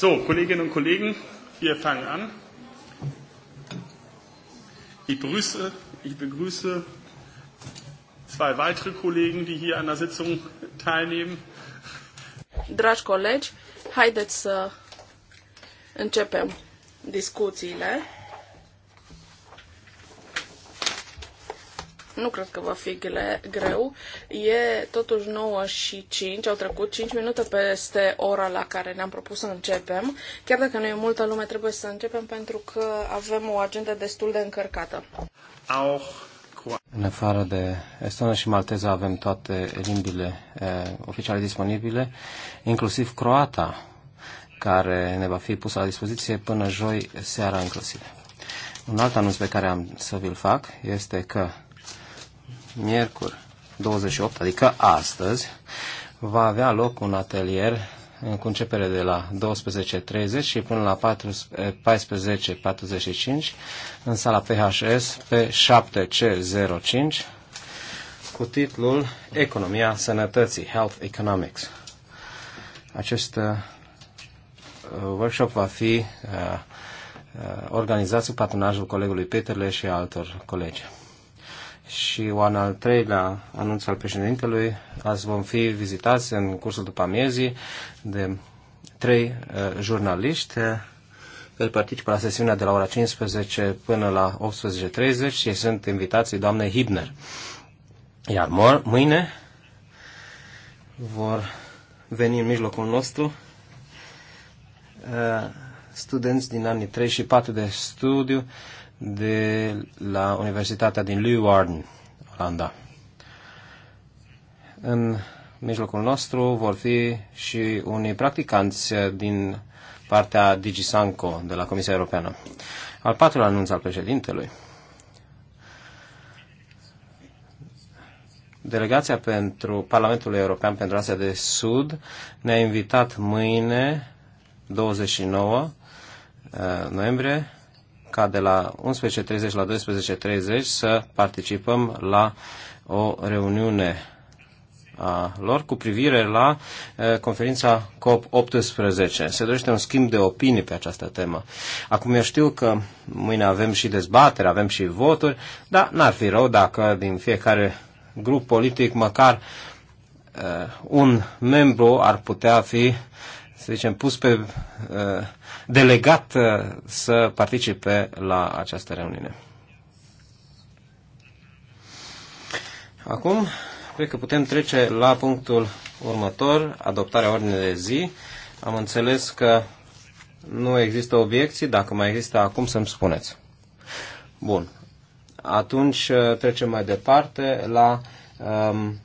So, Kolleginnen und Kollegen, wir fangen an. Ich begrüße, ich begrüße zwei weitere Kollegen, die hier an der Sitzung teilnehmen. Dragi colegi, haideți să începem discuțiile. Nu cred că va fi greu. E totuși 9 și 5, au trecut 5 minute peste ora la care ne-am propus să începem. Chiar dacă nu e multă lume, trebuie să începem pentru că avem o agendă destul de încărcată. Auch în afară de estonă și malteză avem toate limbile uh, oficiale disponibile, inclusiv croata, care ne va fi pusă la dispoziție până joi seara inclusiv. Un alt anunț pe care am să vi-l fac este că miercuri 28, adică astăzi, va avea loc un atelier cu începere de la 12.30 și până la 14.45 în sala PHS pe 7C05 cu titlul Economia Sănătății, Health Economics. Acest uh, workshop va fi uh, uh organizat sub patronajul colegului Peterle și altor colegi și o al treilea anunț al președintelui, azi vom fi vizitați în cursul după amiezii de trei uh, jurnaliști care participă la sesiunea de la ora 15 până la 18.30 și sunt invitații doamne Hibner. Iar mor, mâine vor veni în mijlocul nostru uh, studenți din anii 3 și 4 de studiu de la Universitatea din Leeuwarden, Olanda. În mijlocul nostru vor fi și unii practicanți din partea DigiSanco de la Comisia Europeană. Al patrulea anunț al președintelui. Delegația pentru Parlamentul European pentru Asia de Sud ne-a invitat mâine 29 eh, noiembrie ca de la 11.30 la 12.30 să participăm la o reuniune a lor cu privire la conferința COP18. Se dorește un schimb de opinii pe această temă. Acum eu știu că mâine avem și dezbatere, avem și voturi, dar n-ar fi rău dacă din fiecare grup politic măcar un membru ar putea fi să zicem, pus pe uh, delegat uh, să participe la această reuniune. Acum, cred că putem trece la punctul următor, adoptarea ordinei de zi. Am înțeles că nu există obiecții. Dacă mai există acum, să-mi spuneți. Bun. Atunci uh, trecem mai departe la um,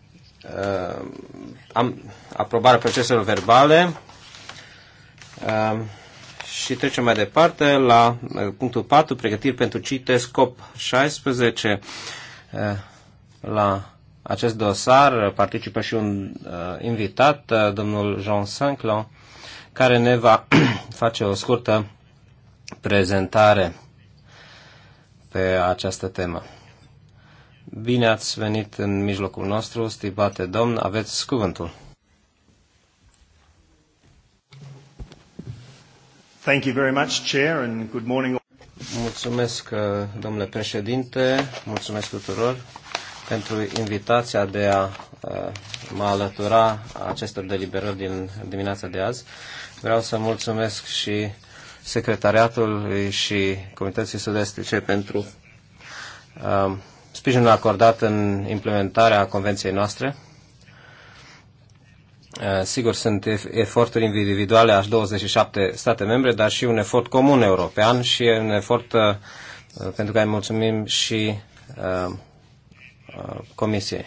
um, aprobarea proceselor verbale Ehm, și trecem mai departe la eh, punctul 4, pregătiri pentru CITES COP16. Eh, la acest dosar participă și un eh, invitat, domnul Jean Sanclon, care ne va face o scurtă prezentare pe această temă. Bine ați venit în mijlocul nostru, stimate domn, aveți cuvântul. Thank you very much, Chair, and good morning. Mulțumesc, uh, domnule președinte, mulțumesc tuturor pentru invitația de a uh, mă alătura acestor deliberări din dimineața de azi. Vreau să mulțumesc și secretariatului și Comității Sud-Estice pentru uh, sprijinul acordat în implementarea convenției noastre. Uh, sigur, sunt eforturi individuale a 27 state membre, dar și un efort comun european și un efort uh, uh, pentru care mulțumim și Comisiei.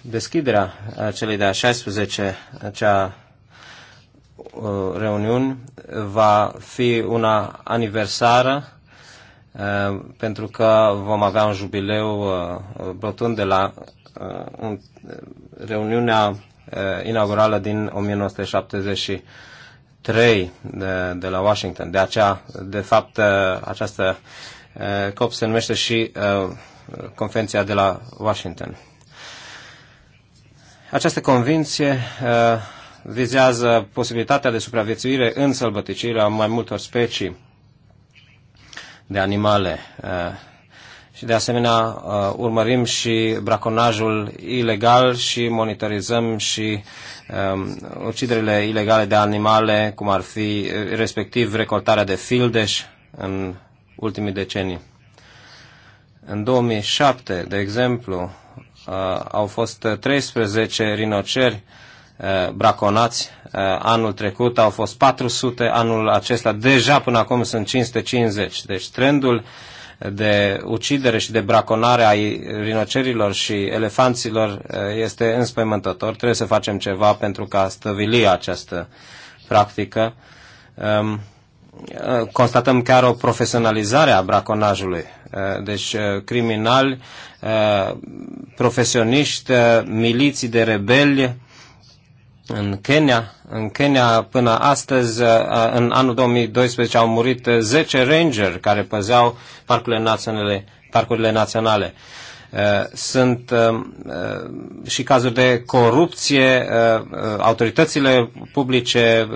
Deschiderea celei de-a 16 cea reuniuni va fi una aniversară pentru că vom avea un jubileu rotund de la reuniunea Uh, inaugurală din 1973 de, de la Washington. De aceea, de fapt, uh, această uh, COP se numește și Convenția de la Washington. Această convinție vizează posibilitatea de supraviețuire în sălbăticire a mai multor specii de animale și de asemenea uh, urmărim și braconajul ilegal și monitorizăm și um, uciderile ilegale de animale, cum ar fi uh, respectiv recoltarea de fildeș în ultimii decenii. În 2007, de exemplu, uh, au fost 13 rinoceri uh, braconați. Uh, anul trecut au fost 400, anul acesta deja până acum sunt 550. Deci trendul uh, de ucidere și de braconare a rinocerilor și elefanților eh, este înspăimântător. Trebuie să facem ceva pentru ca stăvili această practică. Ehm, eh, constatăm chiar o profesionalizare a braconajului. Eh, deci criminali, profesioniști, miliții de rebeli, în Kenya, în Kenya până astăzi, uh, uh, în anul 2012, au murit 10 uh, ranger care păzeau parcurile naționale. Parcurile naționale. Sunt și cazuri de corupție, autoritățile publice,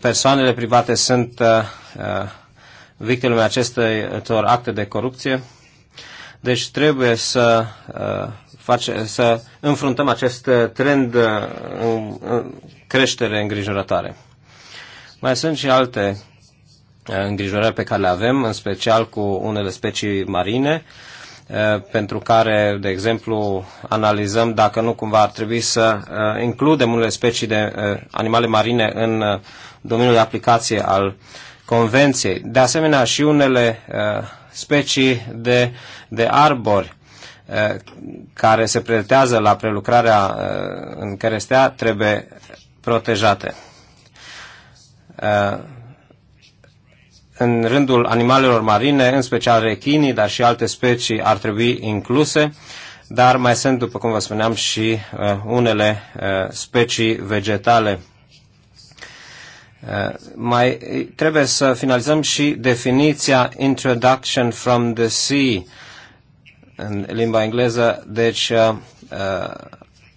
persoanele private sunt victimele acestor acte de corupție. Deci trebuie să face, să înfruntăm acest trend în creștere îngrijorătoare. Mai sunt și alte îngrijorări pe care le avem, în special cu unele specii marine, eh, pentru care, de exemplu, analizăm dacă nu cumva ar trebui să eh, includem unele specii de eh, animale marine în domeniul de aplicație al convenției. De asemenea, și unele specii de, de arbori Uh, care se pretează la prelucrarea uh, în cherestea trebuie protejate. Uh, în rândul animalelor marine, în special rechinii, dar și alte specii ar trebui incluse, dar mai sunt, după cum vă spuneam, și unele specii vegetale mai trebuie să finalizăm și definiția introduction from the sea în limba engleză, deci uh, uh,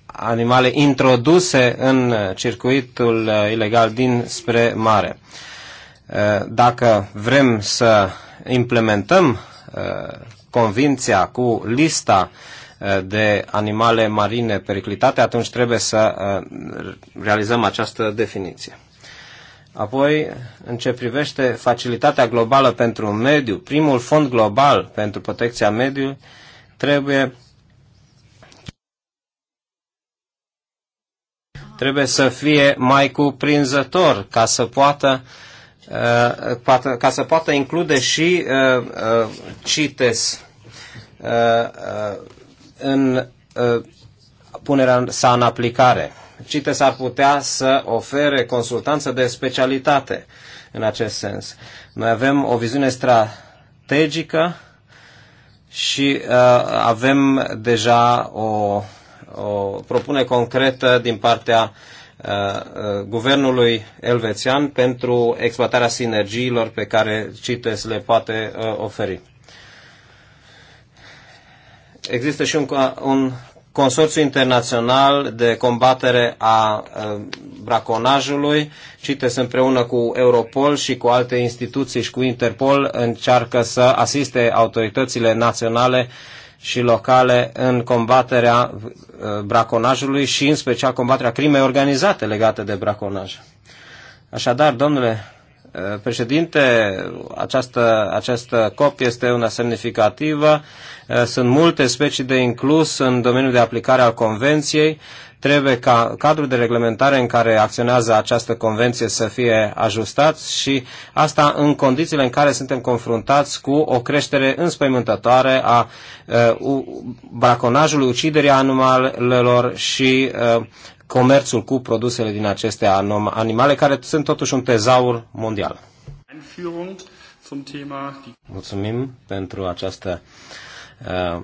animale introduse în circuitul uh, ilegal din spre mare. Dacă vrem să implementăm convinția cu lista de animale marine periclitate, atunci trebuie să realizăm această definiție. Apoi, în ce privește facilitatea globală pentru mediu, primul fond global pentru protecția mediului, Trebuie trebuie să fie mai cuprinzător ca să poată uh, ca să poată include și uh, uh, CITES în punerea sa în aplicare. CITES ar putea să ofere consultanță de specialitate în acest sens. Noi avem o viziune strategică și uh, avem deja o, o propunere concretă din partea uh, uh, guvernului elvețian pentru exploatarea sinergiilor pe care CITES le poate uh, oferi. Există și un, un Consorțiu Internațional de Combatere a Braconajului, CITES împreună cu Europol și cu alte instituții și cu Interpol încearcă să asiste autoritățile naționale și locale în combaterea uh, braconajului și în special combaterea crimei organizate legate de braconaj. Așadar, domnule președinte, această, această COP este una semnificativă. Eh, sunt multe specii de inclus în domeniul de aplicare al convenției. Trebuie ca cadrul de reglementare în care acționează această convenție să fie ajustat și asta în condițiile în care suntem confruntați cu o creștere înspăimântătoare a uh, braconajului, uciderii animalelor și uh, comerțul cu produsele din aceste animale, care sunt totuși un tezaur mondial. Mulțumim pentru această uh,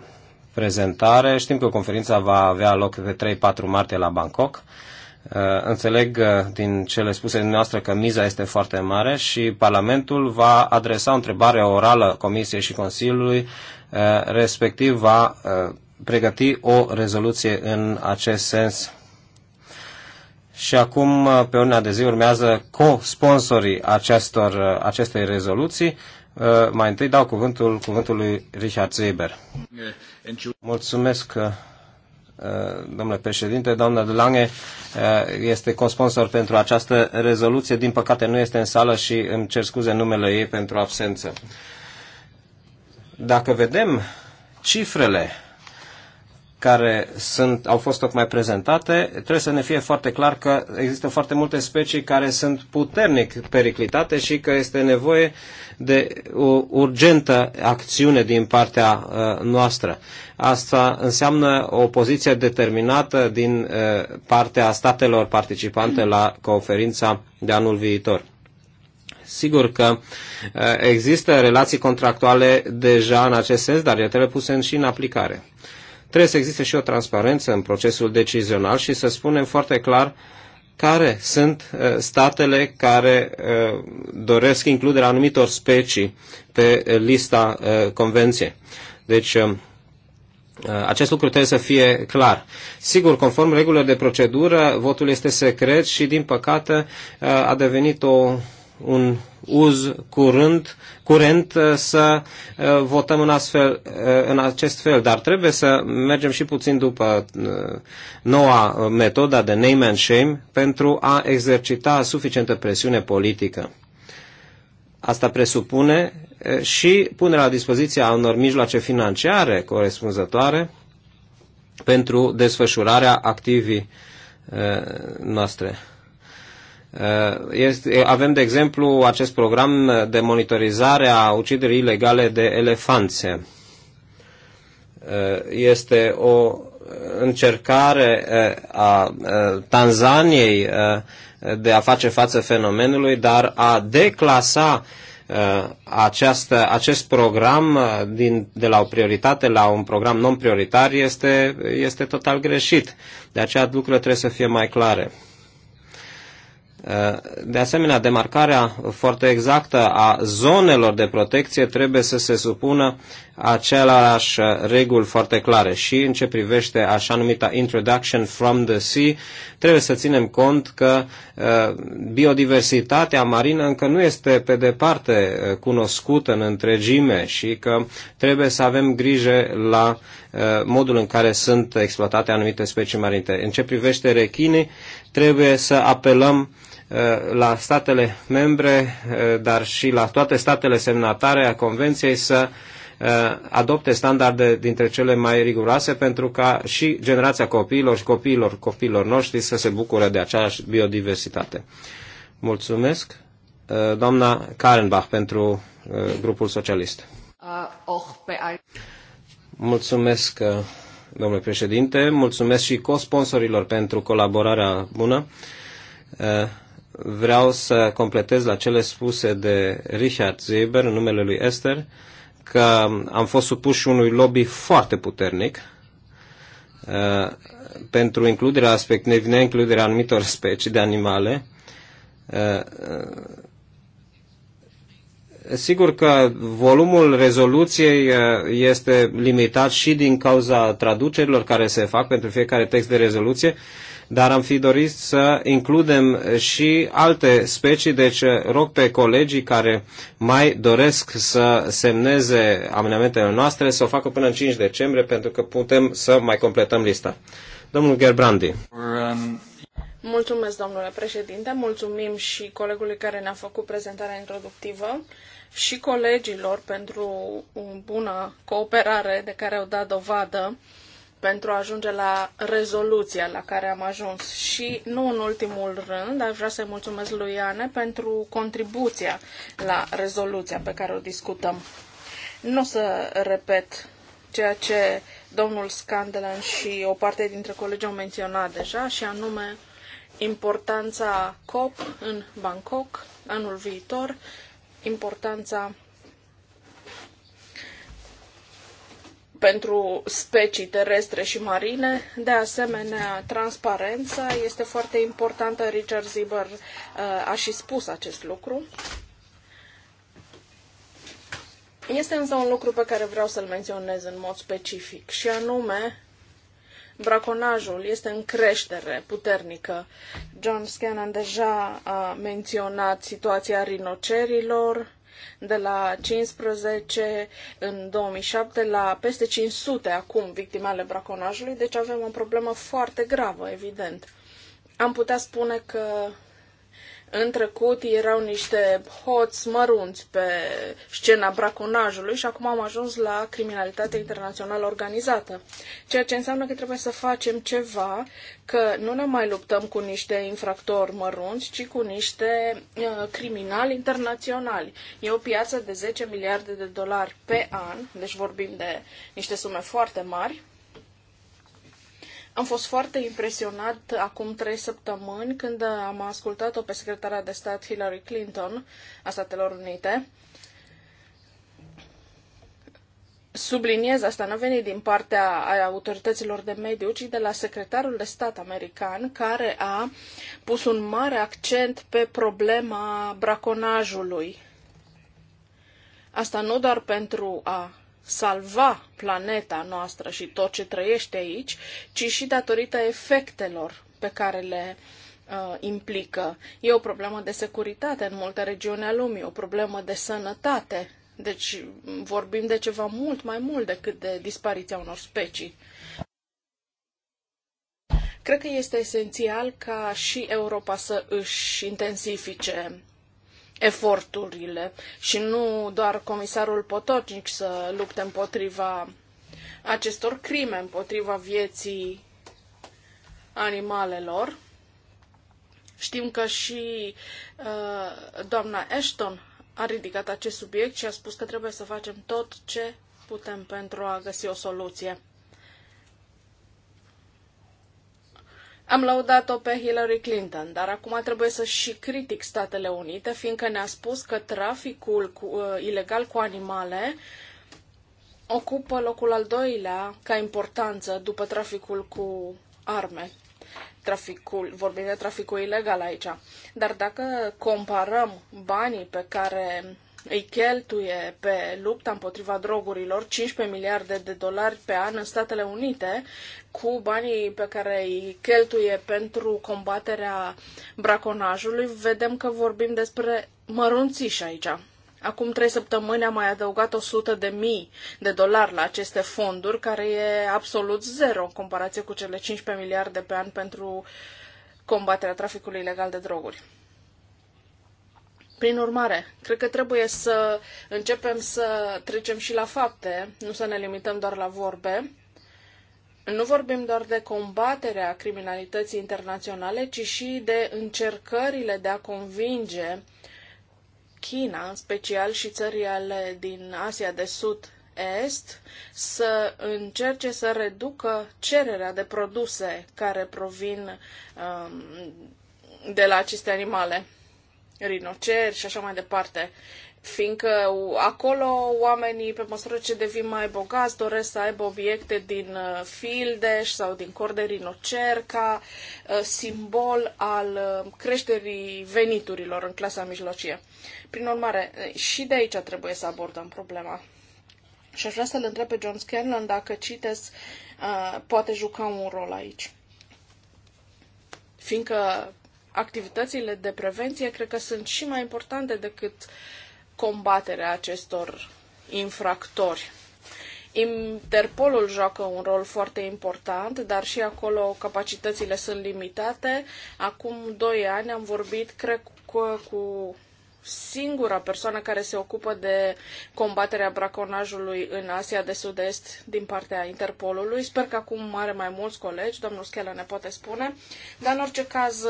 prezentare. Știm că conferința va avea loc pe 3-4 martie la Bangkok. Uh, înțeleg uh, din cele spuse dumneavoastră că miza este foarte mare și Parlamentul va adresa o întrebare orală Comisiei și Consiliului, uh, respectiv va uh, pregăti o rezoluție în acest sens și acum uh, pe urna de zi urmează co-sponsorii acestor, uh, acestei rezoluții. Uh, mai întâi dau cuvântul cuvântului Richard Zeber. Mulțumesc, domnule președinte. Doamna de Lange este co-sponsor pentru această rezoluție. Din păcate nu este în sală și îmi cer scuze numele ei pentru absență. Dacă vedem cifrele care sunt, au fost tocmai prezentate, trebuie să ne fie foarte clar că există foarte multe specii care sunt puternic periclitate și că este nevoie de o urgentă acțiune din partea uh, noastră. Asta înseamnă o poziție determinată din uh, partea statelor participante la conferința de anul viitor. Sigur că uh, există relații contractuale deja în acest sens, dar ele trebuie puse în și în aplicare. Trebuie să existe și o transparență în procesul decizional și să spunem foarte clar care sunt uh, statele care uh, doresc includerea anumitor specii pe uh, lista convenției. Deci, um, acest lucru trebuie să fie clar. Sigur, conform regulilor de procedură, votul este secret și, din păcate, a devenit o un uz curând, curent uh, să uh, votăm în, astfel, uh, în acest fel, dar trebuie să mergem și puțin după noua metoda de name and shame pentru a exercita suficientă presiune politică. Asta presupune și punerea la dispoziția unor mijloace financiare corespunzătoare pentru desfășurarea activii noastre. Uh, este, avem, de exemplu, acest program de monitorizare a uciderii ilegale de elefanțe. Uh, este o încercare uh, a Tanzaniei de a face față fenomenului, dar a declasa această, acest program din, de la o prioritate la un program non-prioritar este, este total greșit. De aceea lucrurile trebuie să fie mai clare. De asemenea, demarcarea foarte exactă a zonelor de protecție trebuie să se supună același reguli foarte clare și în ce privește așa numita introduction from the sea, trebuie să ținem cont că uh, biodiversitatea marină încă nu este pe departe uh, cunoscută în întregime și că trebuie să avem grijă la uh, modul în care sunt exploatate anumite specii marine. În ce privește rechinii, trebuie să apelăm Eh, la statele membre, eh, dar și la toate statele semnatare a Convenției să eh, adopte standarde dintre cele mai riguroase pentru ca și generația copiilor și copiilor copiilor noștri să se bucure de aceeași biodiversitate. Mulțumesc, doamna Karenbach, pentru grupul socialist. Mulțumesc, domnule președinte, mulțumesc și co-sponsorilor pentru colaborarea bună vreau să completez la cele spuse de Richard Zeber în numele lui Esther că am fost supuși unui lobby foarte puternic uh, pentru includerea aspect, includerea anumitor specii de animale. Uh, uh sigur că volumul rezoluției uh, este limitat și din cauza traducerilor care se fac pentru fiecare text de rezoluție, dar am fi dorit să includem și alte specii, deci eh, rog pe colegii care mai doresc să semneze amendamentele noastre să o facă până în 5 decembrie, pentru că putem să mai completăm lista. Domnul Gerbrandi. Mulțumesc, domnule președinte, mulțumim și colegului care ne-a făcut prezentarea introductivă și colegilor pentru o bună cooperare de care au dat dovadă pentru a ajunge la rezoluția la care am ajuns. Și nu în ultimul rând, aș vrea să-i mulțumesc lui Iane pentru contribuția la rezoluția pe care o discutăm. Nu o să repet ceea ce domnul Scandelan și o parte dintre colegi au menționat deja, și anume importanța COP în Bangkok anul viitor, importanța pentru specii terestre și marine. De asemenea, transparența este foarte importantă. Richard Ziber uh, a și spus acest lucru. Este însă un lucru pe care vreau să-l menționez în mod specific și anume braconajul este în creștere puternică. John Scannon deja a menționat situația rinocerilor, de la 15 în 2007 la peste 500 acum victime ale braconajului, deci avem o problemă foarte gravă, evident. Am putea spune că în trecut erau niște hoți mărunți pe scena braconajului și acum am ajuns la criminalitatea internațională organizată. Ceea ce înseamnă că trebuie să facem ceva, că nu ne mai luptăm cu niște infractori mărunți, ci cu niște uh, criminali internaționali. E o piață de 10 miliarde de dolari pe an, deci vorbim de niște sume foarte mari am fost foarte impresionat acum trei săptămâni când am ascultat-o pe secretara de stat Hillary Clinton a Statelor Unite. Subliniez asta, nu a venit din partea autorităților de mediu, ci de la secretarul de stat american, care a pus un mare accent pe problema braconajului. Asta nu doar pentru a salva planeta noastră și tot ce trăiește aici, ci și datorită efectelor pe care le uh, implică. E o problemă de securitate în multe regiuni ale lumii, o problemă de sănătate. Deci mm, vorbim de ceva mult mai mult decât de dispariția unor specii. Cred că este esențial ca și Europa să își intensifice eforturile și nu doar comisarul Potocnic să lupte împotriva acestor crime, împotriva vieții animalelor. Știm că și uh, doamna Ashton a ridicat acest subiect și a spus că trebuie să facem tot ce putem pentru a găsi o soluție. Am laudat-o pe Hillary Clinton, dar acum trebuie să și critic Statele Unite, fiindcă ne-a spus că traficul cu, uh, ilegal cu animale ocupă locul al doilea ca importanță după traficul cu arme. Traficul, vorbim de traficul ilegal aici. Dar dacă comparăm banii pe care îi cheltuie pe lupta împotriva drogurilor 15 miliarde de dolari pe an în Statele Unite cu banii pe care îi cheltuie pentru combaterea braconajului, vedem că vorbim despre mărunțiși aici. Acum trei săptămâni am mai adăugat 100 de mii de dolari la aceste fonduri, care e absolut zero în comparație cu cele 15 miliarde pe an pentru combaterea traficului ilegal de droguri. Prin urmare, cred că trebuie să începem să trecem și la fapte, nu să ne limităm doar la vorbe. Nu vorbim doar de combaterea criminalității internaționale, ci și de încercările de a convinge China, în special și țările din Asia de Sud-Est, să încerce să reducă cererea de produse care provin um, de la aceste animale rinoceri și așa mai departe. Fiindcă acolo oamenii, pe măsură ce devin mai bogați, doresc să aibă obiecte din uh, fildeș sau din cor de rinocer ca uh, simbol al uh, creșterii veniturilor în clasa mijlocie. Prin urmare, și de aici trebuie să abordăm problema. Și aș vrea să-l întreb pe John Scanlon dacă CITES poate juca un rol aici. Fiindcă activitățile de prevenție cred că sunt și mai importante decât combaterea acestor infractori. Interpolul joacă un rol foarte important, dar și acolo capacitățile sunt limitate. Acum doi ani am vorbit, cred că, cu singura persoană care se ocupă de combaterea braconajului în Asia de Sud-Est din partea Interpolului. Sper că acum are mai mulți colegi, domnul Schelă ne poate spune, dar în orice caz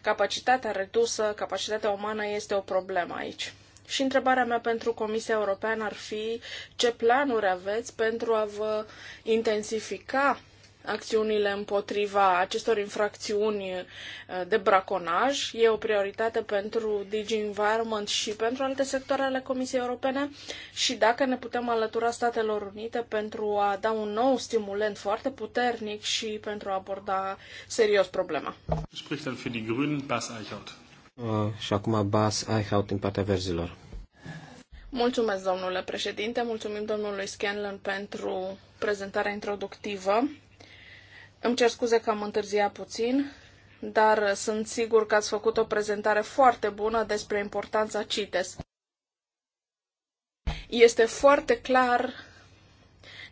capacitatea redusă, capacitatea umană este o problemă aici. Și întrebarea mea pentru Comisia Europeană ar fi ce planuri aveți pentru a vă intensifica acțiunile împotriva acestor infracțiuni eh, de braconaj. E o prioritate pentru DG Environment și pentru alte sectoare ale Comisiei Europene și dacă ne putem alătura Statelor Unite pentru a da un nou stimulent foarte puternic și pentru a aborda serios problema. Ah, și acum Bas Eichhout din partea verzilor. Mulțumesc, domnule președinte, mulțumim domnului Scanlon pentru prezentarea introductivă. Îmi cer scuze că am întârziat puțin, dar sunt sigur că ați făcut o prezentare foarte bună despre importanța CITES. Este foarte clar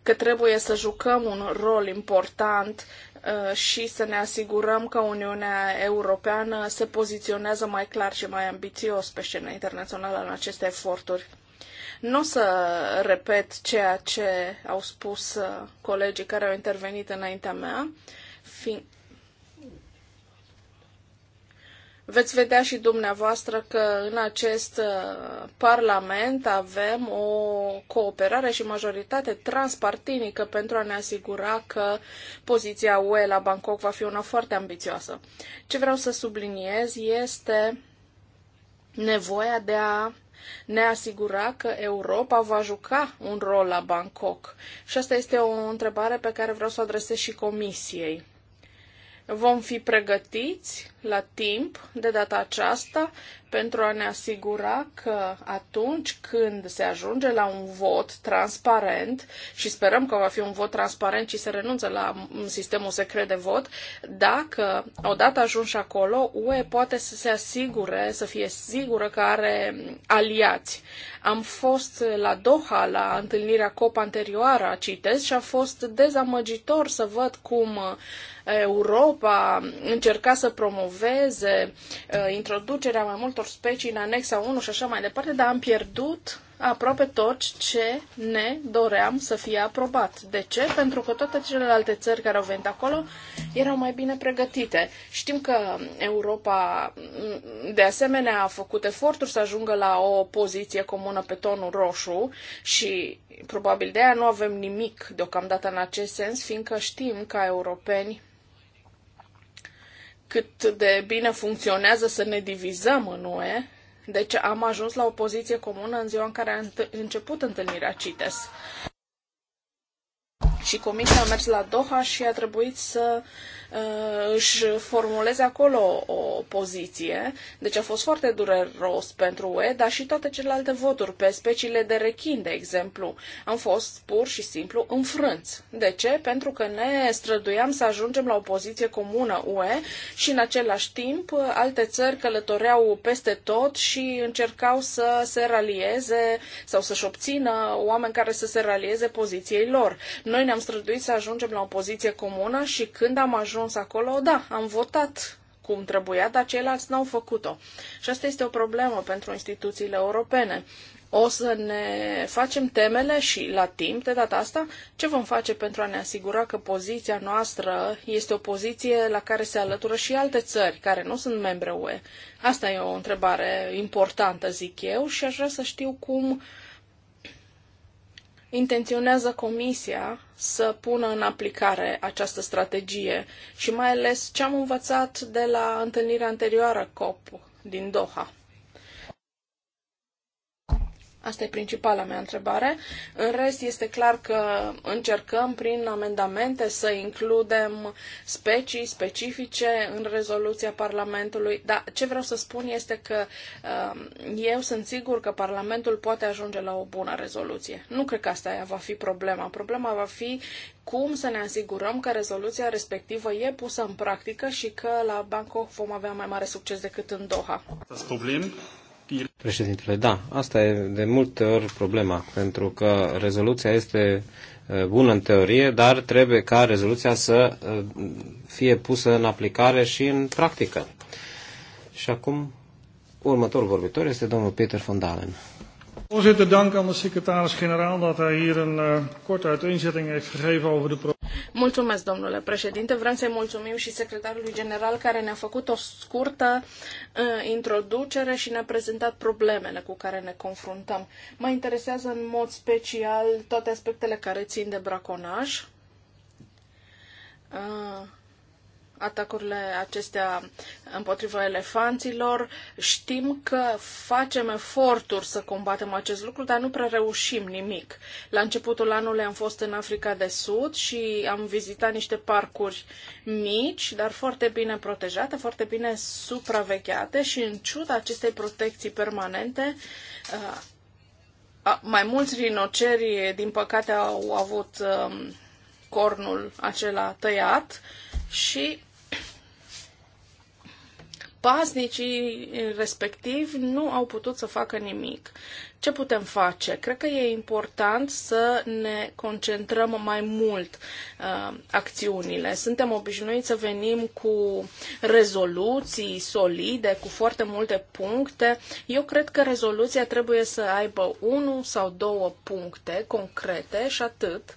că trebuie să jucăm un rol important uh, și să ne asigurăm că Uniunea Europeană se poziționează mai clar și mai ambițios pe scena internațională în aceste eforturi. Nu o să repet ceea ce au spus uh, colegii care au intervenit înaintea mea. Fi... Veți vedea și dumneavoastră că în acest uh, Parlament avem o cooperare și majoritate transpartinică pentru a ne asigura că poziția UE la Bangkok va fi una foarte ambițioasă. Ce vreau să subliniez este nevoia de a ne asigura că Europa va juca un rol la Bangkok? Și asta este o întrebare pe care vreau să o adresez și Comisiei. Vom fi pregătiți la timp de data aceasta pentru a ne asigura că atunci când se ajunge la un vot transparent, și sperăm că va fi un vot transparent și se renunță la sistemul secret de vot, dacă odată ajunși acolo, UE poate să se asigure, să fie sigură că are aliați. Am fost la Doha la întâlnirea COP anterioară a CITES și a fost dezamăgitor să văd cum uh, Europa încerca să promoveze uh, introducerea mai multor altor specii în anexa 1 și așa mai departe, dar am pierdut aproape tot ce ne doream să fie aprobat. De ce? Pentru că toate celelalte țări care au venit acolo erau mai bine pregătite. Știm că Europa, de asemenea, a făcut eforturi să ajungă la o poziție comună pe tonul roșu și probabil de aia nu avem nimic deocamdată în acest sens, fiindcă știm ca europeni cât de bine funcționează să ne divizăm în UE, deci am ajuns la o poziție comună în ziua în care a început întâlnirea CITES și comisia a mers la Doha și a trebuit să uh, își formuleze acolo o poziție. Deci a fost foarte dureros pentru UE, dar și toate celelalte voturi pe speciile de rechin, de exemplu, am fost pur și simplu înfrânți. De ce? Pentru că ne străduiam să ajungem la o poziție comună UE și în același timp uh, alte țări călătoreau peste tot și încercau să se ralieze sau să-și obțină oameni care să se ralieze poziției lor. Noi ne ne-am străduit să ajungem la o poziție comună și când am ajuns acolo, da, am votat cum trebuia, dar ceilalți n-au făcut-o. Și asta este o problemă pentru instituțiile europene. O să ne facem temele și la timp, de data asta, ce vom face pentru a ne asigura că poziția noastră este o poziție la care se alătură și alte țări care nu sunt membre UE. Asta e o întrebare importantă, zic eu, și aș vrea să știu cum intenționează Comisia să pună în aplicare această strategie și mai ales ce am învățat de la întâlnirea anterioară COP din Doha. Asta e principala mea întrebare. În rest, este clar că încercăm prin amendamente să includem specii specifice în rezoluția Parlamentului, dar ce vreau să spun este că um, eu sunt sigur că Parlamentul poate ajunge la o bună rezoluție. Nu cred că asta va fi problema. Problema va fi cum să ne asigurăm că rezoluția respectivă e pusă în practică și că la Bangkok vom avea mai mare succes decât în Doha. problem Președintele, da, asta e de multe ori problema, pentru că rezoluția este bună în teorie, dar trebuie ca rezoluția să fie pusă în aplicare și în practică. Și acum, următorul vorbitor este domnul Peter von Dalen. Voorzitter, dank aan de secretaris-generaal dat hij hier een uh, korte uiteenzetting heeft gegeven over de Mulțumesc, domnule președinte. Vreau să-i mulțumim și secretarului general care ne-a făcut o scurtă uh, introducere și ne-a prezentat problemele cu care ne confruntăm. Mă interesează în mod special toate aspectele care țin de braconaj. Uh, atacurile acestea împotriva elefanților. Știm că facem eforturi să combatem acest lucru, dar nu prea reușim nimic. La începutul anului am fost în Africa de Sud și am vizitat niște parcuri mici, dar foarte bine protejate, foarte bine supravegheate și în ciuda acestei protecții permanente, mai mulți rinoceri, din păcate, au avut um, cornul acela tăiat și paznicii respectivi nu au putut să facă nimic. Ce putem face? Cred că e important să ne concentrăm mai mult uh, acțiunile. Suntem obișnuiți să venim cu rezoluții solide, cu foarte multe puncte. Eu cred că rezoluția trebuie să aibă unul sau două puncte concrete și atât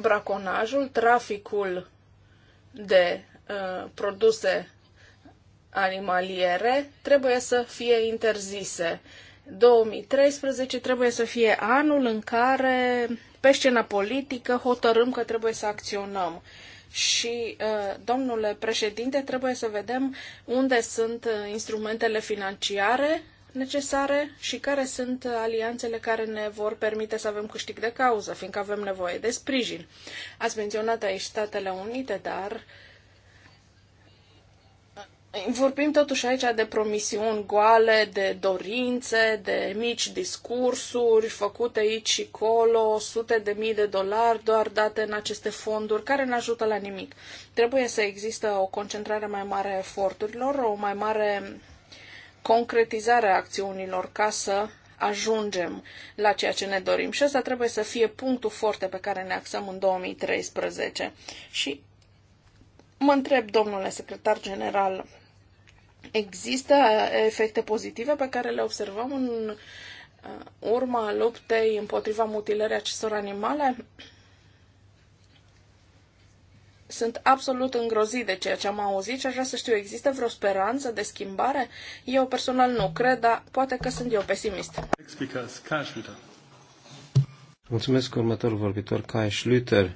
braconajul, traficul de uh, produse animaliere trebuie să fie interzise. 2013 trebuie să fie anul în care pe scena politică hotărâm că trebuie să acționăm. Și, uh, domnule președinte, trebuie să vedem unde sunt uh, instrumentele financiare necesare și care sunt alianțele care ne vor permite să avem câștig de cauză, fiindcă avem nevoie de sprijin. Ați menționat aici Statele Unite, dar vorbim totuși aici de promisiuni goale, de dorințe, de mici discursuri făcute aici și colo, sute de mii de dolari doar date în aceste fonduri, care nu ajută la nimic. Trebuie să există o concentrare mai mare a eforturilor, o mai mare concretizarea acțiunilor ca să ajungem la ceea ce ne dorim. Și asta trebuie să fie punctul forte pe care ne axăm în 2013. Și mă întreb, domnule secretar general, există efecte pozitive pe care le observăm în uh, urma luptei împotriva mutilării acestor animale? sunt absolut îngrozit de ceea ce am auzit și aș vrea să știu, există vreo speranță de schimbare? Eu personal nu cred, dar poate că sunt eu pesimist. Mulțumesc următorul vorbitor, Kai Schlüter.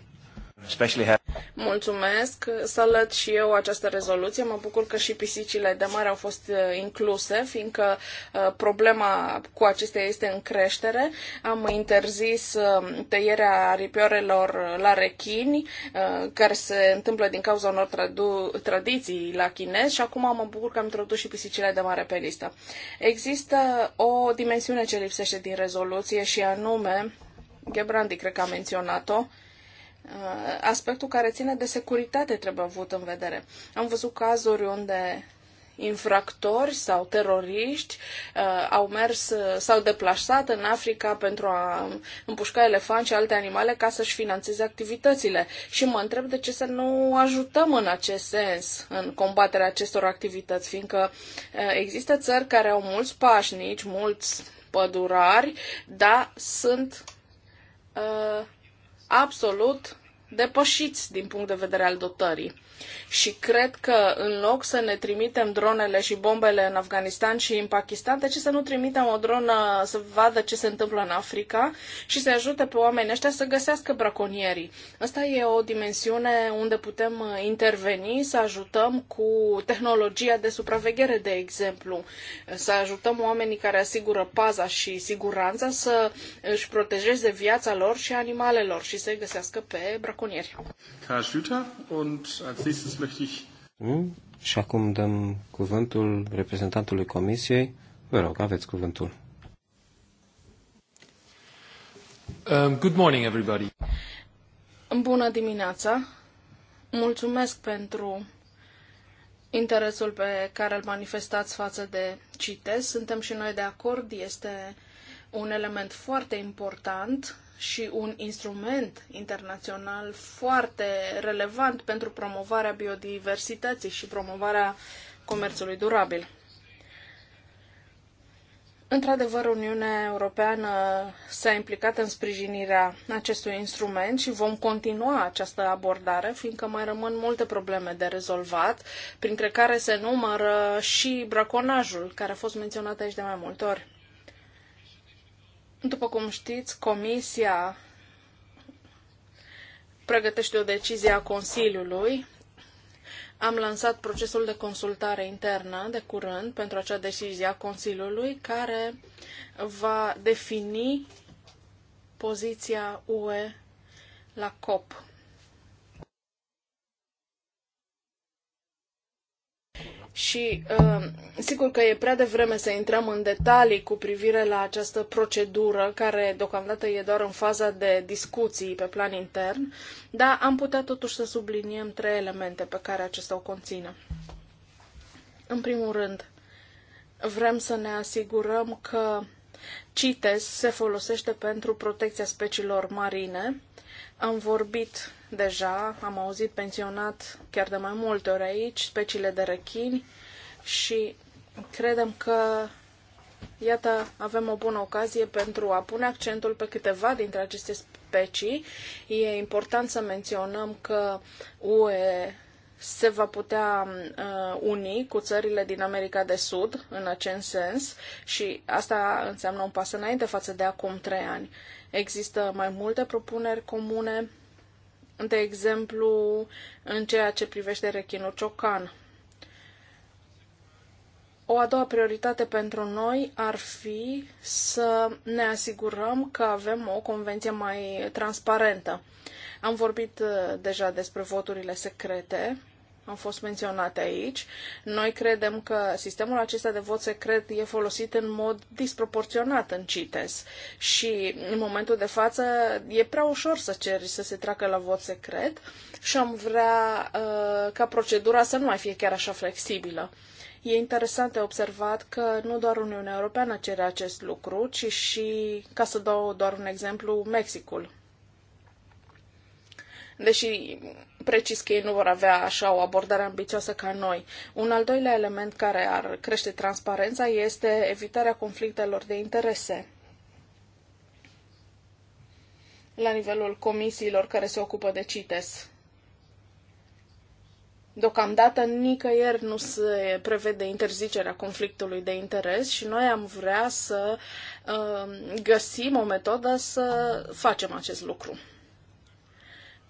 Mulțumesc, salut și eu această rezoluție. Mă bucur că și pisicile de mare au fost uh, incluse, fiindcă uh, problema cu acestea este în creștere. Am interzis uh, tăierea aripioarelor la rechini, care se întâmplă din cauza unor tradu- tradiții la chinez și acum mă bucur că am introdus și pisicile de mare pe listă. Există o dimensiune ce lipsește din rezoluție și anume, Gebrandi cred că a menționat-o, Uh, aspectul care ține de securitate trebuie avut în vedere. Am văzut cazuri unde infractori sau teroriști uh, au mers, uh, s-au deplasat în Africa pentru a împușca elefanți și alte animale ca să-și financeze activitățile. Și mă întreb de ce să nu ajutăm în acest sens, în combaterea acestor activități, fiindcă uh, există țări care au mulți pașnici, mulți pădurari, dar sunt uh, absolut depășiți din punct de vedere al dotării. Și cred că în loc să ne trimitem dronele și bombele în Afganistan și în Pakistan, de ce să nu trimitem o dronă să vadă ce se întâmplă în Africa și să ajute pe oamenii ăștia să găsească braconierii? Asta e o dimensiune unde putem interveni, să ajutăm cu tehnologia de supraveghere, de exemplu, să ajutăm oamenii care asigură paza și siguranța să își protejeze viața lor și animalelor și să-i găsească pe braconieri. Ca ajută și și acum dăm cuvântul reprezentantului Comisiei. Vă rog, aveți cuvântul. Um, good morning, everybody. Bună dimineața! Mulțumesc pentru interesul pe care îl manifestați față de CITES. Suntem și noi de acord, este un element foarte important și un instrument internațional foarte relevant pentru promovarea biodiversității și promovarea comerțului durabil. Într-adevăr, Uniunea Europeană s-a implicat în sprijinirea acestui instrument și vom continua această abordare, fiindcă mai rămân multe probleme de rezolvat, printre care se numără și braconajul, care a fost menționat aici de mai multe ori. După cum știți, Comisia pregătește o decizie a Consiliului. Am lansat procesul de consultare internă de curând pentru acea decizie a Consiliului care va defini poziția UE la COP Și uh, sigur că e prea devreme să intrăm în detalii cu privire la această procedură, care deocamdată e doar în faza de discuții pe plan intern, dar am putea totuși să subliniem trei elemente pe care acesta o conține. În primul rând, vrem să ne asigurăm că CITES se folosește pentru protecția speciilor marine. Am vorbit Deja am auzit pensionat chiar de mai multe ori aici speciile de rechini și credem că Iată, avem o bună ocazie pentru a pune accentul pe câteva dintre aceste specii. E important să menționăm că UE se va putea uh, uni cu țările din America de Sud în acest sens și asta înseamnă un pas înainte față de acum trei ani. Există mai multe propuneri comune de exemplu, în ceea ce privește rechinul ciocan. O a doua prioritate pentru noi ar fi să ne asigurăm că avem o convenție mai transparentă. Am vorbit uh, deja despre voturile secrete au fost menționate aici. Noi credem că sistemul acesta de vot secret e folosit în mod disproporționat în CITES și în momentul de față e prea ușor să ceri să se treacă la vot secret și am vrea uh, ca procedura să nu mai fie chiar așa flexibilă. E interesant de observat că nu doar Uniunea Europeană cere acest lucru, ci și, ca să dau doar un exemplu, Mexicul. Deși precis că ei nu vor avea așa o abordare ambițioasă ca noi. Un al doilea element care ar crește transparența este evitarea conflictelor de interese la nivelul comisiilor care se ocupă de CITES. Deocamdată nicăieri nu se prevede interzicerea conflictului de interes și noi am vrea să uh, găsim o metodă să facem acest lucru.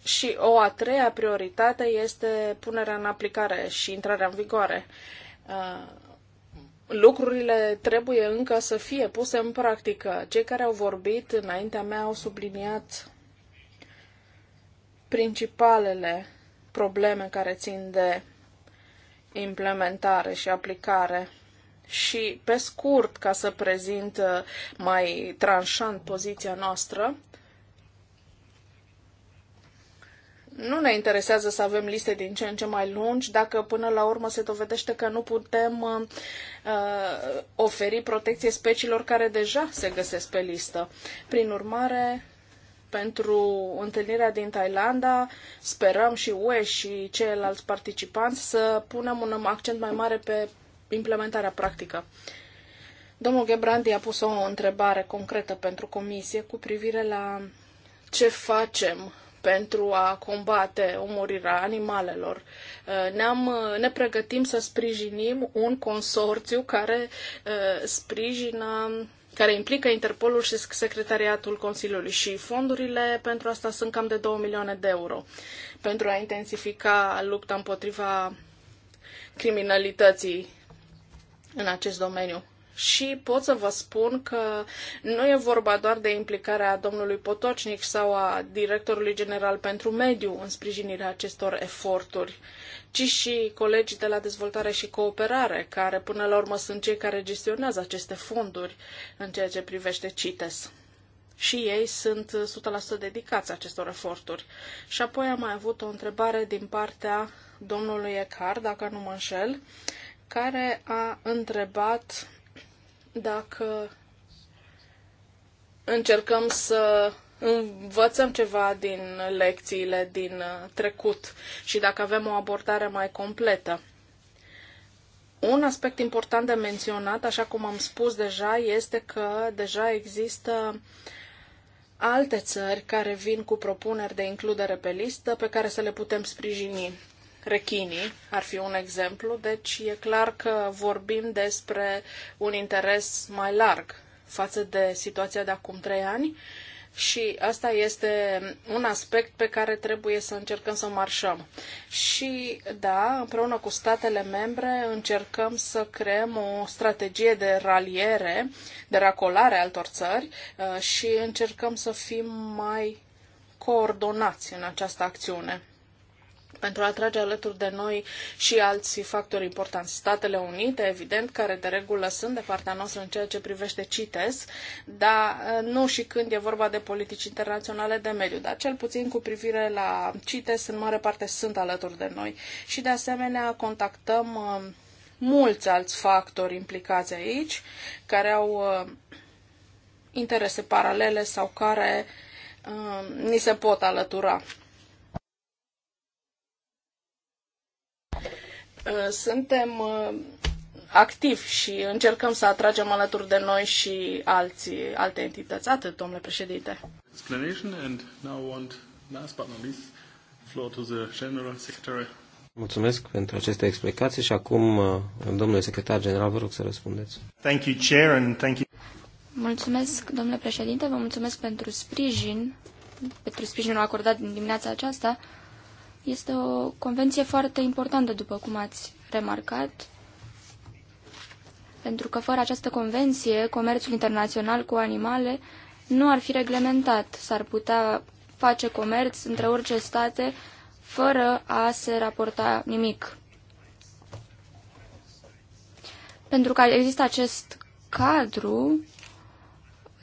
Și o a treia prioritate este punerea în aplicare și intrarea în vigoare. Uh, lucrurile trebuie încă să fie puse în practică. Cei care au vorbit înaintea mea au subliniat principalele probleme care țin de implementare și aplicare. Și, pe scurt, ca să prezint uh, mai tranșant poziția noastră, Nu ne interesează să avem liste din ce în ce mai lungi dacă până la urmă se dovedește că nu putem uh, uh, oferi protecție speciilor care deja se găsesc pe listă. Prin urmare, pentru întâlnirea din Thailanda. Sperăm și UE și ceilalți participanți să punem un accent mai mare pe implementarea practică. Domnul Gebrandi a pus o întrebare concretă pentru comisie cu privire la ce facem pentru a combate omorirea animalelor. Uh, ne-am, uh, ne pregătim să sprijinim un consorțiu care uh, sprijină care implică Interpolul și Secretariatul Consiliului și fondurile pentru asta sunt cam de 2 milioane de euro pentru a intensifica lupta împotriva criminalității în acest domeniu și pot să vă spun că nu e vorba doar de implicarea domnului Potocnic sau a directorului general pentru mediu în sprijinirea acestor eforturi, ci și colegii de la dezvoltare și cooperare, care până la urmă sunt cei care gestionează aceste fonduri în ceea ce privește CITES și ei sunt 100% dedicați acestor eforturi. Și apoi am mai avut o întrebare din partea domnului Ecar, dacă nu mă înșel, care a întrebat dacă încercăm să învățăm ceva din lecțiile din uh, trecut și dacă avem o abordare mai completă. Un aspect important de menționat, așa cum am spus deja, este că deja există alte țări care vin cu propuneri de includere pe listă pe care să le putem sprijini. Rechini ar fi un exemplu, deci e clar că vorbim despre un interes mai larg față de situația de acum trei ani și asta este un aspect pe care trebuie să încercăm să marșăm. Și da, împreună cu statele membre încercăm să creăm o strategie de raliere, de racolare altor țări uh, și încercăm să fim mai coordonați în această acțiune pentru a atrage alături de noi și alți factori importanți. Statele Unite, evident, care de regulă sunt de partea noastră în ceea ce privește CITES, dar uh, nu și când e vorba de politici internaționale de mediu, dar cel puțin cu privire la CITES, în mare parte sunt alături de noi. Și de asemenea contactăm uh, mulți alți factori implicați aici, care au uh, interese paralele sau care ni se pot alătura. Uh, suntem uh, activi și încercăm să atragem alături de noi și alții, alte entități. Atât, domnule președinte. Mulțumesc pentru aceste explicații și acum, uh, domnule secretar general, vă rog să răspundeți. Thank you, Chair, and thank you. Mulțumesc, domnule președinte, vă mulțumesc pentru sprijin, pentru sprijinul acordat din dimineața aceasta. Este o convenție foarte importantă, după cum ați remarcat, pentru că fără această convenție, comerțul internațional cu animale nu ar fi reglementat. S-ar putea face comerț între orice state fără a se raporta nimic. Pentru că există acest cadru,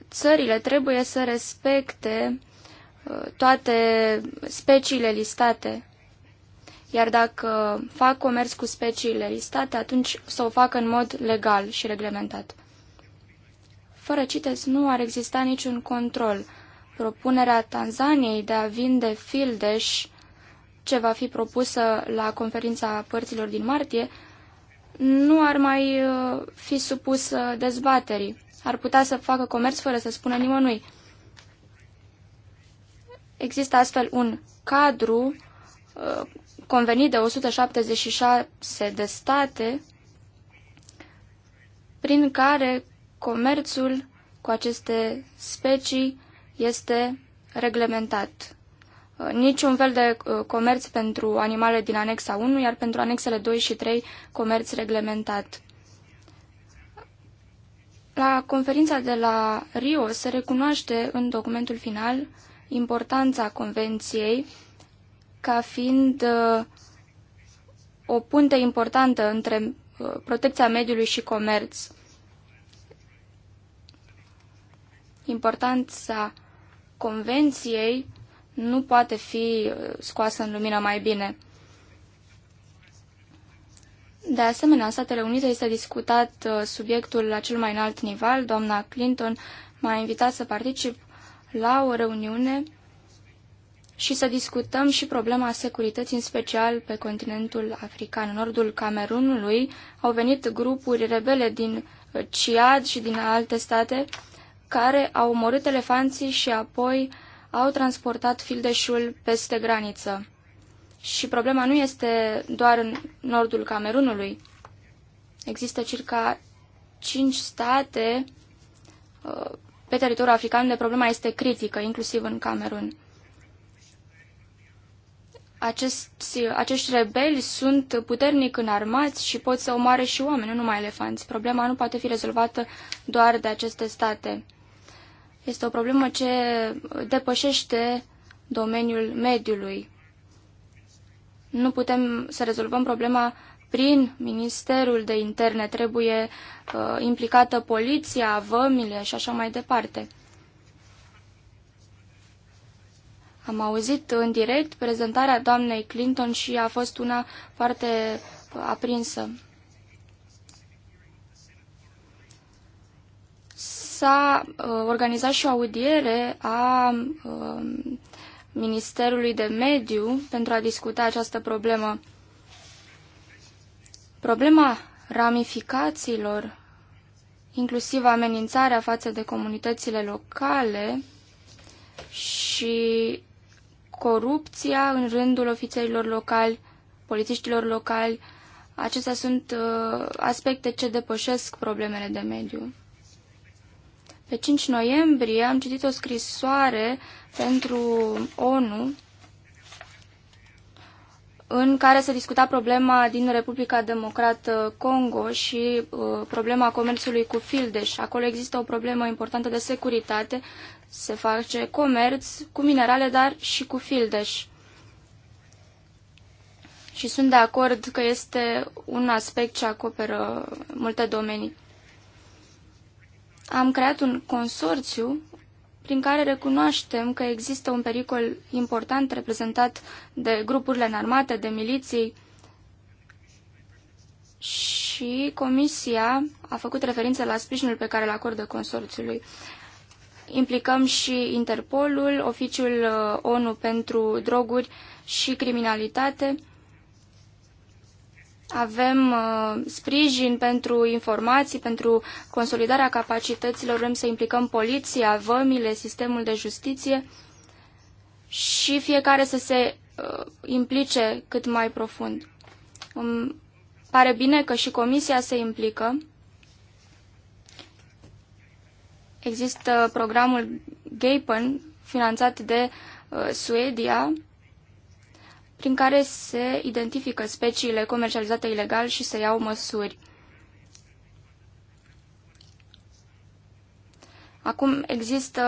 țările trebuie să respecte uh, toate speciile listate iar dacă fac comerț cu speciile listate, atunci să o facă în mod legal și reglementat. Fără CITES nu ar exista niciun control. Propunerea Tanzaniei de a vinde fildeș, ce va fi propusă la conferința părților din martie, nu ar mai uh, fi supusă uh, dezbaterii. Ar putea să facă comerț fără să spună nimănui. Există astfel un cadru uh, convenit de 176 de state prin care comerțul cu aceste specii este reglementat. Uh, niciun fel de uh, comerț pentru animale din anexa 1, iar pentru anexele 2 și 3 comerț reglementat. La conferința de la Rio se recunoaște în documentul final importanța convenției ca fiind uh, o punte importantă între uh, protecția mediului și comerț. Importanța convenției nu poate fi uh, scoasă în lumină mai bine. De asemenea, în Statele Unite este discutat subiectul la cel mai înalt nivel. Doamna Clinton m-a invitat să particip la o reuniune și să discutăm și problema securității, în special pe continentul african. În nordul Camerunului au venit grupuri rebele din uh, Ciad și din alte state care au omorât elefanții și apoi au transportat fildeșul peste graniță. Și problema nu este doar în nordul Camerunului. Există circa 5 state uh, pe teritoriul african unde problema este critică, inclusiv în Camerun acești, acești rebeli sunt puternic înarmați și pot să omoare și oameni, nu numai elefanți. Problema nu poate fi rezolvată doar de aceste state. Este o problemă ce depășește domeniul mediului. Nu putem să rezolvăm problema prin Ministerul de Interne. Trebuie uh, implicată poliția, vămile și așa mai departe. Am auzit în direct prezentarea doamnei Clinton și a fost una foarte uh, aprinsă. S-a uh, organizat și o audiere a uh, Ministerului de Mediu pentru a discuta această problemă. Problema ramificațiilor, inclusiv amenințarea față de comunitățile locale și corupția în rândul ofițerilor locali, polițiștilor locali. Acestea sunt uh, aspecte ce depășesc problemele de mediu. Pe 5 noiembrie am citit o scrisoare pentru ONU în care se discuta problema din Republica Democrată Congo și uh, problema comerțului cu fildeș. Acolo există o problemă importantă de securitate se face comerț cu minerale, dar și cu fildeș. Și sunt de acord că este un aspect ce acoperă multe domenii. Am creat un consorțiu prin care recunoaștem că există un pericol important reprezentat de grupurile înarmate, de miliții, și Comisia a făcut referință la sprijinul pe care îl acordă consorțiului implicăm și Interpolul, Oficiul uh, ONU pentru Droguri și Criminalitate. Avem uh, sprijin pentru informații, pentru consolidarea capacităților, vrem să implicăm poliția, vămile, sistemul de justiție și fiecare să se uh, implice cât mai profund. Îmi pare bine că și comisia se implică. Există programul Gapen, finanțat de uh, Suedia, prin care se identifică speciile comercializate ilegal și se iau măsuri. Acum există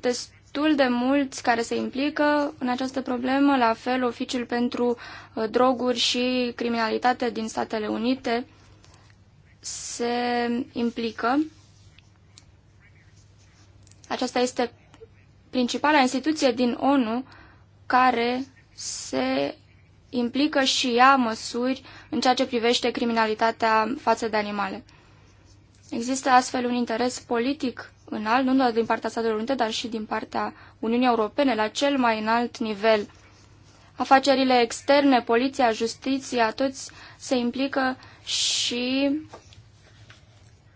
destul de mulți care se implică în această problemă, la fel Oficiul pentru uh, Droguri și Criminalitate din Statele Unite se implică aceasta este principala instituție din ONU care se implică și ia măsuri în ceea ce privește criminalitatea față de animale. Există astfel un interes politic înalt, nu doar din partea Statelor Unite, dar și din partea Uniunii Europene, la cel mai înalt nivel. Afacerile externe, poliția, justiția, toți se implică și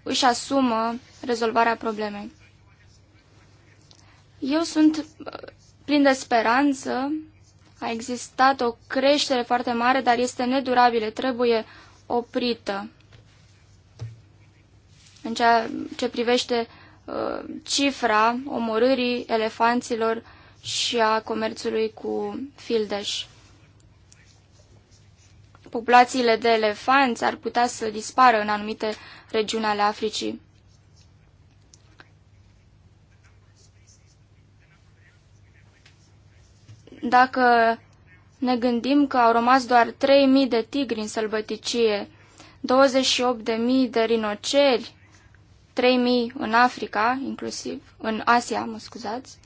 își asumă rezolvarea problemei. Eu sunt uh, plin de speranță. A existat o creștere foarte mare, dar este nedurabilă, trebuie oprită. În ceea ce privește uh, cifra omorârii elefanților și a comerțului cu fildeș. Populațiile de elefanți ar putea să dispară în anumite regiuni ale Africii. Dacă ne gândim că au rămas doar 3.000 de tigri în sălbăticie, 28.000 de rinoceri, 3.000 în Africa, inclusiv în Asia, mă scuzați,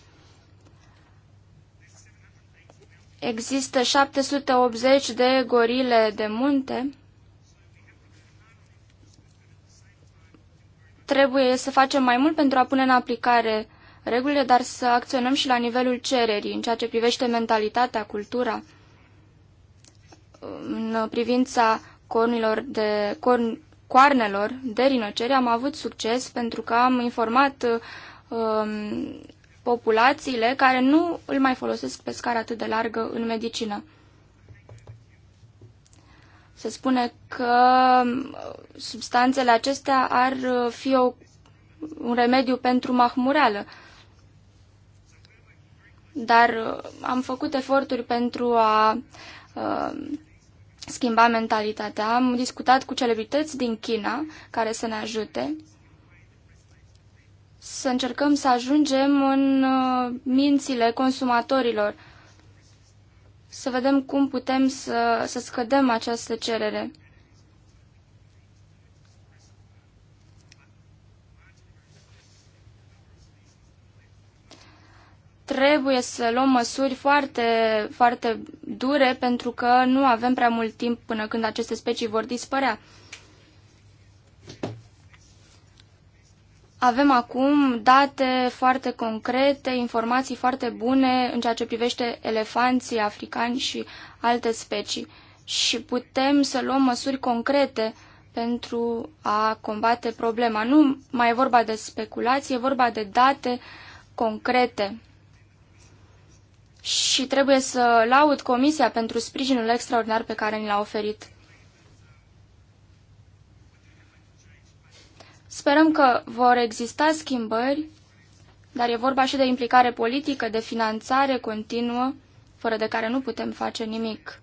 există 780 de gorile de munte, trebuie să facem mai mult pentru a pune în aplicare regulile, dar să acționăm și la nivelul cererii, în ceea ce privește mentalitatea, cultura, în privința cornilor de, corn, coarnelor de rinoceri am avut succes pentru că am informat um, populațiile care nu îl mai folosesc pe scară atât de largă în medicină. Se spune că um, substanțele acestea ar uh, fi o, un remediu pentru mahmureală dar uh, am făcut eforturi pentru a uh, schimba mentalitatea. Am discutat cu celebrități din China care să ne ajute să încercăm să ajungem în uh, mințile consumatorilor, să vedem cum putem să, să scădem această cerere. trebuie să luăm măsuri foarte, foarte dure pentru că nu avem prea mult timp până când aceste specii vor dispărea. Avem acum date foarte concrete, informații foarte bune în ceea ce privește elefanții africani și alte specii și putem să luăm măsuri concrete pentru a combate problema. Nu mai e vorba de speculație, e vorba de date concrete și trebuie să laud Comisia pentru sprijinul extraordinar pe care ni l-a oferit. Sperăm că vor exista schimbări, dar e vorba și de implicare politică, de finanțare continuă, fără de care nu putem face nimic.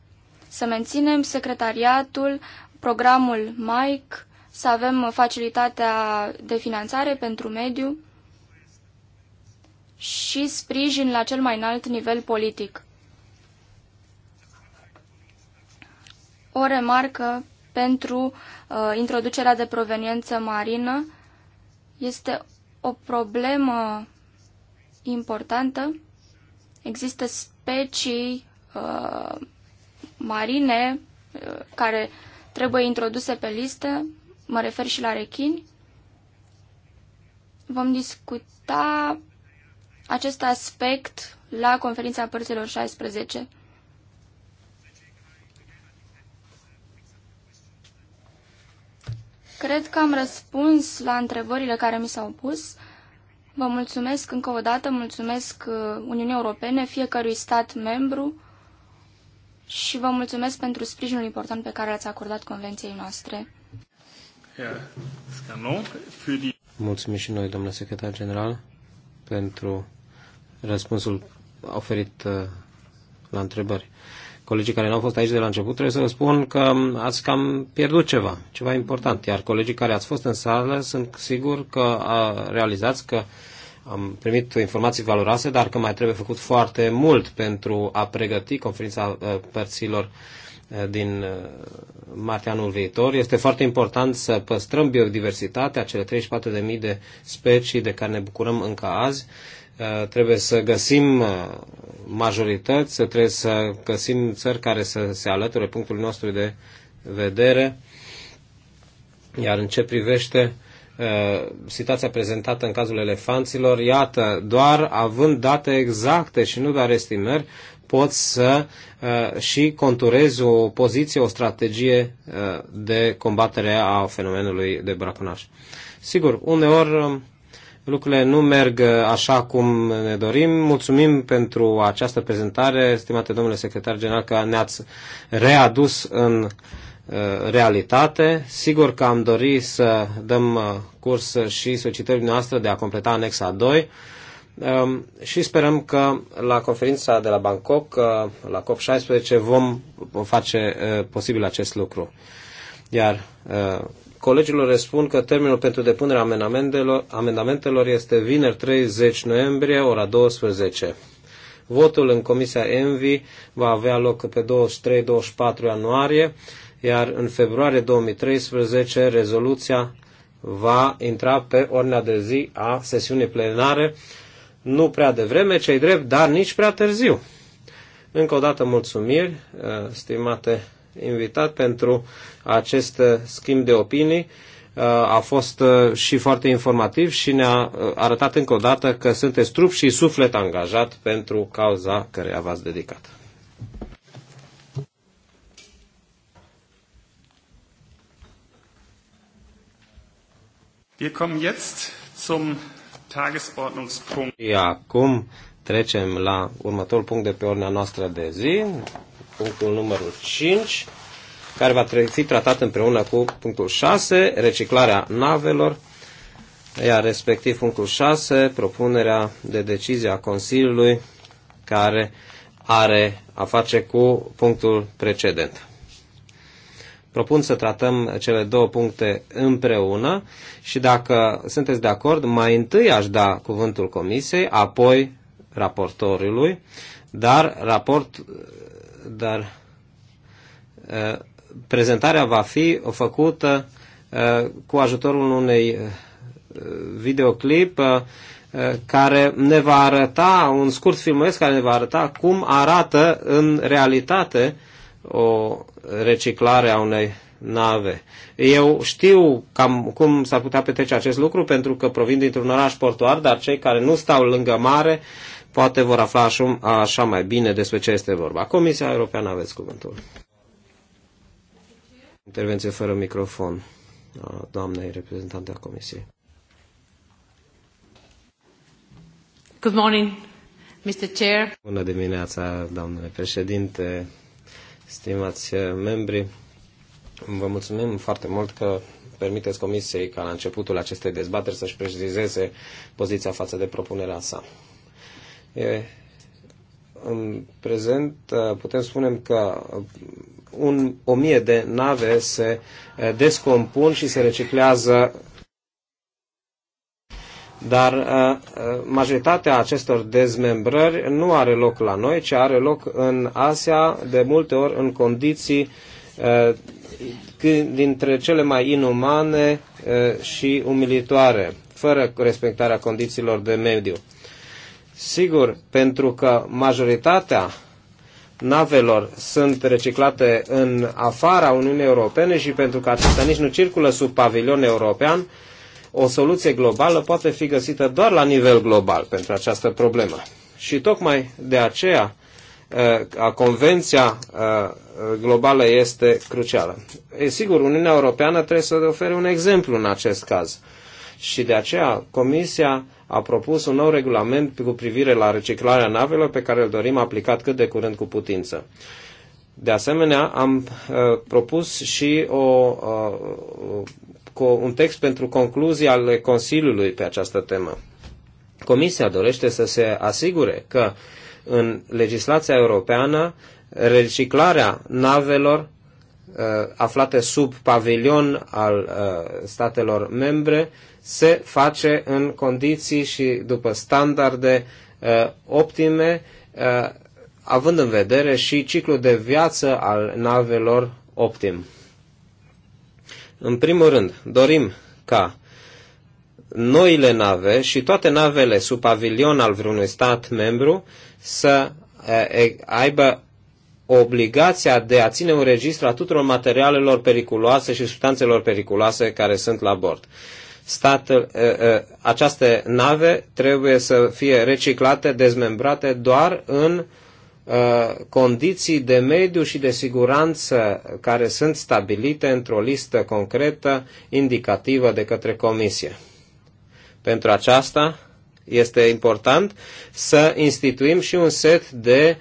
Să menținem secretariatul, programul MIC, să avem facilitatea de finanțare pentru mediu, și sprijin la cel mai înalt nivel politic. O remarcă pentru uh, introducerea de proveniență marină este o problemă importantă. Există specii uh, marine uh, care trebuie introduse pe listă, mă refer și la rechini. Vom discuta acest aspect la conferința părților 16. Cred că am răspuns la întrebările care mi s-au pus. Vă mulțumesc încă o dată, mulțumesc uh, Uniunii Europene, fiecărui stat membru și vă mulțumesc pentru sprijinul important pe care l-ați acordat convenției noastre. Mulțumim și noi, domnule secretar general, pentru răspunsul oferit uh, la întrebări. Colegii care nu au fost aici de la început trebuie să spun că ați cam pierdut ceva, ceva important. Iar colegii care ați fost în sală sunt sigur că realizați că am primit informații valoroase, dar că mai trebuie făcut foarte mult pentru a pregăti conferința uh, părților uh, din martie anul viitor. Este foarte important să păstrăm biodiversitatea, cele 34.000 de mii de specii de care ne bucurăm încă azi Eh, trebuie să găsim eh, majorități, trebuie să găsim țări care să se alăture punctului nostru de vedere. Iar în ce privește eh, situația prezentată în cazul elefanților, iată, doar având date exacte și nu doar estimări, poți să uh, și conturezi o poziție, o strategie uh, de combatere a fenomenului de braconaj. Sigur, uneori lucrurile nu merg uh, așa cum ne dorim. Mulțumim pentru această prezentare, stimate domnule secretar general, că ne-ați readus în uh, realitate. Sigur că am dorit să dăm uh, curs și solicitării noastre de a completa anexa 2 um, și sperăm că la conferința de la Bangkok, la COP16, vom face posibil acest lucru. Iar colegilor răspund spun că termenul pentru depunerea amendamentelor, amendamentelor este vineri 30 noiembrie, ora 12. Votul în Comisia ENVI va avea loc pe 23-24 ianuarie, iar în februarie 2013 rezoluția va intra pe ordinea de zi a sesiunii plenare, nu prea devreme, cei drept, dar nici prea târziu. Încă o dată mulțumiri, stimate invitat pentru acest uh, schimb de opinii. Uh, a fost uh, și foarte informativ și ne-a arătat încă o dată că sunteți trup și suflet angajat pentru cauza care v-ați dedicat. Wir kommen jetzt zum Tagesordnungspunkt. Acum trecem la următorul punct de pe ordinea noastră de zi, punctul numărul 5, care va fi tratat împreună cu punctul 6, reciclarea navelor, iar respectiv punctul 6, propunerea de decizie a Consiliului care are a face cu punctul precedent. Propun să tratăm cele două puncte împreună și dacă sunteți de acord, mai întâi aș da cuvântul comisiei, apoi raportorului, dar raport, dar prezentarea va fi făcută cu ajutorul unei videoclip care ne va arăta, un scurt filmuleț care ne va arăta cum arată în realitate o reciclare a unei nave. Eu știu cam cum s-ar putea petrece acest lucru pentru că provin dintr-un oraș portuar, dar cei care nu stau lângă mare poate vor afla așa mai bine despre ce este vorba. Comisia Europeană, aveți cuvântul. Intervenție fără microfon doamnei reprezentante a Comisiei. Good morning, Mr. Chair. Bună dimineața, domnule președinte, stimați uh, membri. Vă mulțumim foarte mult că permiteți Comisiei ca la începutul acestei dezbateri să-și precizeze poziția față de propunerea sa. În prezent putem spune că un, o mie de nave se descompun și se reciclează dar majoritatea acestor dezmembrări nu are loc la noi, ci are loc în Asia, de multe ori în condiții dintre cele mai inumane și umilitoare, fără respectarea condițiilor de mediu. Sigur, pentru că majoritatea navelor sunt reciclate în afara Uniunii Europene și pentru că acestea nici nu circulă sub pavilion european, o soluție globală poate fi găsită doar la nivel global pentru această problemă. Și tocmai de aceea uh, a convenția uh, globală este crucială. E sigur, Uniunea Europeană trebuie să ofere un exemplu în acest caz. Și de aceea Comisia a propus un nou regulament cu privire la reciclarea navelor pe care îl dorim aplicat cât de curând cu putință. De asemenea, am uh, propus și o, uh, cu un text pentru concluzii ale Consiliului pe această temă. Comisia dorește să se asigure că în legislația europeană reciclarea navelor uh, aflate sub pavilion al uh, statelor membre se face în condiții și după standarde uh, optime, uh, având în vedere și ciclul de viață al navelor optim. În primul rând, dorim ca noile nave și toate navele sub pavilion al vreunui stat membru să uh, aibă obligația de a ține un registru a tuturor materialelor periculoase și substanțelor periculoase care sunt la bord statul, aceste nave trebuie să fie reciclate, dezmembrate doar în condiții de mediu și de siguranță care sunt stabilite într-o listă concretă, indicativă de către Comisie. Pentru aceasta este important să instituim și un set de,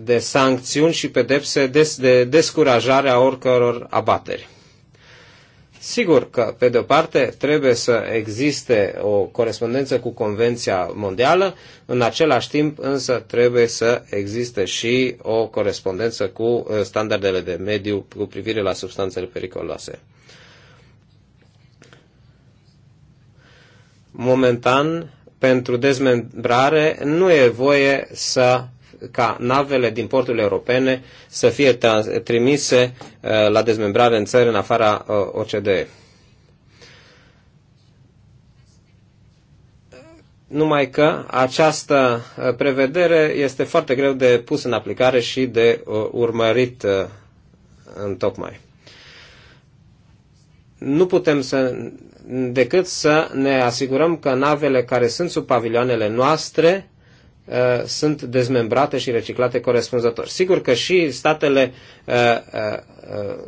de sancțiuni și pedepse de, de descurajare a oricăror abateri. Sigur că, pe de o parte, trebuie să existe o corespondență cu Convenția Mondială, în același timp însă trebuie să existe și o corespondență cu uh, standardele de mediu cu privire la substanțele periculoase. Momentan, pentru dezmembrare nu e voie să ca navele din porturile europene să fie trimise uh, la dezmembrare în țări în afara uh, OCDE. numai că această uh, prevedere este foarte greu de pus în aplicare și de urmărit în tocmai. Nu putem să, decât să ne asigurăm că navele care sunt sub pavilioanele noastre Uh, sunt dezmembrate și reciclate corespunzător. Sigur că și statele uh, uh,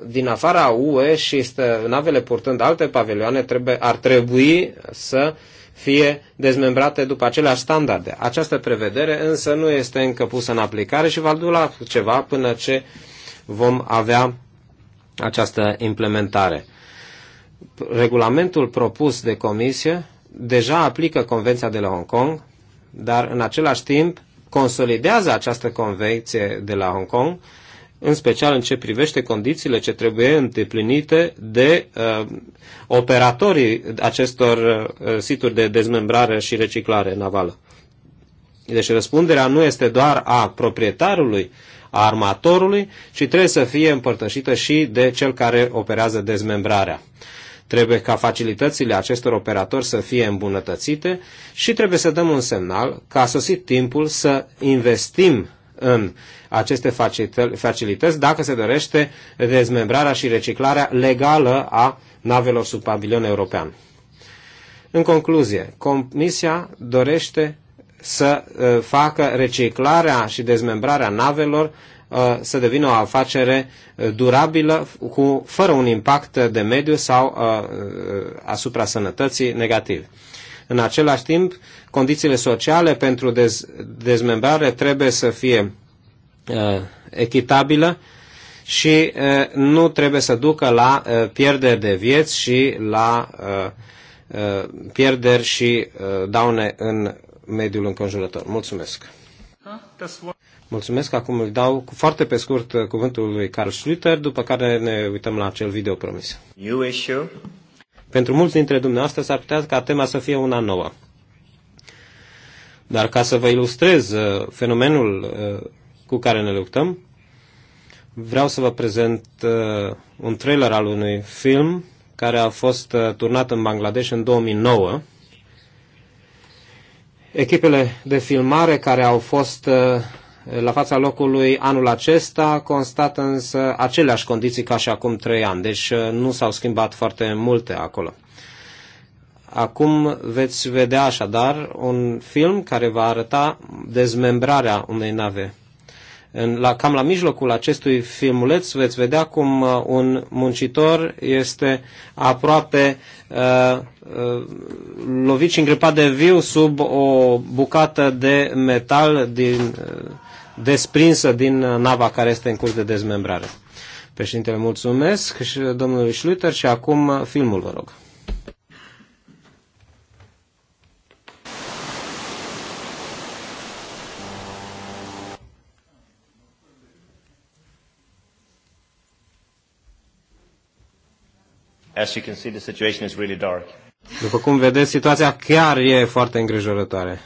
din afara UE și navele purtând alte pavilioane trebuie, ar trebui să fie dezmembrate după aceleași standarde. Această prevedere însă nu este încă pusă în aplicare și va dura ceva până ce vom avea această implementare. Regulamentul propus de comisie deja aplică Convenția de la Hong Kong dar în același timp consolidează această convenție de la Hong Kong, în special în ce privește condițiile ce trebuie îndeplinite de uh, operatorii acestor uh, situri de dezmembrare și reciclare navală. Deci răspunderea nu este doar a proprietarului, a armatorului, ci trebuie să fie împărtășită și de cel care operează dezmembrarea. Uh, Trebuie ca facilitățile acestor operatori să fie îmbunătățite și trebuie să dăm un semnal că a sosit timpul să investim în aceste facilități dacă se dorește dezmembrarea și reciclarea legală a navelor sub pavilion european. În concluzie, Comisia dorește să uh, facă reciclarea și dezmembrarea navelor Uh, să devină o afacere uh, durabilă, cu, fără un impact de mediu sau uh, asupra sănătății negativ. În același timp, condițiile sociale pentru dez, dezmembrare trebuie să fie echitabilă și nu trebuie să ducă la pierderi de vieți și la pierderi și daune în mediul înconjurător. Mulțumesc! Mulțumesc, acum îl dau cu foarte pe scurt uh, cuvântul lui Carl Schlüter, după care ne uităm la acel video promis. New issue. Pentru mulți dintre dumneavoastră s-ar putea ca tema să fie una nouă. Dar ca să vă ilustrez uh, fenomenul uh, cu care ne luptăm, vreau să vă prezent un trailer al unui film care a fost turnat în Bangladesh în 2009. Echipele de filmare care au fost la fața locului anul acesta, constată însă aceleași condiții ca și acum trei ani, deci uh, nu s-au schimbat foarte multe acolo. Acum veți vedea așadar un film care va arăta dezmembrarea unei nave. În, la, cam la mijlocul acestui filmuleț veți vedea cum uh, un muncitor este aproape uh, uh, lovit și îngripat de viu sub o bucată de metal din, uh, desprinsă din uh, nava care este în curs de dezmembrare. Președintele, mulțumesc și uh, domnului Schluter și acum uh, filmul, vă rog. As you can see, the situation is really dark. După cum vedeți, situația chiar e foarte îngrijorătoare.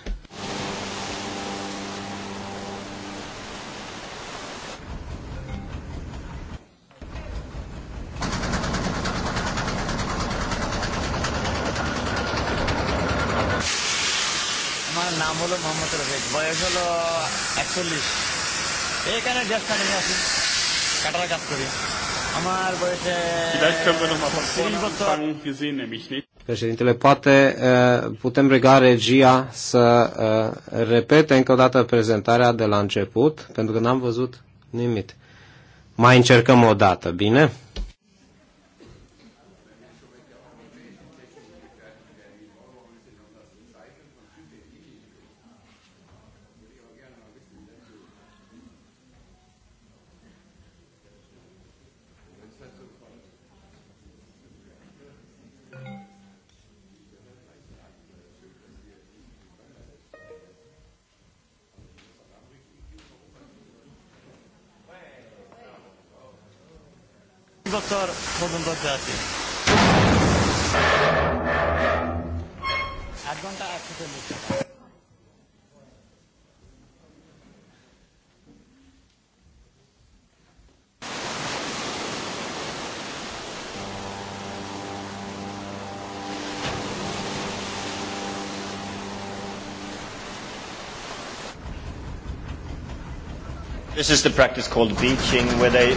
চল্লিশ এখানে কাটার কাজ করি আমার বয়সে Președintele, poate eh, putem rega regia să eh, repete încă o dată prezentarea de la început, pentru că n-am văzut nimic. Mai încercăm o dată, bine? Doctor, mă gândesc de azi. This is the practice called beaching, where they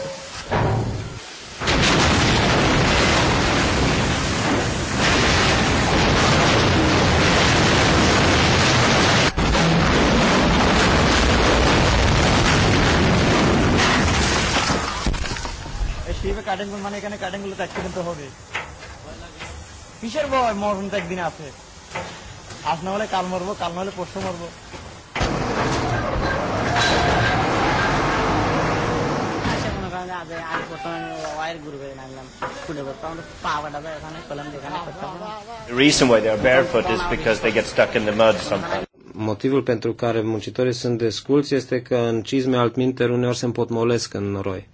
সেইভাবে curtain মানে এখানে কার্টেন গুলো ত্যাগ কিন্তু হবে কিসের ভয় মরণ তো একদিন আছে আজ না হলে কাল মরবো কাল না হলে পরশু মরবো Motivul pentru care muncitorii sunt desculți este că în cizme altminte uneori se împotmolesc în noroi.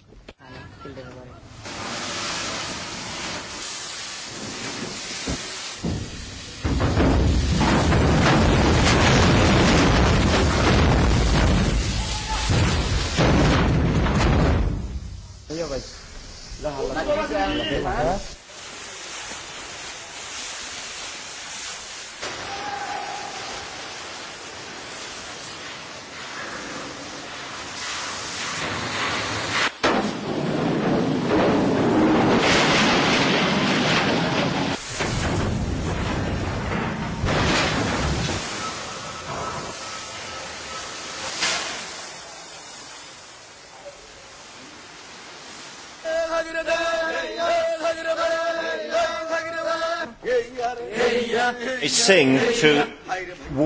sing to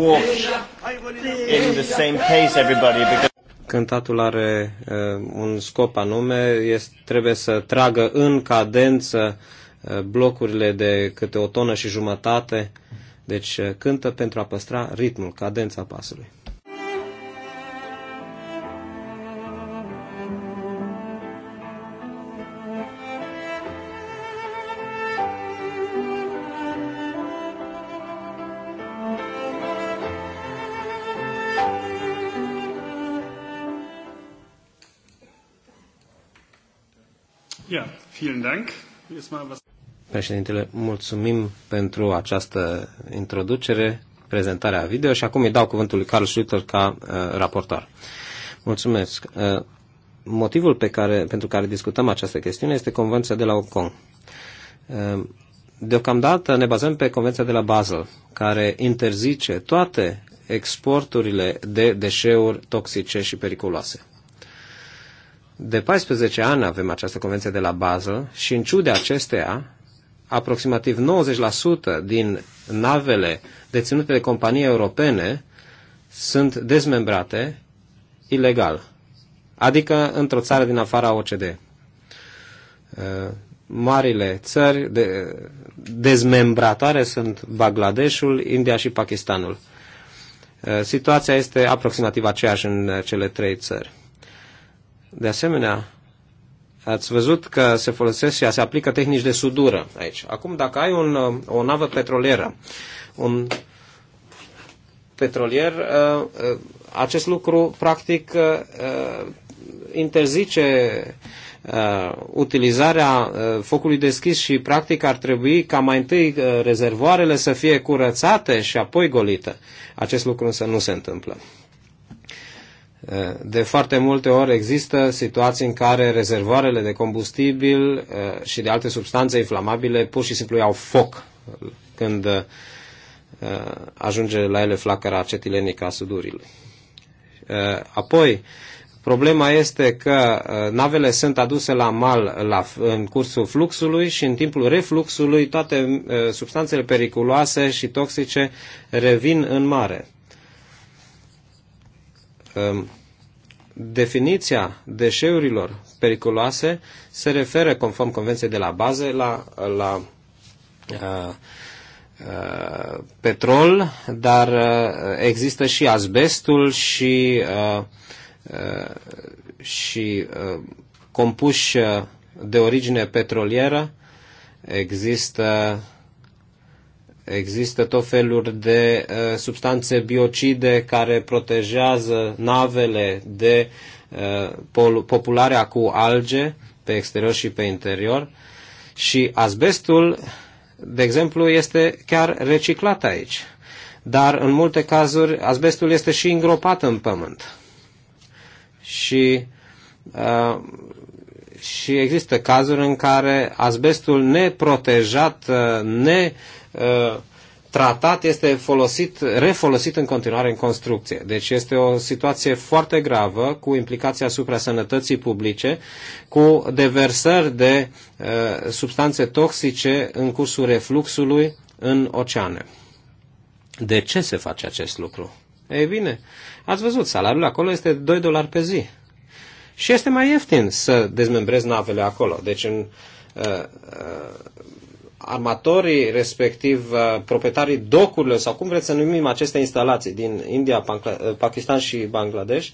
walk in the same pace everybody because Cântatul are uh, un scop anume, este, trebuie să tragă în cadență uh, blocurile de câte o tonă și jumătate, deci uh, cântă pentru a păstra ritmul, cadența pasului. Președintele, mulțumim pentru această introducere, prezentarea video și acum îi dau cuvântul lui Carl Schlüter ca uh, raportor. Mulțumesc. Uh, motivul pe care, pentru care discutăm această chestiune este Convenția de la Hong Kong. Uh, deocamdată ne bazăm pe Convenția de la Basel, care interzice toate exporturile de deșeuri toxice și periculoase. De 14 ani avem această convenție de la Basel și în ciuda acesteia, aproximativ 90% din navele deținute de companii europene sunt dezmembrate ilegal, adică într-o țară din afara OCD. Uh, marile țări de, dezmembratoare sunt Bangladeshul, India și Pakistanul. Uh, situația este aproximativ aceeași în uh, cele trei țări. De asemenea, ați văzut că se folosesc și se aplică tehnici de sudură aici. Acum, dacă ai un, o navă petrolieră, un petrolier, uh, uh, acest lucru practic uh, interzice utilizarea focului deschis și practic ar trebui ca mai întâi rezervoarele să fie curățate și apoi golite. Acest lucru însă nu se întâmplă. De foarte multe ori există situații în care rezervoarele de combustibil uh, și de alte substanțe inflamabile pur și simplu iau foc uh, când uh, ajunge la ele flacăra acetilenică a sudurilor. Apoi, problema este că navele sunt aduse la mal la, în cursul fluxului și în timpul refluxului toate substanțele periculoase și toxice revin în mare Um, definiția deșeurilor periculoase se referă, conform Convenției de la bază, la, la uh, uh, petrol, dar uh, există și azbestul și, și uh, compuși de origine petrolieră, există uh, Există tot felul de uh, substanțe biocide care protejează navele de uh, popularea cu alge pe exterior și pe interior și asbestul, de exemplu, este chiar reciclat aici. Dar în multe cazuri asbestul este și îngropat în pământ. Și uh, și există cazuri în care asbestul neprotejat, uh, ne Uh, tratat este folosit, refolosit în continuare în construcție. Deci este o situație foarte gravă cu implicații asupra sănătății publice, cu deversări de uh, substanțe toxice în cursul refluxului în oceane. De ce se face acest lucru? Ei bine, ați văzut, salariul acolo este 2 dolari pe zi. Și este mai ieftin să dezmembrezi navele acolo. Deci în, uh, uh, armatorii, respectiv uh, proprietarii docurilor sau cum vreți să numim aceste instalații din India, uh, Pakistan și Bangladesh,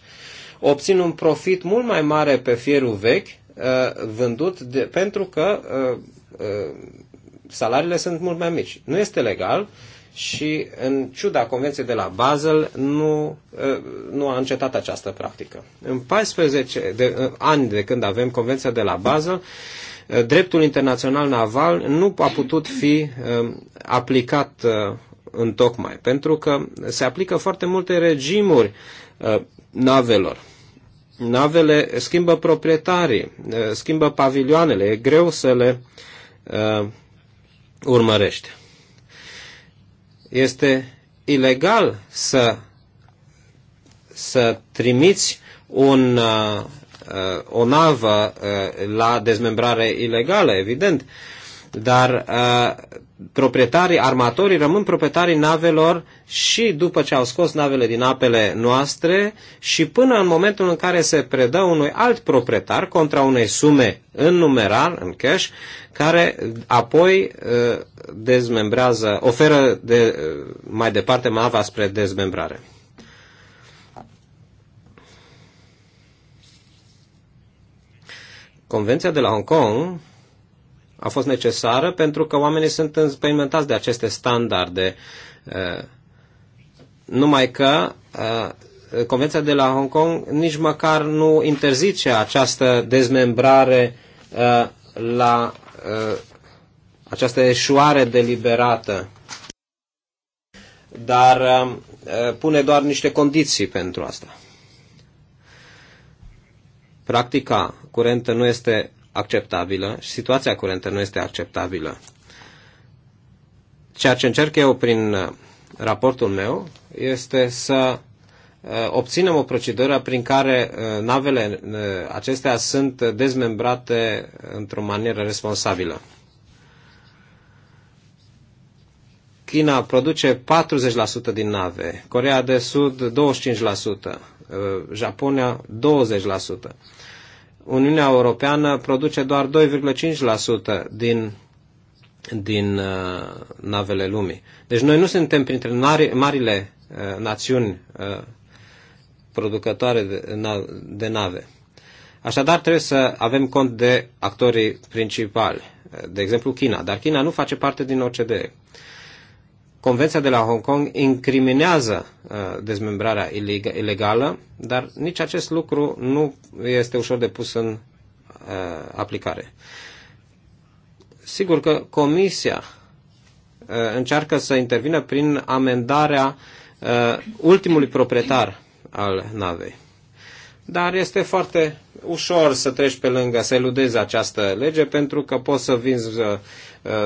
obțin un profit mult mai mare pe fierul vechi uh, vândut de, pentru că salariile sunt mult mai mici. Nu este legal și în ciuda convenției de la Basel nu, nu a încetat această practică. În 14 de, ani de când avem convenția de la Basel, Eh, dreptul internațional naval nu a putut fi eh, aplicat eh, în tocmai, pentru că se aplică foarte multe regimuri navelor. Navele schimbă proprietarii, schimbă pavilioanele, e greu să le urmărește. Este ilegal să, să trimiți un Uh, o navă uh, la dezmembrare ilegală, evident, dar uh, proprietarii, armatorii rămân proprietarii navelor și după ce au scos navele din apele noastre și până în momentul în care se predă unui alt proprietar contra unei sume în numerar, în cash, care apoi dezmembrează, oferă de, mai departe nava spre dezmembrare. Convenția de la Hong Kong a fost necesară pentru că oamenii sunt înspăimentați de aceste standarde. Eh, numai că eh, Convenția de la Hong Kong nici măcar nu interzice această dezmembrare eh, la această eșuare deliberată, dar pune doar niște condiții pentru asta. Practica curentă nu este acceptabilă și situația curentă nu este acceptabilă. Ceea ce încerc eu prin uh, raportul meu este să uh, obținem o procedură prin care uh, navele acestea sunt dezmembrate într-o manieră responsabilă. China produce 40% din nave, Corea de Sud 25%, Japonia 20%. Uniunea Europeană produce doar 2,5% din, din uh, navele lumii. Deci noi nu suntem printre mari, marile uh, națiuni uh, producătoare de, de nave. Așadar, trebuie să avem cont de actorii principali, de exemplu China, dar China nu face parte din OCDE. Uh, Convenția de la Hong Kong incriminează uh, dezmembrarea ilegală, dar nici acest lucru nu este ușor de pus în uh, aplicare. Sigur că Comisia uh, încearcă să intervină prin amendarea ultimului proprietar al navei. Dar este foarte ușor să treci pe lângă, să eludezi această lege pentru că poți să vinzi,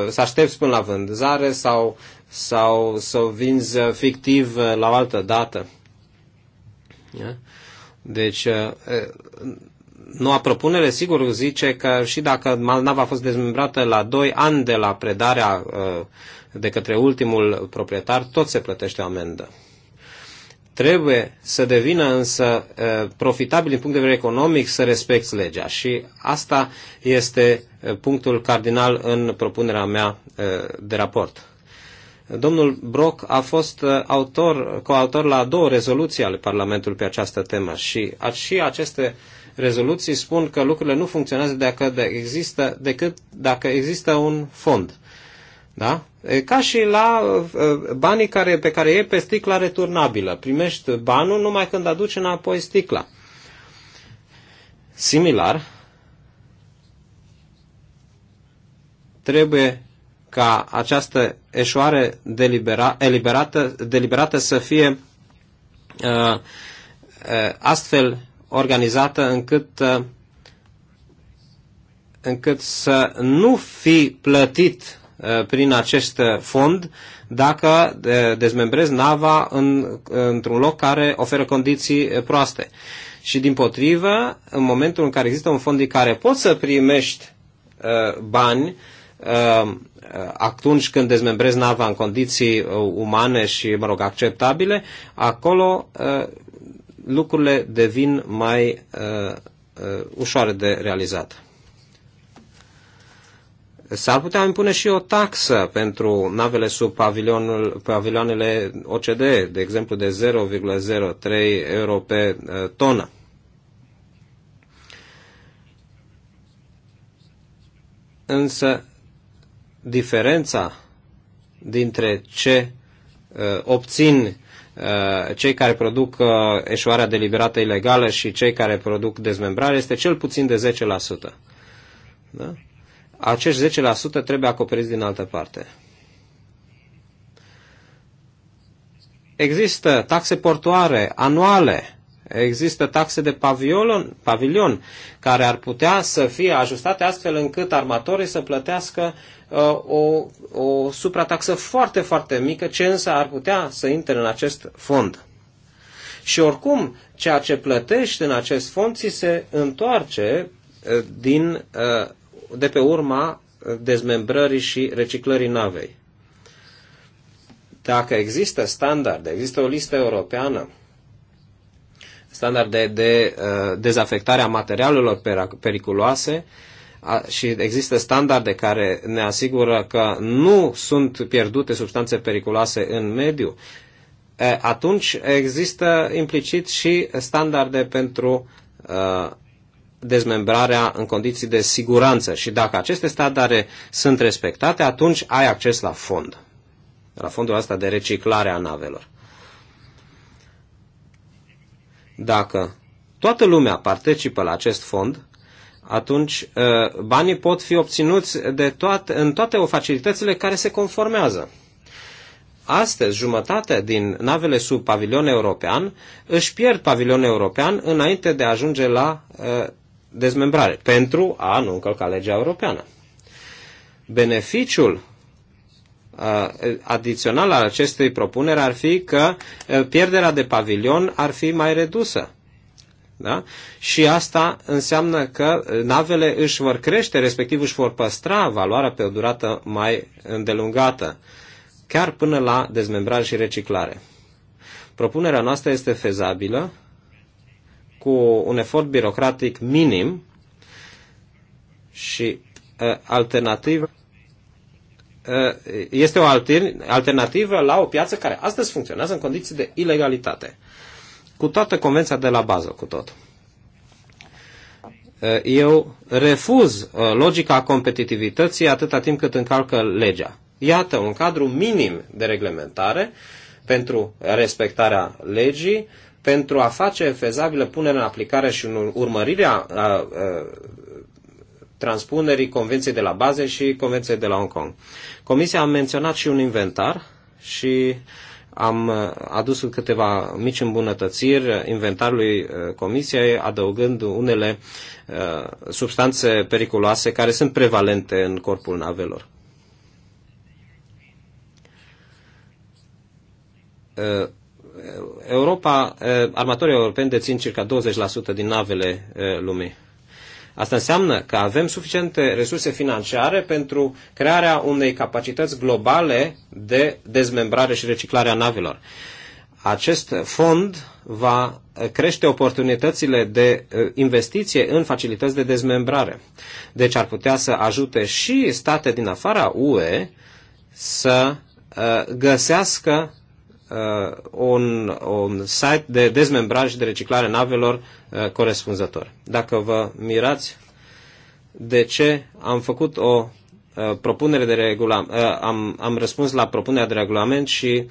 să aștepți până la vânzare sau sau să o vinzi uh, fictiv uh, la o altă dată. Deci, uh, noua propunere, sigur, zice că și dacă Malnava a fost dezmembrată la 2 ani de la predarea de către ultimul proprietar, tot se plătește o amendă. Trebuie să devină însă profitabil din punct de vedere economic să respecti legea și asta este punctul cardinal în propunerea mea de raport. Domnul Brock a fost uh, autor, coautor la două rezoluții ale Parlamentului pe această temă și, și aceste rezoluții spun că lucrurile nu funcționează dacă există, decât dacă există un fond. Da? Ca și la uh, banii care, pe care e pe sticla returnabilă. Primești banul numai când aduci înapoi sticla. Similar, trebuie ca această eșoare delibera, eliberată, deliberată să fie uh, uh, astfel organizată încât, uh, încât să nu fi plătit uh, prin acest fond dacă dezmembrezi nava în, într-un loc care oferă condiții uh, proaste. Și din potrivă, în momentul în care există un fond din care poți să primești uh, bani, uh, Ehm, atunci când dezmembrezi nava în condiții uh, umane și, mă rog, acceptabile, acolo uh, lucrurile devin mai uh, ușoare de realizat. S-ar putea impune și o taxă pentru navele sub pavilionul, pavilioanele OCD, de exemplu de 0,03 euro pe tonă. Însă diferența dintre ce uh, obțin uh, cei care produc uh, eșoarea deliberată ilegală și cei care produc dezmembrare este cel puțin de 10%. Da? Acești 10% trebuie acoperiți din altă parte. Există taxe portoare anuale, există taxe de pavilion, pavilion care ar putea să fie ajustate astfel încât armatorii să plătească uh, Uh, o, o suprataxă foarte, foarte mică, ce însă ar putea să intre în acest fond. Și oricum, ceea ce plătești în acest fond ți se întoarce uh, din, uh, de pe urma dezmembrării și reciclării navei. Dacă există standarde, există o listă europeană, standarde de, de dezafectare a materialelor periculoase, și există standarde care ne asigură că nu sunt pierdute substanțe periculoase în mediu, atunci există implicit și standarde pentru dezmembrarea în condiții de siguranță și dacă aceste standarde sunt respectate, atunci ai acces la fond, la fondul ăsta de reciclare a navelor. Dacă toată lumea participă la acest fond, atunci uh, banii pot fi obținuți de toate, în toate facilitățile care se conformează. Astăzi, jumătate din navele sub pavilion european își pierd pavilionul european înainte de a ajunge la uh, dezmembrare, pentru a nu încălca legea europeană. Beneficiul uh, adițional al acestei propuneri ar fi că pierderea de pavilion ar fi mai redusă da? Și asta înseamnă că navele își vor crește, respectiv își vor păstra valoarea pe o durată mai îndelungată, chiar până la dezmembrare și reciclare. Propunerea noastră este fezabilă, cu un efort birocratic minim și uh, alternativă este o alternativă la o piață care astăzi funcționează în condiții de ilegalitate cu toată convenția de la bază, cu tot. Eu refuz logica competitivității atâta timp cât încalcă legea. Iată un cadru minim de reglementare pentru respectarea legii, pentru a face fezabilă punerea în aplicare și în urmărirea a, a, transpunerii Convenției de la Baze și Convenției de la Hong Kong. Comisia a menționat și un inventar și am uh, adus câteva mici îmbunătățiri inventarului uh, comisiei, adăugând unele uh, substanțe periculoase care sunt prevalente în corpul navelor. Europa, armatorii europeni dețin circa 20% din navele lumii. Asta înseamnă că avem suficiente resurse financiare pentru crearea unei capacități globale de dezmembrare și reciclare a navelor. Acest fond va crește oportunitățile de uh, investiție în facilități de dezmembrare. Deci ar putea să ajute și state din afara UE să uh, găsească uh, un, un site de dezmembrare și de reciclare navelor uh, corespunzător. Dacă vă mirați de ce am făcut o uh, propunere de regulament, uh, am, am răspuns la propunerea de regulament și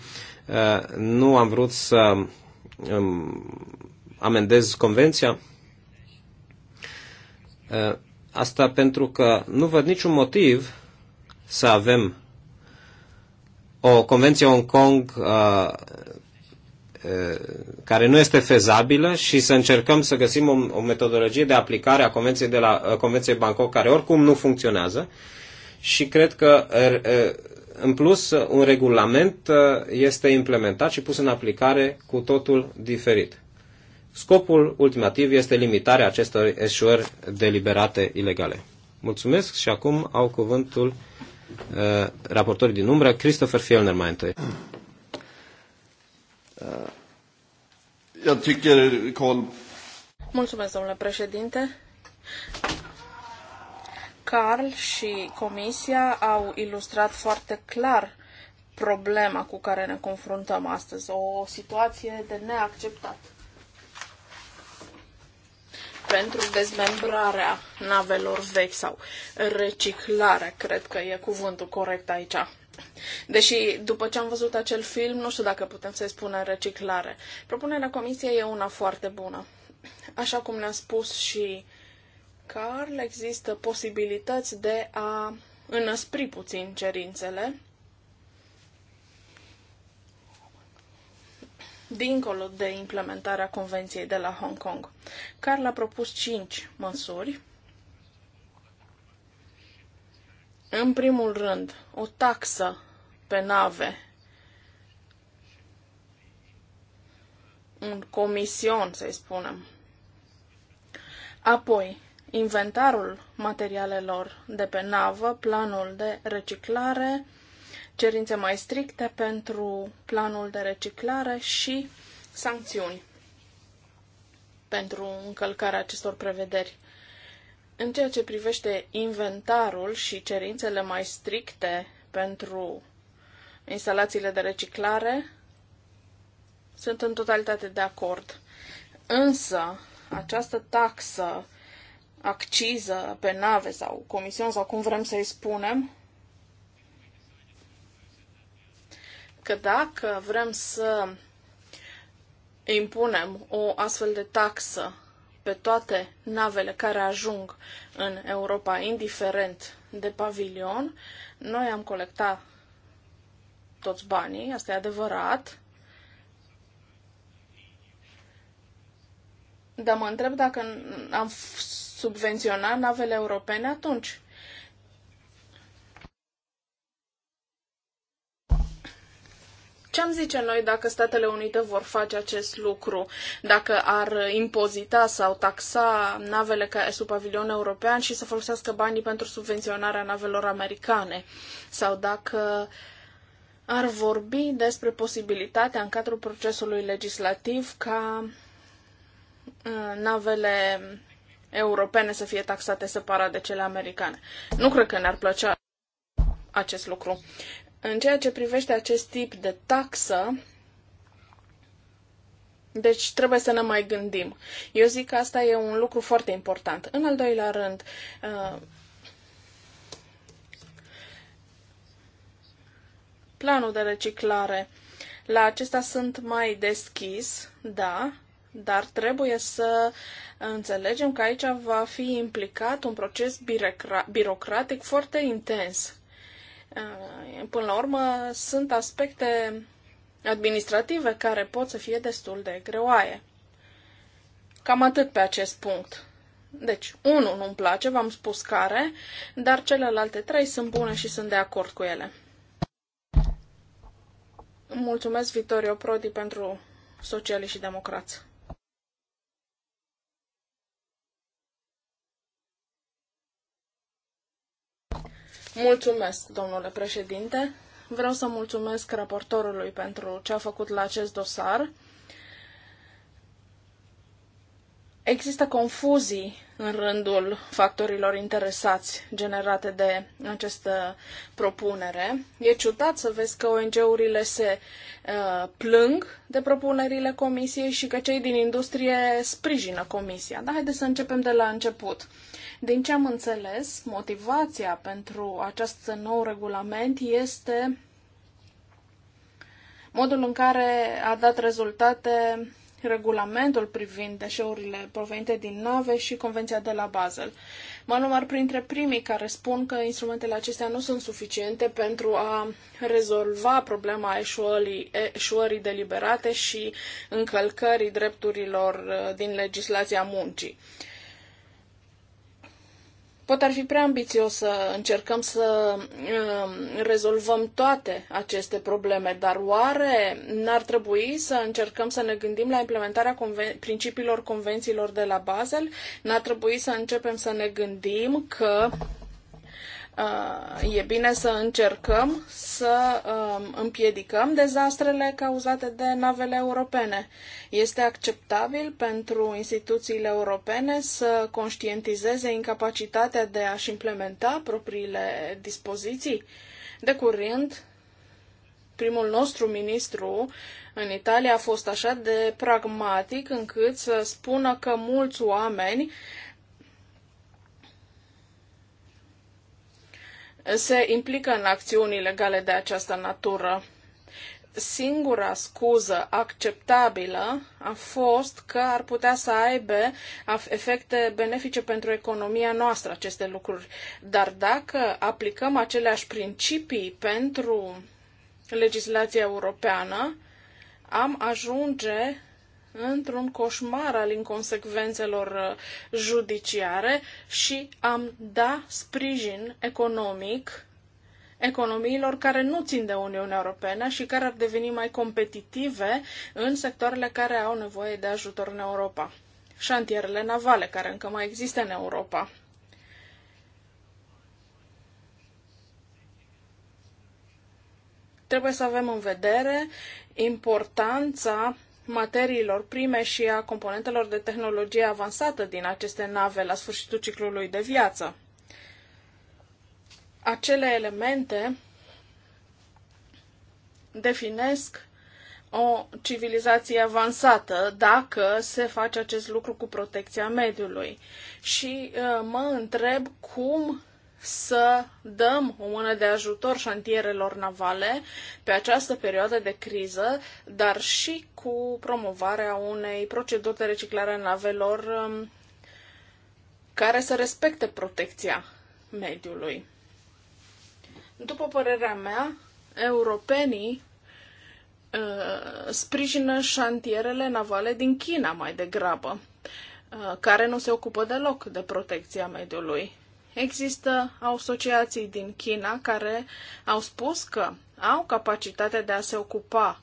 uh, nu am vrut să um, amendez convenția, uh, Asta pentru că nu văd niciun motiv să avem o convenție Hong Kong uh, uh, care nu este fezabilă și să încercăm să găsim o, o metodologie de aplicare a convenției, de la, uh, convenției Bangkok care oricum nu funcționează și cred că er, uh, în plus un regulament este implementat și pus în aplicare cu totul diferit. Scopul ultimativ este limitarea acestor eșuări deliberate ilegale. Mulțumesc și acum au cuvântul Eh, raportorii din umbră, Christopher Fjellner mai întâi. Eh, Mulțumesc, domnule președinte. Carl și Comisia au ilustrat foarte clar problema cu care ne confruntăm astăzi, o situație de neacceptat pentru dezmembrarea navelor vechi sau reciclarea, cred că e cuvântul corect aici. Deși, după ce am văzut acel film, nu știu dacă putem să-i spunem reciclare. Propunerea comisiei e una foarte bună. Așa cum ne-a spus și Carl, există posibilități de a înăspri puțin cerințele dincolo de implementarea Convenției de la Hong Kong. Carl a propus cinci măsuri. În primul rând, o taxă pe nave, un comision, să-i spunem. Apoi, inventarul materialelor de pe navă, planul de reciclare, cerințe mai stricte pentru planul de reciclare și sancțiuni pentru încălcarea acestor prevederi. În ceea ce privește inventarul și cerințele mai stricte pentru instalațiile de reciclare, sunt în totalitate de acord. Însă, această taxă, acciză pe nave sau comision sau cum vrem să-i spunem, că dacă vrem să impunem o astfel de taxă pe toate navele care ajung în Europa, indiferent de pavilion, noi am colectat toți banii, asta e adevărat. Dar mă întreb dacă am subvenționat navele europene atunci. Ce am zice noi dacă Statele Unite vor face acest lucru? Dacă ar impozita sau taxa navele ca sub pavilion european și să folosească banii pentru subvenționarea navelor americane? Sau dacă ar vorbi despre posibilitatea în cadrul procesului legislativ ca uh, navele europene să fie taxate separat de cele americane. Nu cred că ne-ar plăcea acest lucru. În ceea ce privește acest tip de taxă, deci trebuie să ne mai gândim. Eu zic că asta e un lucru foarte important. În al doilea rând, uh, planul de reciclare. La acesta sunt mai deschis, da, dar trebuie să înțelegem că aici va fi implicat un proces birocratic foarte intens. Eh, până la urmă, sunt aspecte administrative care pot să fie destul de greoaie. Cam atât pe acest punct. Deci, unul nu-mi place, v-am spus care, dar celelalte trei sunt bune și sunt de acord cu ele. Mulțumesc, Vitorio Prodi, pentru sociali și democrați. Mulțumesc, domnule președinte. Vreau să mulțumesc raportorului pentru ce a făcut la acest dosar. Există confuzii în rândul factorilor interesați generate de această propunere. E ciudat să vezi că ONG-urile se uh, plâng de propunerile comisiei și că cei din industrie sprijină comisia. Dar haideți să începem de la început. Din ce am înțeles, motivația pentru acest nou regulament este modul în care a dat rezultate regulamentul privind deșeurile provenite din nave și Convenția de la Basel. Mă număr printre primii care spun că instrumentele acestea nu sunt suficiente pentru a rezolva problema eșuării, eșuării deliberate și încălcării drepturilor uh, din legislația muncii. Poate ar fi prea ambițios să încercăm să um, rezolvăm toate aceste probleme, dar oare n-ar trebui să încercăm să ne gândim la implementarea conven- principiilor convențiilor de la Basel? N-ar trebui să începem să ne gândim că Uh, e bine să încercăm să um, împiedicăm dezastrele cauzate de navele europene. Este acceptabil pentru instituțiile europene să conștientizeze incapacitatea de a-și implementa propriile dispoziții? De curând, primul nostru ministru în Italia a fost așa de pragmatic încât să spună că mulți oameni se implică în acțiuni legale de această natură. Singura scuză acceptabilă a fost că ar putea să aibă efecte benefice pentru economia noastră aceste lucruri. Dar dacă aplicăm aceleași principii pentru legislația europeană, am ajunge într-un coșmar al inconsecvențelor uh, judiciare și am da sprijin economic economiilor care nu țin de Uniunea Europeană și care ar deveni mai competitive în sectoarele care au nevoie de ajutor în Europa. Șantierele navale, care încă mai există în Europa. Trebuie să avem în vedere importanța materiilor prime și a componentelor de tehnologie avansată din aceste nave la sfârșitul ciclului de viață. Acele elemente definesc o civilizație avansată dacă se face acest lucru cu protecția mediului. Și uh, mă întreb cum să dăm o mână de ajutor șantierelor navale pe această perioadă de criză, dar și cu promovarea unei proceduri de reciclare a navelor um, care să respecte protecția mediului. După părerea mea, europenii uh, sprijină șantierele navale din China mai degrabă, uh, care nu se ocupă deloc de protecția mediului. Există asociații din China care au spus că au capacitatea de a se ocupa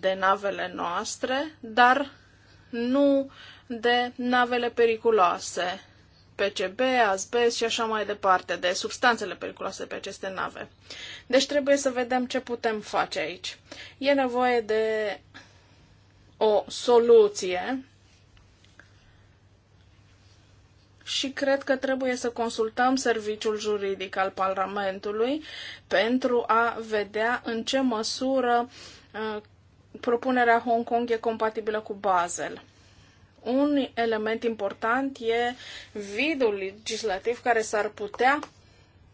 de navele noastre, dar nu de navele periculoase, PCB, azbest și așa mai departe, de substanțele periculoase pe aceste nave. Deci trebuie să vedem ce putem face aici. E nevoie de o soluție și cred că trebuie să consultăm serviciul juridic al Parlamentului pentru a vedea în ce măsură uh, propunerea Hong Kong e compatibilă cu Basel. Un element important e vidul legislativ care s-ar putea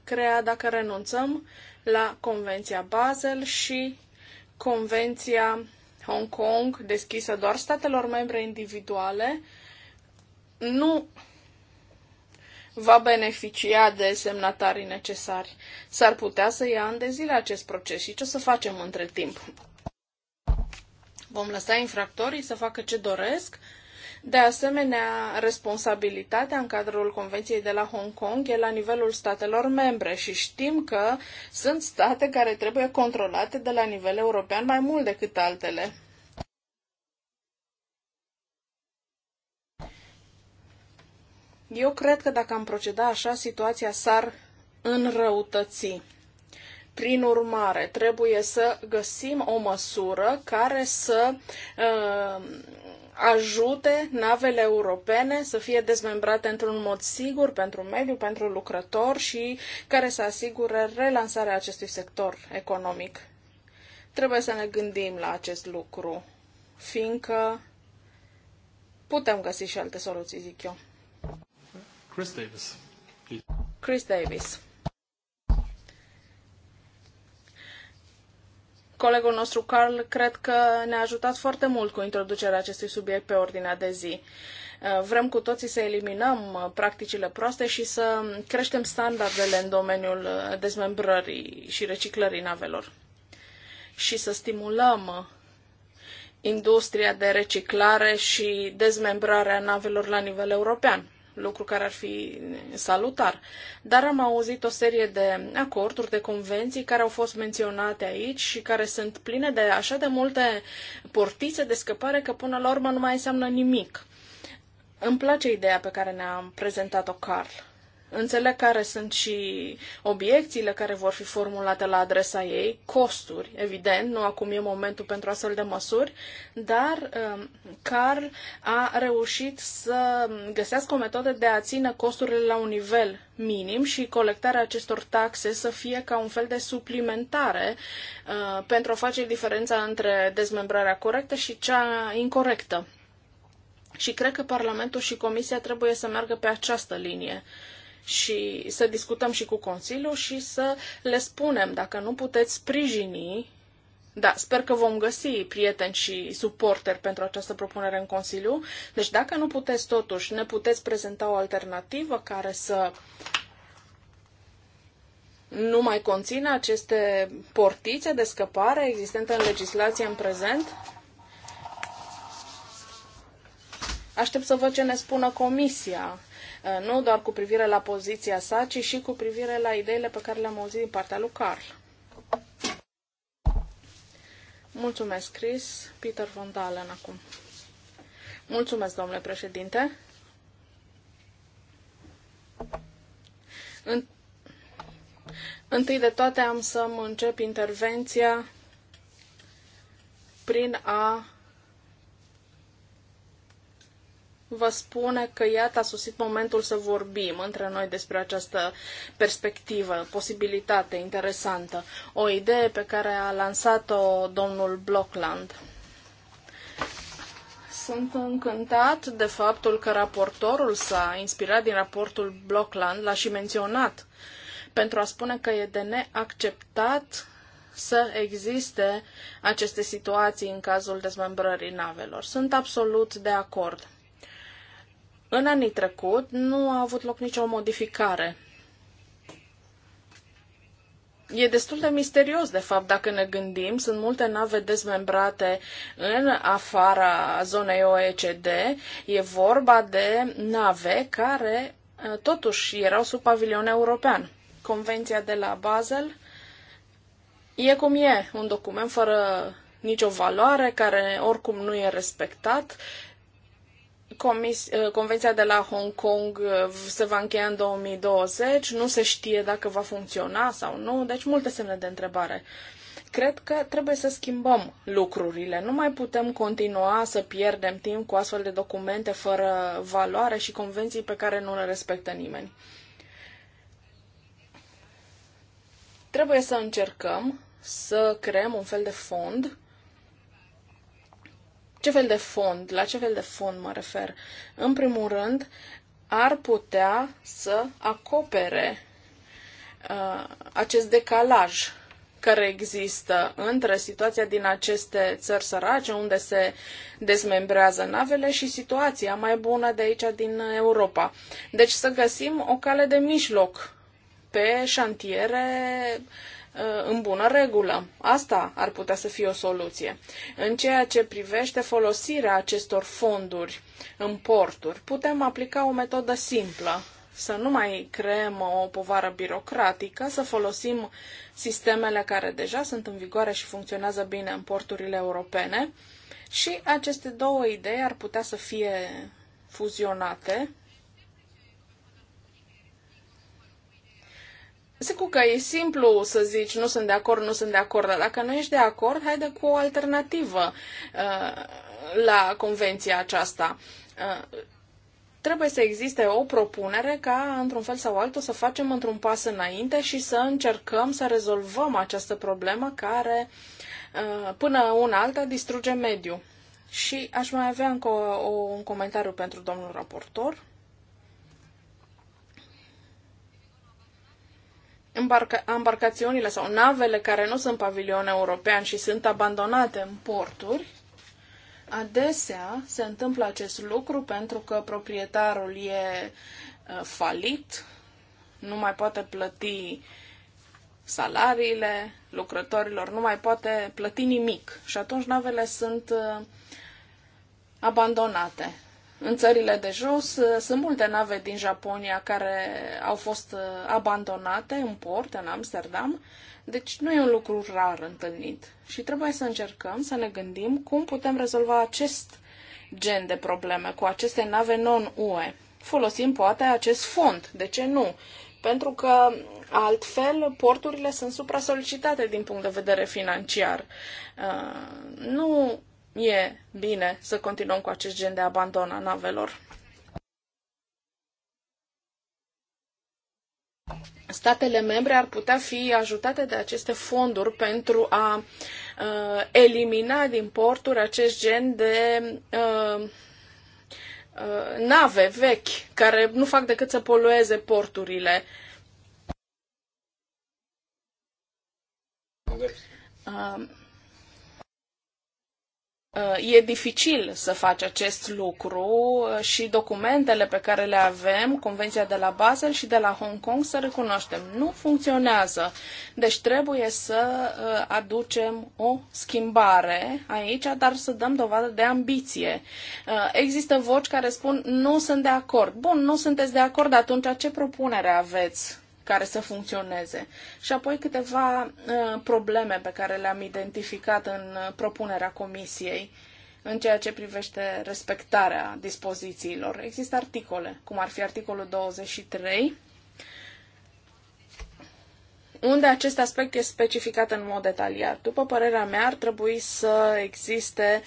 crea dacă renunțăm la Convenția Basel și Convenția Hong Kong deschisă doar statelor membre individuale, nu va beneficia de semnatarii necesari. S-ar putea să ia în de zile acest proces și ce o să facem între timp? Vom lăsa infractorii să facă ce doresc? De asemenea, responsabilitatea în cadrul Convenției de la Hong Kong e la nivelul statelor membre și știm că sunt state care trebuie controlate de la nivel european mai mult decât altele. Eu cred că dacă am proceda așa, situația s-ar înrăutăți. Prin urmare, trebuie să găsim o măsură care să uh, ajute navele europene să fie dezmembrate într-un mod sigur pentru mediu, pentru lucrător și care să asigure relansarea acestui sector economic. Trebuie să ne gândim la acest lucru, fiindcă putem găsi și alte soluții, zic eu. Chris Davis. Chris Davis. Colegul nostru, Carl, cred că ne-a ajutat foarte mult cu introducerea acestui subiect pe ordinea de zi. Uh, vrem cu toții să eliminăm uh, practicile proaste și să creștem standardele în domeniul uh, dezmembrării și reciclării navelor și să stimulăm industria de reciclare și a navelor la nivel european lucru care ar fi salutar. Dar am auzit o serie de acorduri, de convenții care au fost menționate aici și care sunt pline de așa de multe portițe de scăpare că până la urmă nu mai înseamnă nimic. Îmi place ideea pe care ne-a prezentat-o Carl Înțeleg care sunt și obiecțiile care vor fi formulate la adresa ei, costuri, evident, nu acum e momentul pentru astfel de măsuri, dar um, Carl a reușit să găsească o metodă de a ține costurile la un nivel minim și colectarea acestor taxe să fie ca un fel de suplimentare uh, pentru a face diferența între dezmembrarea corectă și cea incorrectă. Și cred că Parlamentul și Comisia trebuie să meargă pe această linie. Uh, și să discutăm și cu Consiliul și să le spunem dacă nu puteți sprijini da, sper că vom găsi prieteni și suporteri pentru această propunere în Consiliu. Deci dacă nu puteți totuși, ne puteți prezenta o alternativă care să nu mai conțină aceste portițe de scăpare existente în legislație în prezent? Aștept să văd ce ne spună Comisia Eh, nu doar cu privire la poziția sa, ci și cu privire la ideile pe care le-am auzit din partea lui Carl. Mulțumesc, Chris. Peter von Dalen acum. Mulțumesc, domnule președinte. Întâi de toate am să încep intervenția prin a vă spune că iată a sosit momentul să vorbim între noi despre această perspectivă, posibilitate interesantă, o idee pe care a lansat-o domnul Blockland. Sunt încântat de faptul că raportorul s-a inspirat din raportul Blockland, l-a și menționat, pentru a spune că e de neacceptat să existe aceste situații în cazul dezmembrării navelor. Sunt absolut de acord. În anii trecut nu a avut loc nicio modificare. E destul de misterios, de fapt, dacă ne gândim. Sunt multe nave dezmembrate în afara zonei OECD. E vorba de nave care eh, totuși erau sub pavilion european. Convenția de la Basel e cum e, un document fără nicio valoare, care oricum nu e respectat Comis, uh, convenția de la Hong Kong uh, se va încheia în 2020, nu se știe dacă va funcționa sau nu, deci multe semne de întrebare. Cred că trebuie să schimbăm lucrurile. Nu mai putem continua să pierdem timp cu astfel de documente fără valoare și convenții pe care nu le respectă nimeni. Trebuie să încercăm să creăm un fel de fond ce fel de fond? La ce fel de fond mă refer? În primul rând, ar putea să acopere uh, acest decalaj care există între situația din aceste țări sărace, unde se dezmembrează navele, și situația mai bună de aici din Europa. Deci să găsim o cale de mijloc pe șantiere uh, Uh, în bună regulă. Asta ar putea să fie o soluție. În ceea ce privește folosirea acestor fonduri în porturi, putem aplica o metodă simplă să nu mai creăm o povară birocratică, să folosim sistemele care deja sunt în vigoare și funcționează bine în porturile europene și aceste două idei ar putea să fie fuzionate Sigur că e simplu să zici nu sunt de acord, nu sunt de acord, dar dacă nu ești de acord, haide cu o alternativă uh, la convenția aceasta. Uh, trebuie să existe o propunere ca, într-un fel sau altul, să facem într-un pas înainte și să încercăm să rezolvăm această problemă care, uh, până una alta, distruge mediul. Și aș mai avea încă o, un comentariu pentru domnul raportor. embarca- embarcațiunile sau navele care nu sunt pavilion european și sunt abandonate în porturi, adesea se întâmplă acest lucru pentru că proprietarul e uh, falit, nu mai poate plăti salariile lucrătorilor, nu mai poate plăti nimic. Și atunci navele sunt uh, abandonate. În țările de jos uh, sunt multe nave din Japonia care au fost uh, abandonate în port, în Amsterdam, deci nu e un lucru rar întâlnit. Și trebuie să încercăm să ne gândim cum putem rezolva acest gen de probleme cu aceste nave non-UE. Folosim poate acest fond, de ce nu? Pentru că altfel porturile sunt supra-solicitate din punct de vedere financiar. Uh, nu e bine să continuăm cu acest gen de abandon a navelor. Statele membre ar putea fi ajutate de aceste fonduri pentru a uh, elimina din porturi acest gen de uh, uh, nave vechi care nu fac decât să polueze porturile. Uh, Uh, e dificil să faci acest lucru uh, și documentele pe care le avem, Convenția de la Basel și de la Hong Kong, să recunoaștem, nu funcționează. Deci trebuie să uh, aducem o schimbare aici, dar să dăm dovadă de ambiție. Există voci care spun nu sunt de acord. Bun, nu sunteți de acord, atunci ce propunere aveți? care să funcționeze. Și apoi câteva uh, probleme pe care le-am identificat în uh, propunerea comisiei în ceea ce privește respectarea dispozițiilor. Există articole, cum ar fi articolul 23, unde acest aspect este specificat în mod detaliat. După părerea mea, ar trebui să existe uh,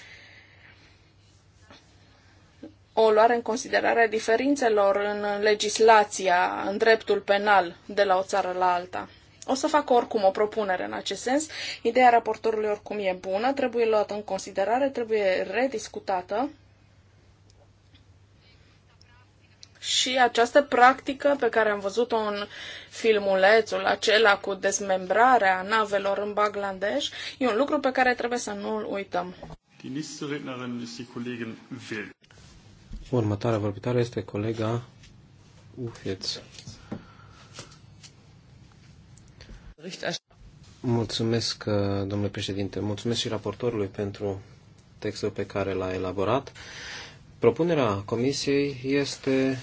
o luare în considerare a diferințelor în legislația, în dreptul penal de la o țară la alta. O să fac oricum o propunere în acest sens. Ideea raportorului oricum e bună, trebuie luată în considerare, trebuie rediscutată. Și această practică pe care am văzut-o în filmulețul acela cu dezmembrarea navelor în Bangladesh e un lucru pe care trebuie să nu-l uităm. Următoarea vorbitoare este colega Ufieț. Mulțumesc, uh, domnule președinte. Mulțumesc și raportorului pentru textul pe care l-a elaborat. Propunerea comisiei este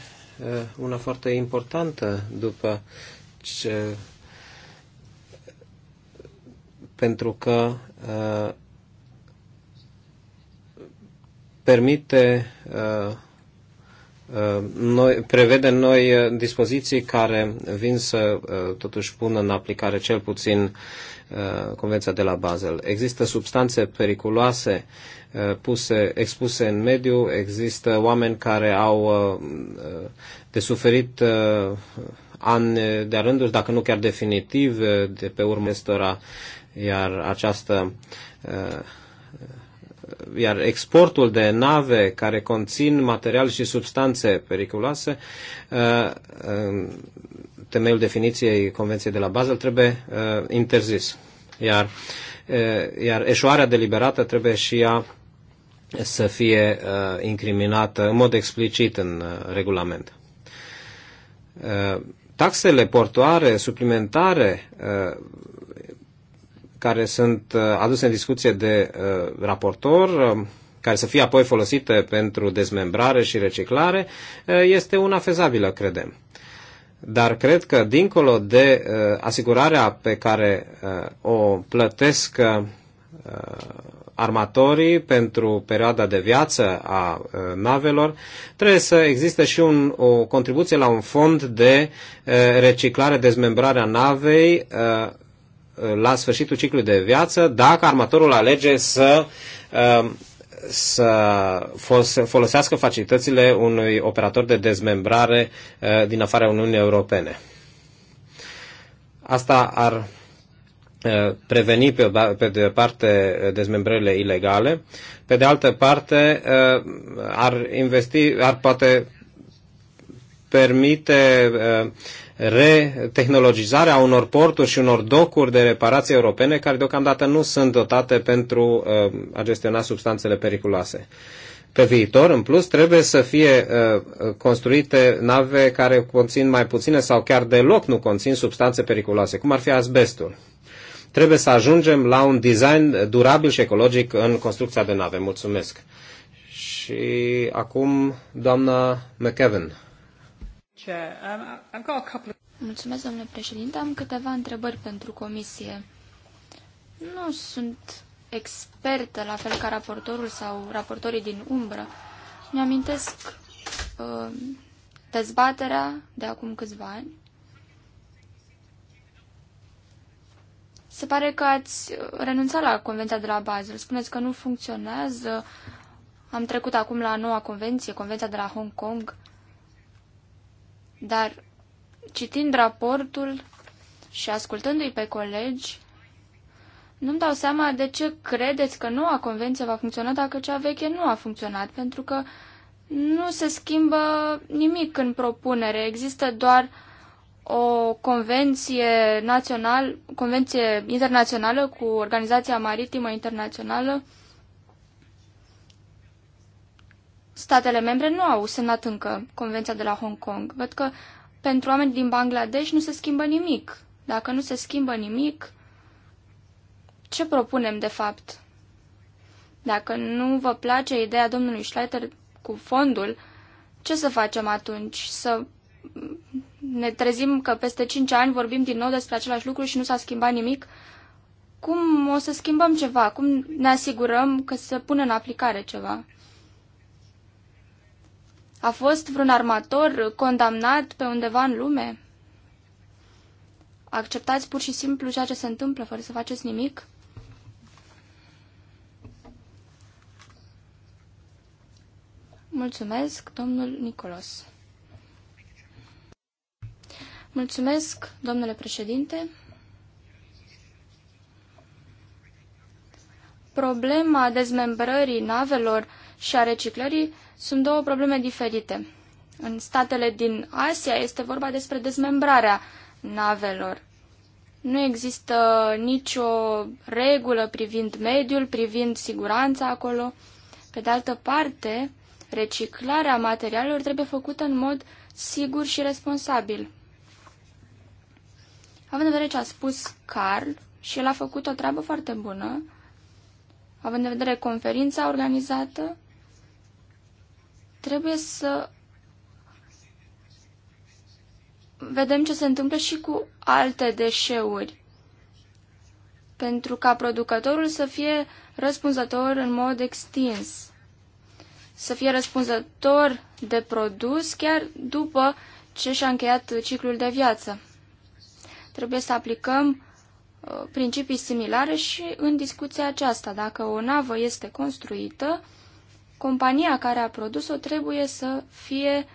uh, una foarte importantă după ce pentru că uh, permite noi, prevede noi uh, dispoziții care vin să uh, totuși pună în aplicare cel puțin uh, Convenția de la Basel. Există substanțe periculoase puse, expuse în mediu, există oameni care au de suferit ani de-a dacă nu chiar definitiv, de pe urmă iar această iar exportul de nave care conțin material și substanțe periculoase, uh, um, temeiul definiției Convenției de la Basel trebuie uh, interzis. Iar, uh, iar eșoarea deliberată trebuie și ea să fie incriminată în mod explicit în regulament taxele portoare suplimentare care sunt uh, aduse în discuție de uh, raportor, um, care să fie apoi folosite pentru dezmembrare și reciclare, uh, este una fezabilă, credem. Dar cred că, dincolo de asigurarea pe care o plătesc armatorii pentru perioada de viață a navelor, trebuie să existe și un, o contribuție la un fond de reciclare, dezmembrare a navei la sfârșitul ciclului de viață dacă armatorul alege să, um, să folosească facilitățile unui operator de dezmembrare uh, din afara Uniunii Europene. Asta ar uh, preveni pe, de parte uh, dezmembrările ilegale, pe de altă parte ar investi, ar poate permite uh, retehnologizarea unor porturi și unor docuri de reparație europene care deocamdată nu sunt dotate pentru uh, a gestiona substanțele periculoase. Pe viitor, în plus, trebuie să fie uh, construite nave care conțin mai puține sau chiar deloc nu conțin substanțe periculoase, cum ar fi asbestul. Trebuie să ajungem la un design durabil și ecologic în construcția de nave. Mulțumesc! Și acum, doamna McEvan. Um, Mulțumesc, domnule președinte. Am câteva întrebări pentru comisie. Nu sunt expertă, la fel ca raportorul sau raportorii din umbră. Mi-amintesc uh, dezbaterea de acum câțiva ani. Se pare că ați renunțat la convenția de la Basel. Spuneți că nu funcționează. Am trecut acum la noua convenție, convenția de la Hong Kong. Dar citind raportul și ascultându-i pe colegi, nu-mi dau seama de ce credeți că noua convenție va funcționa dacă cea veche nu a funcționat, pentru că nu se schimbă nimic în propunere. Există doar o convenție, național, convenție internațională cu Organizația Maritimă Internațională statele membre nu au semnat încă Convenția de la Hong Kong. Văd că pentru oameni din Bangladesh nu se schimbă nimic. Dacă nu se schimbă nimic, ce propunem de fapt? Dacă nu vă place ideea domnului Schleiter cu fondul, ce să facem atunci? Să ne trezim că peste 5 ani vorbim din nou despre același lucru și nu s-a schimbat nimic? Cum o să schimbăm ceva? Cum ne asigurăm că se pune în aplicare ceva? A fost vreun armator condamnat pe undeva în lume? Acceptați pur și simplu ceea ce se întâmplă, fără să faceți nimic? Mulțumesc, domnul Nicolos. Mulțumesc, domnule președinte. Problema dezmembrării navelor și a reciclării sunt două probleme diferite. În statele din Asia este vorba despre dezmembrarea navelor. Nu există nicio regulă privind mediul, privind siguranța acolo. Pe de altă parte, reciclarea materialelor trebuie făcută în mod sigur și responsabil. Având în vedere ce a spus Carl, și el a făcut o treabă foarte bună, având în vedere conferința organizată, trebuie să vedem ce se întâmplă și cu alte deșeuri. Pentru ca producătorul să fie răspunzător în mod extins. Să fie răspunzător de produs chiar după ce și-a încheiat ciclul de viață. Trebuie să aplicăm uh, principii similare și în discuția aceasta. Dacă o navă este construită, compania care a produs-o trebuie să fie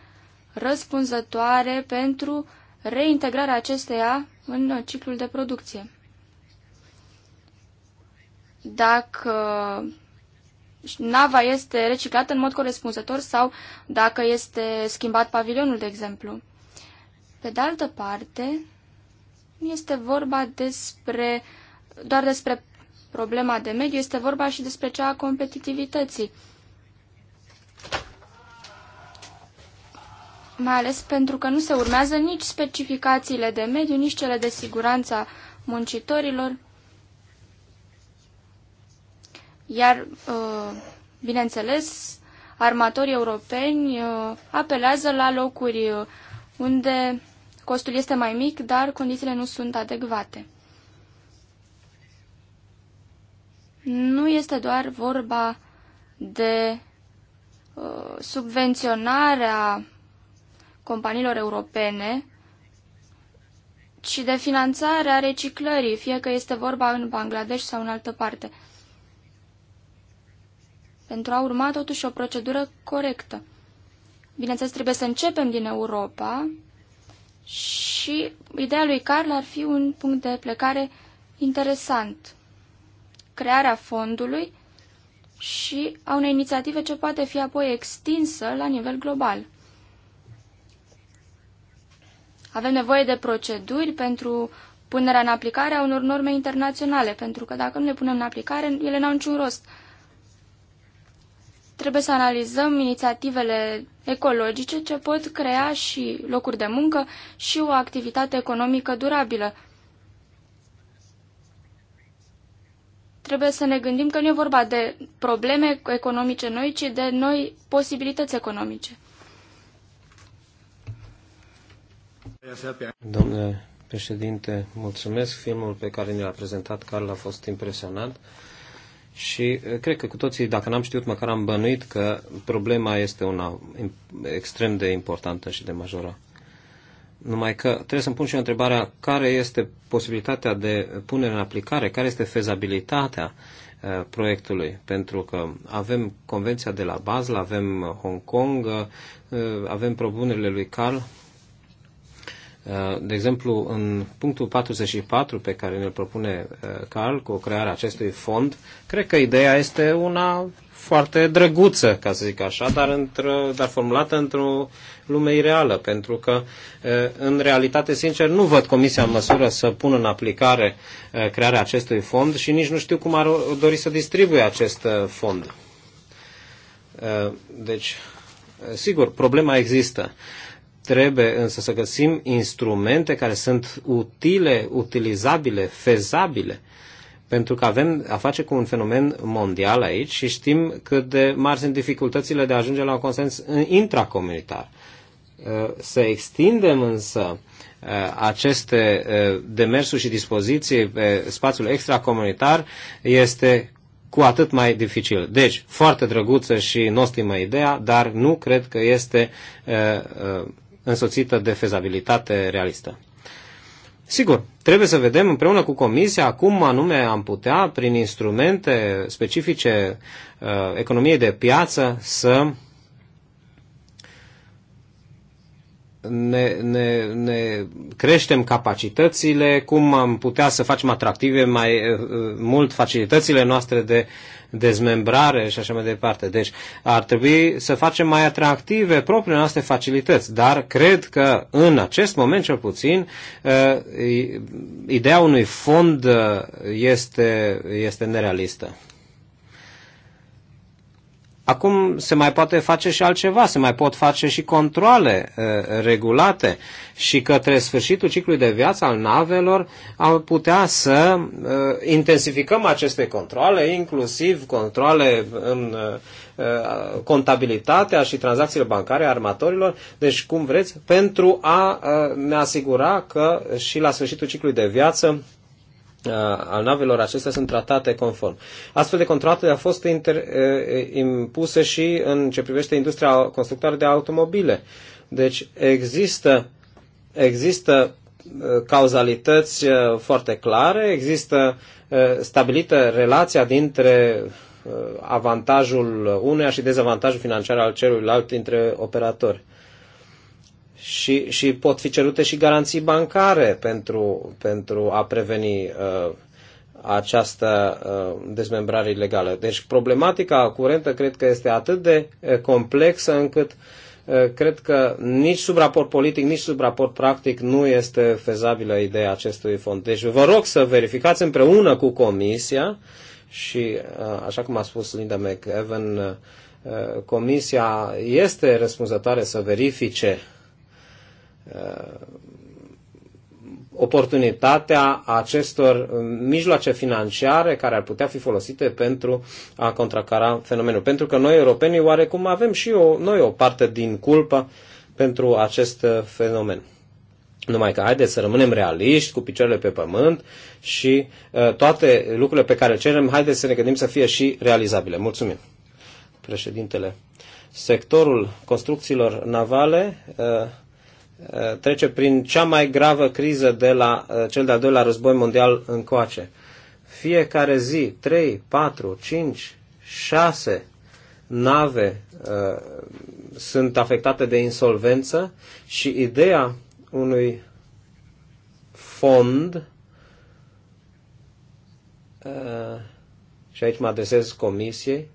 răspunzătoare pentru reintegrarea acesteia în ciclul de producție. Dacă nava este reciclată în mod corespunzător sau dacă este schimbat pavilionul, de exemplu. Pe de altă parte, nu este vorba despre, doar despre problema de mediu, este vorba și despre cea a competitivității. mai ales pentru că nu se urmează nici specificațiile de mediu, nici cele de siguranța muncitorilor, iar, uh, bineînțeles, armatorii europeni uh, apelează la locuri uh, unde costul este mai mic, dar condițiile nu sunt adecvate. Nu este doar vorba de subvenționarea companiilor europene, ci de finanțarea reciclării, fie că este vorba în Bangladesh sau în altă parte, pentru a urma totuși o procedură corectă. Bineînțeles, trebuie să începem din Europa și ideea lui Carl ar fi un punct de plecare interesant. Crearea fondului și a unei inițiative ce poate fi apoi extinsă la nivel global. Avem nevoie de proceduri pentru punerea în aplicare a unor norme internaționale, pentru că dacă nu le punem în aplicare, ele n-au niciun rost. Trebuie să analizăm inițiativele ecologice ce pot crea și locuri de muncă și o activitate economică durabilă. Trebuie să ne gândim că nu e vorba de probleme economice noi, ci de noi posibilități economice. Domnule președinte, mulțumesc. Filmul pe care ne l-a prezentat Carl a fost impresionant și eh, cred că cu toții, dacă n-am știut, măcar am bănuit că problema este una extrem de importantă și de majoră. Numai că trebuie să-mi pun și eu întrebarea care este posibilitatea de punere în aplicare, care este fezabilitatea eh, proiectului, pentru că avem convenția de la Basel, avem Hong Kong, eh, avem propunerile lui Carl Uh, de exemplu, în punctul 44 pe care ne-l propune uh, Carl cu crearea acestui fond, cred că ideea este una foarte drăguță, ca să zic așa, dar, într dar formulată într-o lume ireală, pentru că, uh, în realitate, sincer, nu văd Comisia în măsură să pună în aplicare crearea acestui fond și nici nu știu cum ar dori să distribuie acest fond. Deci, sigur, problema există. Trebuie însă să găsim instrumente care sunt utile, utilizabile, fezabile, pentru că avem a face cu un fenomen mondial aici și știm cât de mari sunt dificultățile de a ajunge la un consens intracomunitar. Uh, să extindem însă uh, aceste uh, demersuri și dispoziții pe spațiul extracomunitar este cu atât mai dificil. Deci, foarte drăguță și nostimă ideea, dar nu cred că este uh, uh, însoțită de fezabilitate realistă. Sigur, trebuie să vedem împreună cu Comisia cum anume am putea, prin instrumente specifice uh, economiei de piață, să ne, ne, ne creștem capacitățile, cum am putea să facem atractive mai uh, mult facilitățile noastre de dezmembrare și așa mai departe. Deci ar trebui să facem mai atractive propriile noastre facilități, dar cred că în acest moment cel puțin eh, ideea unui fond eh, este, este nerealistă. Acum se mai poate face și altceva, se mai pot face și controle uh, regulate și către sfârșitul ciclului de viață al navelor am putea să uh, intensificăm aceste controle, inclusiv controle în uh, uh contabilitatea și tranzacțiile bancare a armatorilor, deci cum vreți, pentru a uh, ne asigura că și la sfârșitul ciclului de viață al navelor acestea sunt tratate conform. Astfel de contracte au fost inter, impuse și în ce privește industria constructoare de automobile. Deci există, există cauzalități foarte clare, există stabilită relația dintre avantajul uneia și dezavantajul financiar al celuilalt dintre operatori și, și pot fi cerute și garanții bancare pentru, pentru a preveni uh, această uh, dezmembrare ilegală. Deci problematica curentă cred că este atât de uh, complexă încât uh, cred că nici sub raport politic, nici sub raport practic nu este fezabilă ideea acestui fond. Deci vă rog să verificați împreună cu Comisia și, uh, așa cum a spus Linda McEvan, uh, Comisia este răspunzătoare să verifice Uh, oportunitatea acestor mijloace financiare care ar putea fi folosite pentru a contracara fenomenul. Pentru că noi, europenii, oarecum avem și o, noi o parte din culpa pentru acest uh, fenomen. Numai că haideți să rămânem realiști, cu picioarele pe pământ și uh, toate lucrurile pe care cerem, haideți să ne gândim să fie și realizabile. Mulțumim. Președintele, sectorul construcțiilor navale uh, Eh, trece prin cea mai gravă criză de la eh, cel de-al doilea război mondial încoace. Fiecare zi, 3, 4, 5, 6 nave uh, sunt afectate de insolvență și ideea unui fond uh, și aici mă adresez comisiei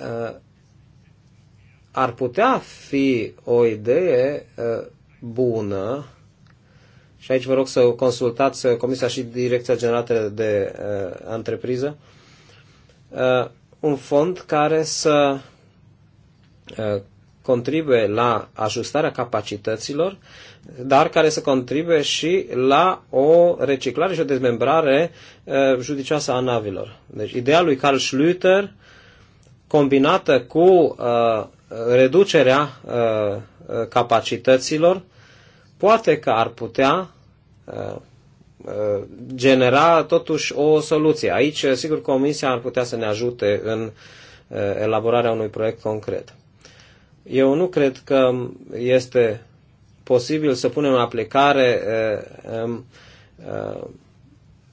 uh, ar putea fi o idee uh, bună, și aici vă rog să consultați uh, Comisia și Direcția Generală de Întrepriză, uh, un fond care să contribuie la ajustarea capacităților, dar care să contribuie și la o reciclare și o dezmembrare judicioasă a navilor. Deci ideea lui Carl Schlüter, combinată cu uh, reducerea uh, capacităților poate că ar putea uh, uh, genera totuși o soluție. Aici, sigur, Comisia ar putea să ne ajute în elaborarea unui proiect concret. Eu nu cred că este posibil să punem în aplicare um,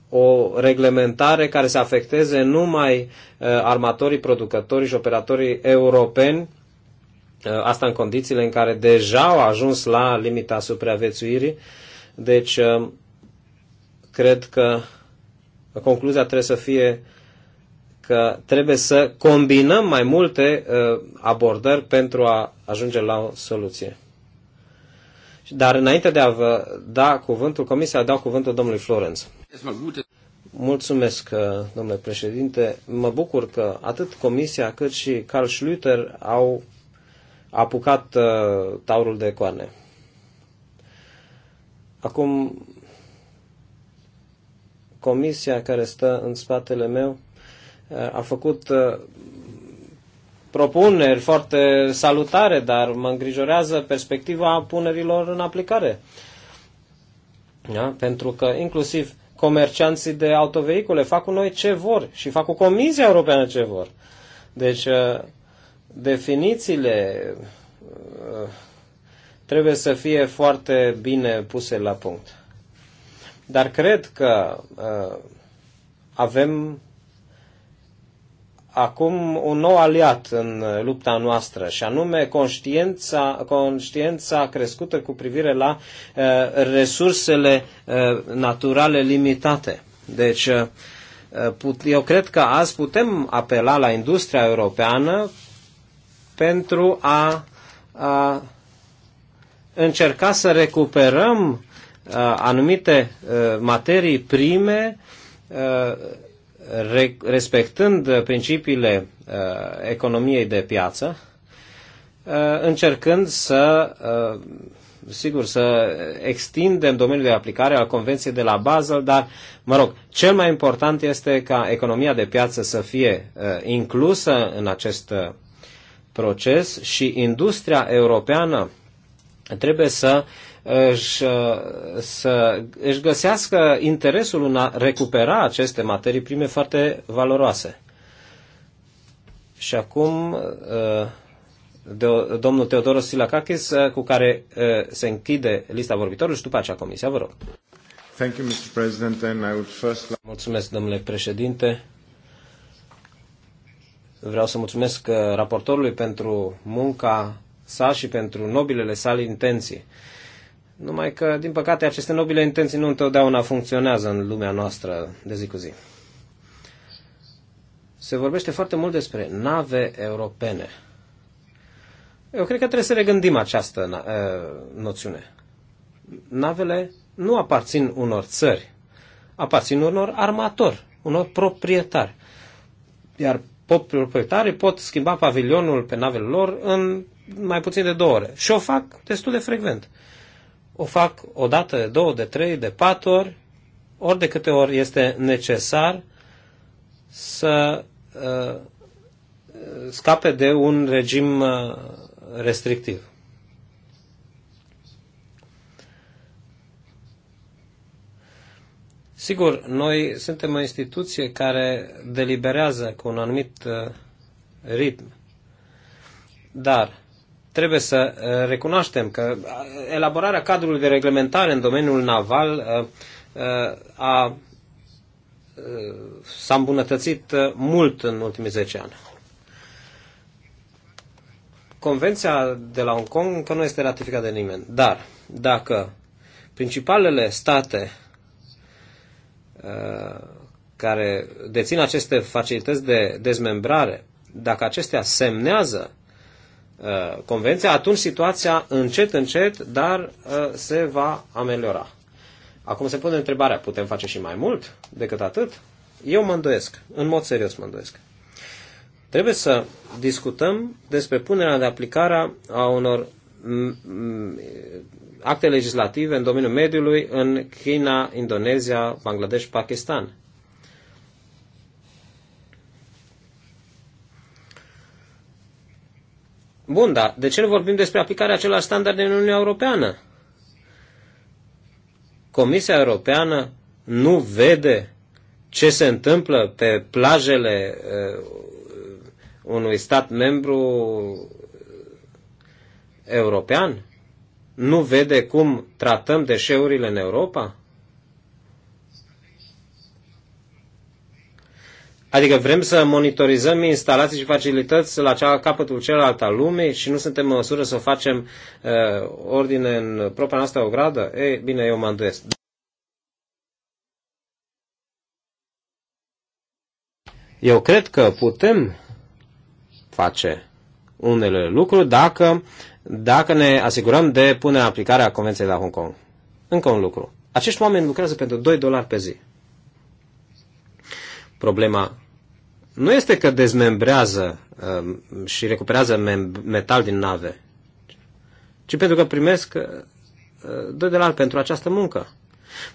o reglementare care să afecteze numai armatorii, producătorii și operatorii europeni Uh, asta în condițiile în care deja au ajuns la limita supraviețuirii. Deci, uh, cred că concluzia trebuie să fie că trebuie să combinăm mai multe uh, abordări pentru a ajunge la o soluție. Dar înainte de a vă da cuvântul, comisia dat cuvântul domnului Florenț. Mulțumesc, domnule președinte. Mă bucur că atât comisia cât și Carl Schlüter au apucat uh, taurul de coane. Acum, comisia care stă în spatele meu uh, a făcut uh, propuneri foarte salutare, dar mă îngrijorează perspectiva punerilor în aplicare. Da? Pentru că inclusiv comercianții de autovehicule fac cu noi ce vor și fac cu Comisia Europeană ce vor. Deci uh, definițiile uh, trebuie să fie foarte bine puse la punct. Dar cred că uh, avem acum un nou aliat în lupta noastră și anume conștiința, conștiința crescută cu privire la uh, resursele naturale limitate. Deci eu cred că azi putem apela la industria europeană pentru a, a încerca să recuperăm a, anumite a, materii prime a, re, respectând principiile a, economiei de piață, a, încercând să a, sigur, să extindem domeniul de aplicare al Convenției de la Basel, dar, mă rog, cel mai important este ca economia de piață să fie uh, inclusă în acest proces și industria europeană trebuie să își, uh, să își găsească interesul în a recupera aceste materii prime foarte valoroase. Și acum uh, domnul Teodoros Silakakis, uh, cu care se închide lista vorbitorilor și după aceea comisia. Vă rog. Thank you, Mr. President, and I would first... Mulțumesc, domnule președinte. Vreau să mulțumesc uh, raportorului pentru munca sa și pentru nobilele sale intenții. Numai că, din păcate, aceste nobile intenții nu întotdeauna funcționează în lumea noastră de zi cu zi. Se vorbește foarte mult despre nave europene. Eu cred că trebuie să regândim această uh, noțiune. Navele nu aparțin unor țări, aparțin unor armatori, unor proprietari. Iar proprietarii pot schimba pavilionul pe navele lor în mai puțin de două ore. Și o fac destul de frecvent. O fac o dată, de două, de trei, de patru ori, ori de câte ori este necesar să uh, scape de un regim uh, restrictiv. Sigur, noi suntem o instituție care deliberează cu un anumit uh, ritm, dar trebuie să uh, recunoaștem că uh, elaborarea cadrului de reglementare în domeniul naval a, s-a îmbunătățit mult în ultimii 10 ani. Convenția de la Hong Kong încă nu este ratificată de nimeni, dar dacă principalele state Uh, care dețin aceste facilități de dezmembrare, dacă acestea semnează uh, convenția, atunci situația încet, încet, dar uh, se va ameliora. Acum se pune întrebarea, putem face și mai mult decât atât? Eu mă îndoiesc, în mod serios mă îndoiesc. Trebuie să discutăm despre punerea de aplicare a unor acte legislative în domeniul mediului în China, Indonezia, Bangladesh, Pakistan. Bun, dar de ce nu vorbim despre aplicarea acelor standarde în Uniunea Europeană? Comisia Europeană nu vede ce se întâmplă pe plajele uh, unui stat membru european? nu vede cum tratăm deșeurile în Europa? Adică vrem să monitorizăm instalații și facilități la cea, capătul celălalt al lumii și nu suntem în măsură să facem uh, ordine în propria noastră ogradă? Ei, bine, eu mă îndoiesc. Eu cred că putem face unele lucruri dacă dacă ne asigurăm de punerea în aplicare a Convenției la Hong Kong. Încă un lucru. Acești oameni lucrează pentru 2 dolari pe zi. Problema nu este că dezmembrează um, și recuperează metal din nave, ci pentru că primesc uh, 2 dolari pentru această muncă.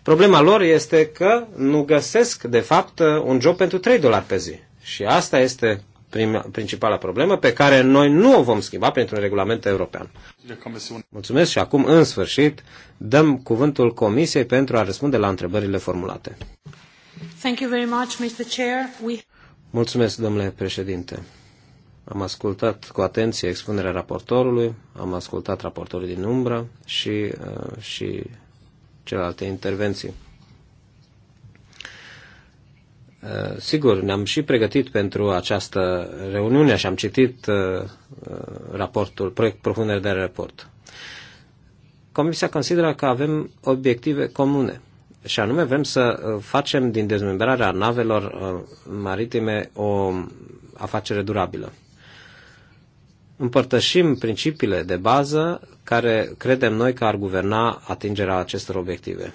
Problema lor este că nu găsesc, de fapt, uh, un job pentru 3 dolari pe zi. Și asta este prima, principala problemă pe care noi nu o vom schimba printr-un regulament european. Mulțumesc și acum, în sfârșit, dăm cuvântul Comisiei pentru a răspunde la întrebările formulate. Thank you very much, Mr. Chair. We... Mulțumesc, domnule președinte. Am ascultat cu atenție expunerea raportorului, am ascultat raportorul din umbră și, uh, și celelalte intervenții. Uh, sigur, ne-am și pregătit pentru această reuniune și am citit uh, uh, raportul, proiect propunere de raport. Comisia consideră că avem obiective comune și anume vrem să facem din dezmembrarea navelor maritime o afacere durabilă. Împărtășim principiile de bază care credem noi că ar guverna atingerea acestor obiective.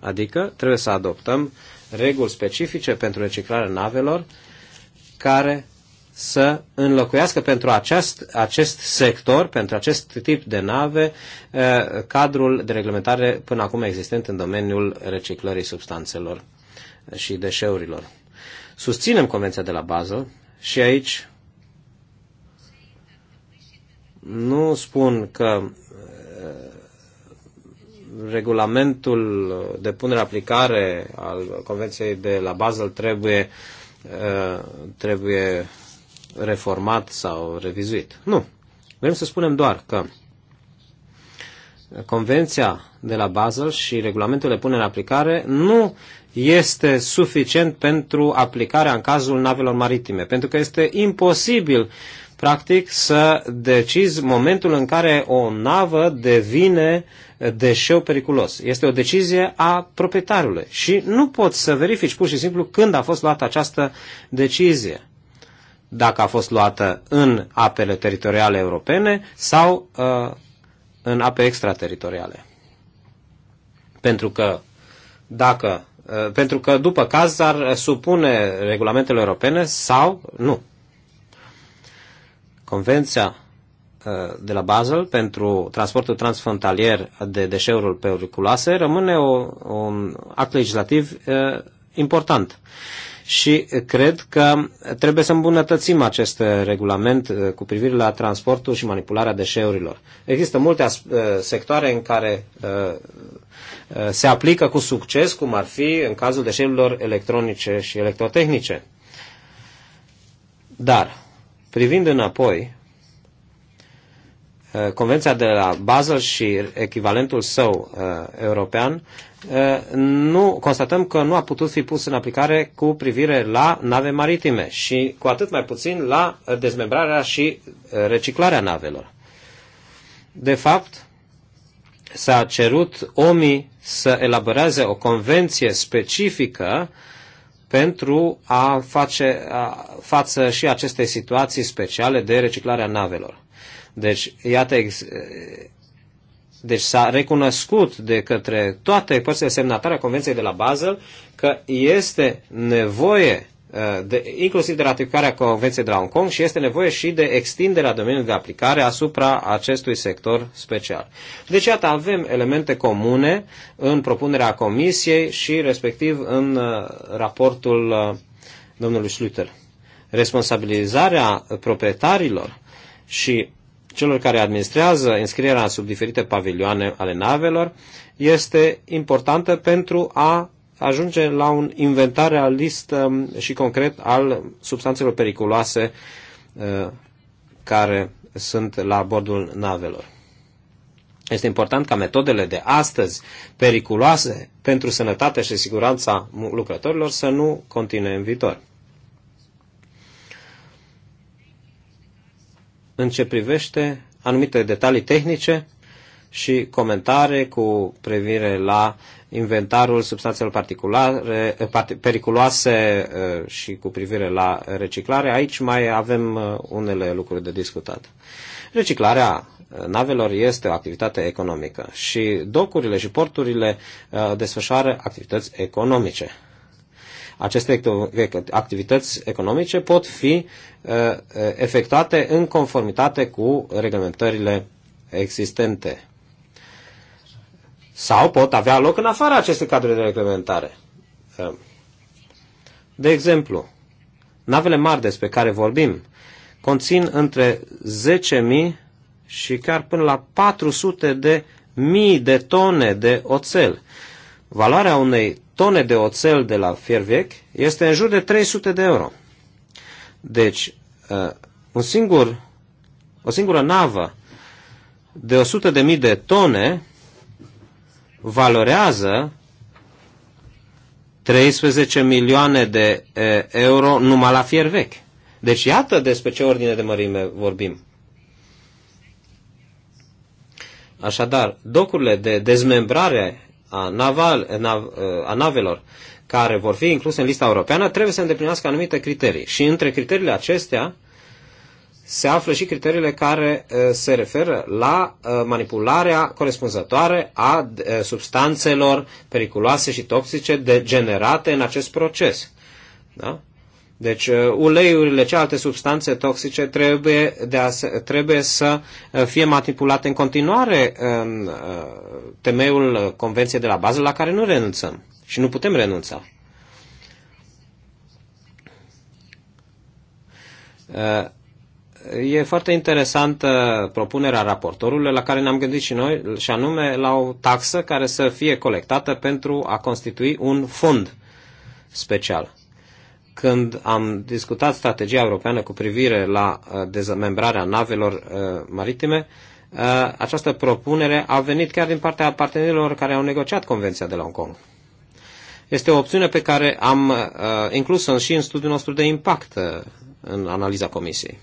Adică trebuie să adoptăm reguli specifice pentru reciclarea navelor care să înlocuiască pentru acest, acest sector, pentru acest tip de nave, eh, cadrul de reglementare până acum existent în domeniul reciclării substanțelor și deșeurilor. Susținem Convenția de la Basel și aici nu spun că regulamentul de punere aplicare al Convenției de la Basel trebuie, uh, trebuie reformat sau revizuit. Nu. Vrem să spunem doar că Convenția de la Basel și regulamentul de punere în aplicare nu este suficient pentru aplicarea în cazul navelor maritime, pentru că este imposibil, practic, să decizi momentul în care o navă devine uh, deșeu periculos. Este o decizie a proprietarului și nu poți să verifici pur și simplu când a fost luată această decizie. Dacă a fost luată în apele teritoriale europene sau uh, în ape extrateritoriale. Pentru că dacă uh, pentru că după caz ar supune regulamentele europene sau nu. Convenția Uh, de la Basel pentru transportul transfrontalier de deșeuri periculoase rămâne o, un act legislativ uh, important. Și cred că trebuie să îmbunătățim acest regulament uh, cu privire la transportul și manipularea deșeurilor. Există multe sectoare în care se aplică cu succes, cum ar fi în cazul deșeurilor electronice și electrotehnice. Dar, privind înapoi, Uh, Convenția de la Basel și echivalentul său uh, european, uh, nu, constatăm că nu a putut fi pus în aplicare cu privire la nave maritime și cu atât mai puțin la dezmembrarea și reciclarea navelor. De fapt, s-a cerut OMI să elaboreze o convenție specifică pentru a face a, față și acestei situații speciale de reciclare a navelor. Deci, iată, ex, deci s-a recunoscut de către toate părțile semnatare a Convenției de la Basel că este nevoie uh, de, inclusiv de ratificarea Convenției de la Hong Kong și este nevoie și de extinderea domeniului de aplicare asupra acestui sector special. Deci, iată, avem elemente comune în propunerea Comisiei și respectiv în uh, raportul uh, domnului Schlüter, Responsabilizarea proprietarilor și celor care administrează înscrierea sub diferite pavilioane ale navelor este importantă pentru a ajunge la un inventar realist um, și concret al substanțelor periculoase uh, care sunt la bordul navelor. Este important ca metodele de astăzi periculoase pentru sănătatea și siguranța lucrătorilor să nu continue în viitor. în ce privește anumite detalii tehnice și comentare cu privire la inventarul substanțelor particulare, eh, periculoase eh, și cu privire la reciclare. Aici mai avem eh, unele lucruri de discutat. Reciclarea navelor este o activitate economică și docurile și porturile desfășoară activități economice. Aceste activități economice pot fi uh, uh, efectuate în conformitate cu reglementările existente sau pot avea loc în afara acestui cadru de reglementare. Uh, de exemplu, navele mari despre care vorbim conțin între 10.000 și chiar până la 400 de mii de tone de oțel. Valoarea unei tone de oțel de la fier vechi este în jur de 300 de euro. Deci, uh, un singur, o singură navă de 100.000 de, de tone valorează 13 milioane de euro numai la fier vechi. Deci iată despre ce ordine de mărime vorbim. Așadar, docurile de dezmembrare a, naval, nav, a navelor care vor fi incluse în lista europeană trebuie să îndeplinească anumite criterii. Și între criteriile acestea se află și criteriile care se referă la manipularea corespunzătoare a substanțelor periculoase și toxice degenerate generate în acest proces. Da? Deci uh, uleiurile, celelalte substanțe toxice trebuie, de a, trebuie să uh, fie manipulate în continuare în um, uh, temeiul Convenției de la bază la care nu renunțăm și nu putem renunța. E foarte interesantă propunerea raportorului la care ne-am gândit și noi, și anume la o taxă care să fie colectată pentru a constitui un fond special când am discutat strategia europeană cu privire la uh, dezmembrarea navelor uh, maritime, uh, această propunere a venit chiar din partea partenerilor care au negociat Convenția de la Hong Kong. Este o opțiune pe care am inclus-o și în studiul nostru de impact în analiza Comisiei.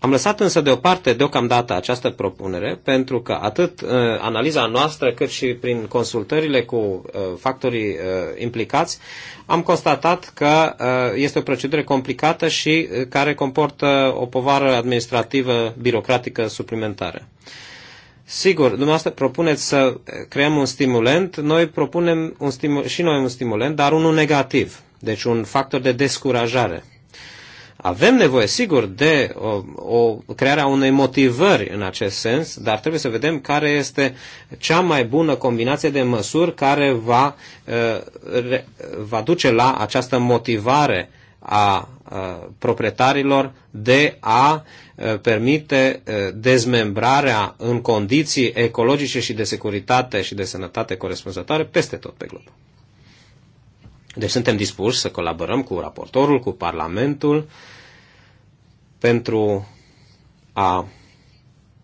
Am lăsat însă deoparte deocamdată această propunere pentru că atât uh, analiza noastră cât și prin consultările cu uh, factorii uh, implicați am constatat că uh, este o procedură complicată și uh, care comportă o povară administrativă birocratică suplimentară. Sigur, dumneavoastră propuneți să uh, creăm un stimulent, noi propunem un stimul, și noi un stimulent, dar unul negativ, deci un factor de descurajare avem nevoie, sigur, de o, o crearea unei motivări în acest sens, dar trebuie să vedem care este cea mai bună combinație de măsuri care va, uh, va duce la această motivare a uh, proprietarilor de a uh, permite dezmembrarea în condiții ecologice și de securitate și de sănătate corespunzătoare peste tot pe glob. Deci suntem dispuși să colaborăm cu raportorul, cu Parlamentul, pentru a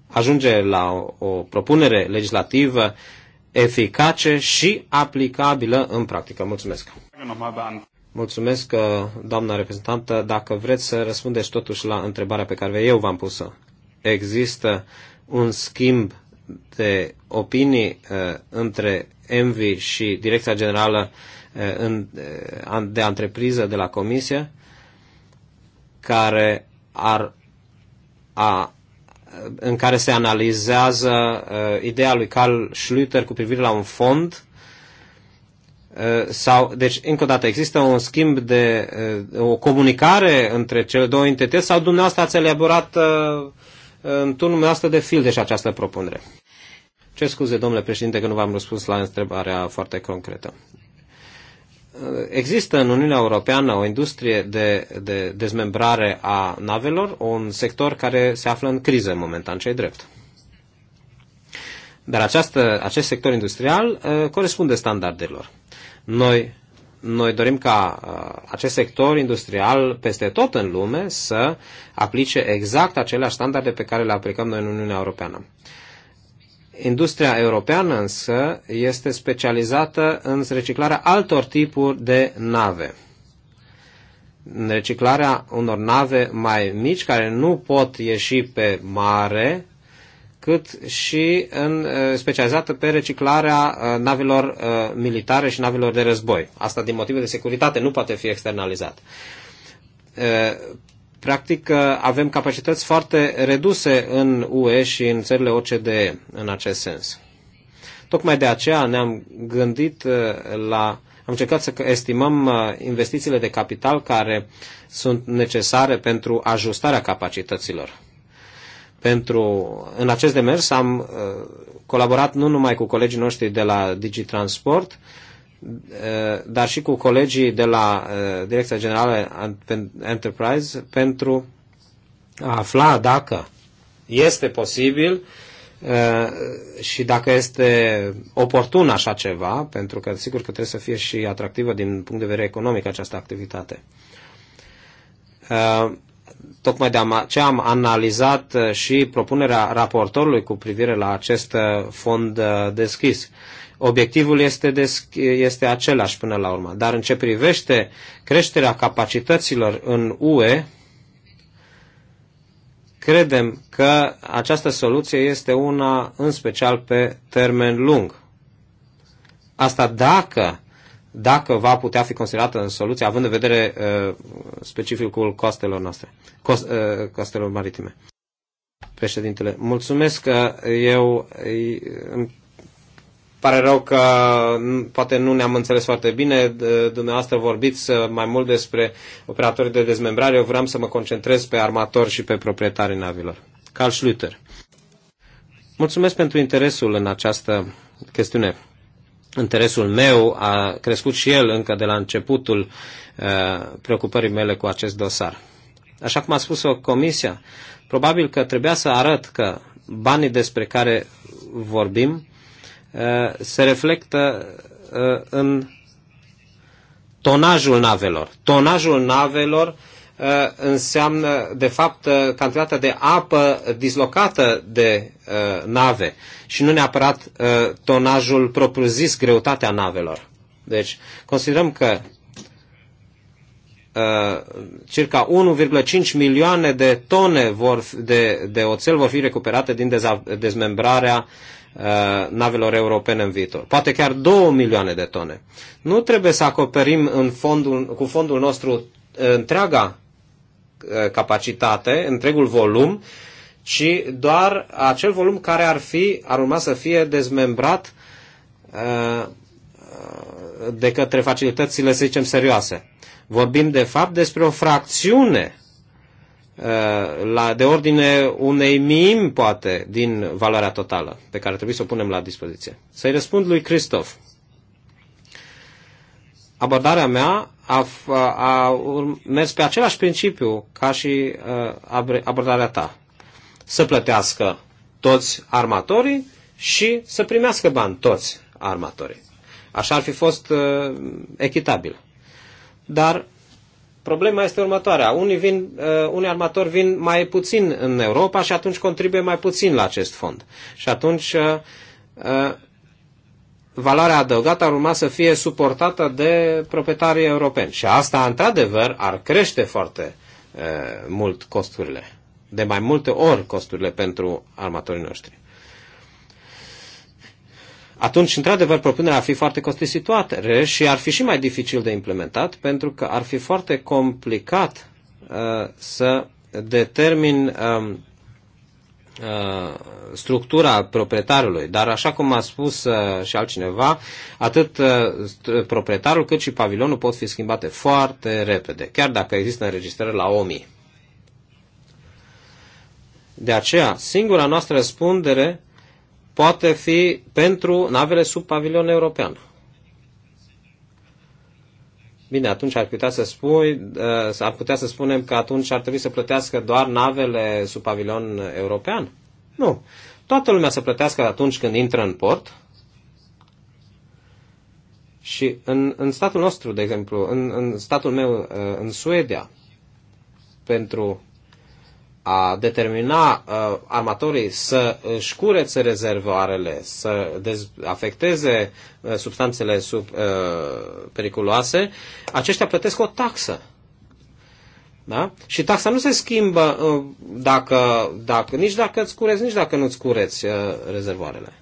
ajunge la o propunere legislativă eficace și aplicabilă în practică. Mulțumesc! Mulțumesc, uh, doamna reprezentantă. Dacă vreți să răspundeți totuși la întrebarea pe care eu v-am pus-o. Există un schimb de opinii uh, între Envi și Direcția Generală uh, de antrepriză de la Comisie care ar, a, în care se analizează uh, ideea lui Carl Schlüter cu privire la un fond uh, sau, deci, încă o dată, există un schimb de, uh, o comunicare între cele două entități sau dumneavoastră ați elaborat uh, în turnul dumneavoastră de fil deci această propunere? Ce scuze, domnule președinte, că nu v-am răspuns la întrebarea foarte concretă există în Uniunea Europeană o industrie de, de dezmembrare a navelor, un sector care se află în criză momentan, ce drept. Dar această, acest sector industrial uh, corespunde standardelor. Noi, noi dorim ca uh, acest sector industrial peste tot în lume să aplice exact aceleași standarde pe care le aplicăm noi în Uniunea Europeană. Uh, Industria europeană însă este specializată în reciclarea altor tipuri de nave. În reciclarea unor nave mai mici care nu pot ieși pe mare, cât și în, uh, specializată pe reciclarea uh, navelor uh, militare și navelor de război. Asta din motive de securitate nu poate fi externalizat Practic, uh, avem capacități foarte reduse în UE și în țările OCDE în acest sens. Tocmai de aceea ne-am gândit uh, la. Am încercat să estimăm uh, investițiile de capital care sunt necesare pentru ajustarea capacităților. Pentru, în acest demers am colaborat nu numai cu colegii noștri de la Digitransport, dar și cu colegii de la eh, Direcția Generală Enterprise pentru a afla dacă este posibil eh, și dacă este oportun așa ceva, pentru că sigur că trebuie să fie și atractivă din punct de vedere economic această activitate. Eh, tocmai de ce am analizat și propunerea raportorului cu privire la acest fond deschis. Obiectivul este, des, este același până la urmă. Dar în ce privește creșterea capacităților în UE, credem că această soluție este una în special pe termen lung. Asta dacă, dacă va putea fi considerată în soluție, având în vedere uh, specificul costelor noastre, cost, uh, costelor maritime. Președintele, mulțumesc că eu îmi Pare rău că mm, poate nu ne-am înțeles foarte bine. Dumneavoastră vorbiți uh, mai mult despre operatorii de dezmembrare. Eu vreau să mă concentrez pe armatori și pe proprietarii navilor. Carl Schlüter. Mulțumesc pentru interesul în această chestiune. Interesul meu a crescut și el încă de la începutul uh, preocupării mele cu acest dosar. Așa cum a spus-o comisia, probabil că trebuia să arăt că banii despre care vorbim Eh, se reflectă eh, în tonajul navelor. Tonajul navelor eh, înseamnă, de fapt, cantitatea de apă dislocată de nave și nu neapărat tonajul propriu-zis, greutatea navelor. Deci, considerăm că circa 1,5 milioane de tone vor, de, de oțel vor fi recuperate din dezmembrarea Uh, navelor europene în viitor. Poate chiar 2 milioane de tone. Nu trebuie să acoperim în fondul, cu fondul nostru uh, întreaga uh, capacitate, întregul volum, ci doar acel volum care ar, fi, ar urma să fie dezmembrat de către facilitățile, să zicem, serioase. Vorbim, de fapt, despre o fracțiune Uh, la, de ordine unei mim, poate, din valoarea totală pe care trebuie să o punem la dispoziție. Să-i răspund lui Cristof. Abordarea mea a, a, a mers pe același principiu ca și uh, a, abordarea ta. Să plătească toți armatorii și să primească bani toți armatorii. Așa ar fi fost a, uh, echitabil. Dar Problema este următoarea. Unii, vin, uh, unii armatori vin mai puțin în Europa și atunci contribuie mai puțin la acest fond. Și atunci uh, uh, valoarea adăugată ar urma să fie suportată de proprietarii europeni. Și asta, într-adevăr, ar crește foarte uh, mult costurile, de mai multe ori costurile pentru armatorii noștri atunci, într-adevăr, propunerea ar fi foarte costisitoare și ar fi și mai dificil de implementat, pentru că ar fi foarte complicat uh, să determin uh, uh, structura proprietarului. Dar, așa cum a spus uh, și altcineva, atât uh, proprietarul cât și pavilonul pot fi schimbate foarte repede, chiar dacă există înregistrări la OMI. De aceea, singura noastră răspundere poate fi pentru navele sub pavilion european. Bine, atunci ar putea să spui, uh, ar putea să spunem că atunci ar trebui să plătească doar navele sub pavilion european? Nu. Toată lumea să plătească atunci când intră în port. Și în, în statul nostru, de exemplu, în, în statul meu, uh, în Suedia, pentru a determina uh, armatorii să își curețe rezervoarele, să afecteze uh, substanțele sub, uh, periculoase, aceștia plătesc o taxă. Da? Și taxa nu se schimbă uh, dacă, dacă, nici dacă îți cureți, nici dacă nu îți cureți uh, rezervoarele.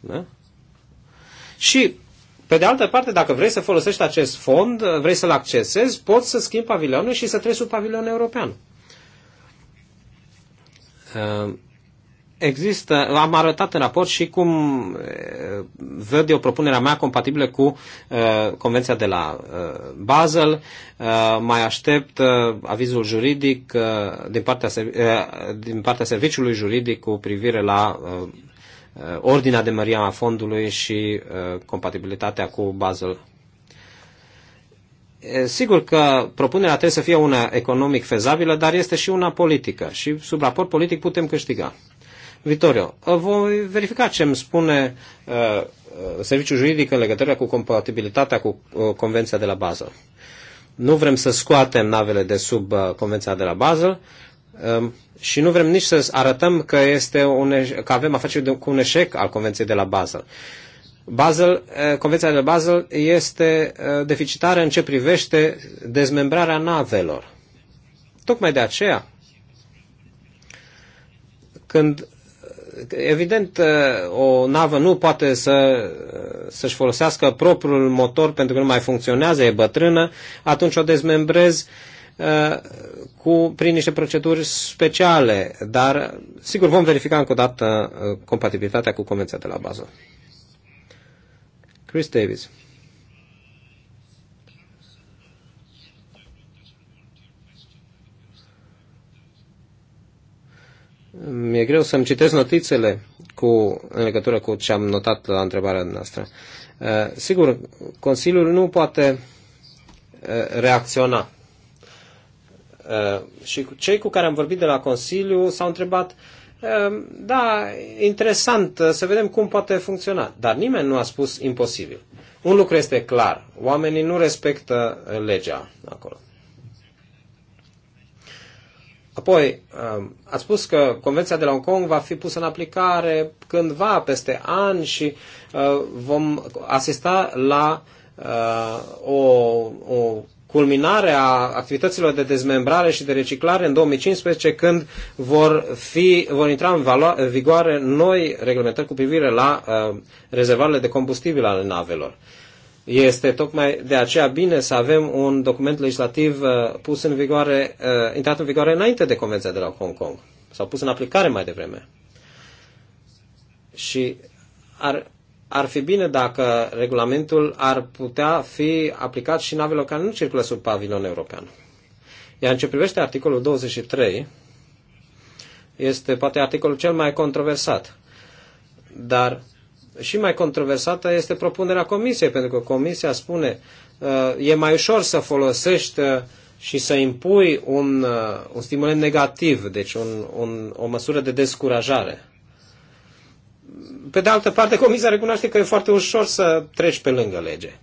Da? Și pe de altă parte, dacă vrei să folosești acest fond, uh, vrei să-l accesezi, poți să schimbi pavilionul și să treci sub pavilion european. Uh, există, am arătat în raport și cum uh, văd eu propunerea mea compatibilă cu uh, Convenția de la Basel. mai aștept avizul juridic din, partea, din partea serviciului juridic cu privire la ordinea de măria a fondului și compatibilitatea cu Basel sigur că propunerea trebuie să fie una economic fezabilă, dar este și una politică și sub raport politic putem câștiga. Vitorio, voi verifica ce îmi spune uh, serviciul juridic în legătură cu compatibilitatea cu uh, Convenția de la Basel. Nu vrem să scoatem navele de sub uh, Convenția de la Basel uh, și nu vrem nici să arătăm că, este un, că avem afaceri cu un eșec al Convenției de la Basel. Uh, Basel, eh, Convenția de Basel este eh, deficitară în ce privește dezmembrarea navelor. Tocmai de aceea, când eh, evident o navă nu poate să, să-și folosească propriul motor pentru că nu mai funcționează, e bătrână, atunci o dezmembrez cu, prin niște proceduri speciale, dar sigur vom verifica încă o dată compatibilitatea cu Convenția de la Basel. Chris Davis. Mi-e greu să-mi citesc notițele cu, în legătură cu ce am notat la întrebarea noastră. Uh, sigur, Consiliul nu poate uh, reacționa. Uh, și cei cu care am vorbit de la Consiliu s-au întrebat uh, Ehm, da, interesant uh, să vedem cum poate funcționa. Dar nimeni nu a spus imposibil. Un lucru este clar, oamenii nu respectă uh, legea acolo. Apoi, ehm, a spus că Convenția de la Hong Kong va fi pusă în aplicare cândva, peste ani și uh, vom asista la o, o culminare a activităților de dezmembrare și de reciclare în 2015, când vor, fi, vor intra în valoare, vigoare noi reglementări cu privire la uh, rezervarele de combustibil ale navelor. Este tocmai de aceea bine să avem un document legislativ uh, pus în vigoare, uh, intrat în vigoare înainte de Convenția de la Hong Kong, sau pus în aplicare mai devreme. Și ar ar fi bine dacă regulamentul ar putea fi aplicat și navelor care nu circulă sub pavilion european. Iar în ce privește articolul 23, este poate articolul cel mai controversat. Dar și mai controversată este propunerea comisiei, pentru că comisia spune uh, e mai ușor să folosești uh, și să impui un, uh, un stimulant negativ, deci un, un, o măsură de descurajare. Pe de altă parte, Comisia recunoaște că e foarte ușor să treci pe lângă lege.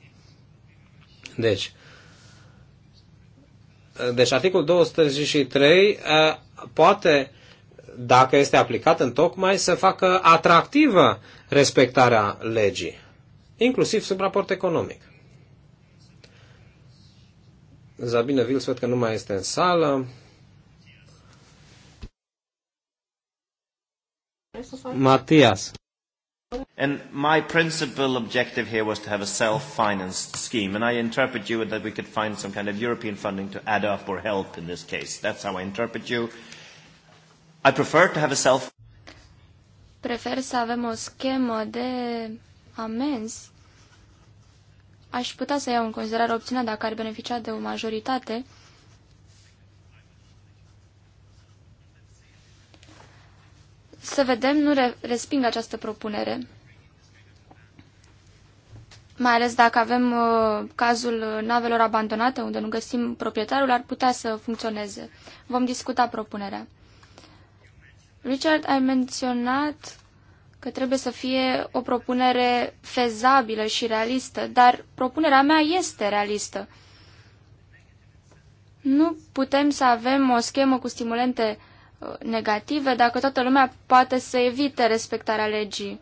Deci, deci articolul 233 poate, dacă este aplicat în tocmai, să facă atractivă respectarea legii, inclusiv sub raport economic. Zabine Vils văd că nu mai este în sală. Matias. And my principal objective here was to have a self-financed scheme. And I interpret you that we could find some kind of European funding to add up or help in this case. That's how I interpret you. I prefer to have a self Prefer să avem o schemă de amens. Aș putea să iau în considerare opțiunea dacă ar beneficia de o majoritate. Să vedem, nu re- resping această propunere mai ales dacă avem uh, cazul navelor abandonate, unde nu găsim proprietarul, ar putea să funcționeze. Vom discuta propunerea. Richard, ai menționat că trebuie să fie o propunere fezabilă și realistă, dar propunerea mea este realistă. Nu putem să avem o schemă cu stimulente uh, negative dacă toată lumea poate să evite respectarea legii.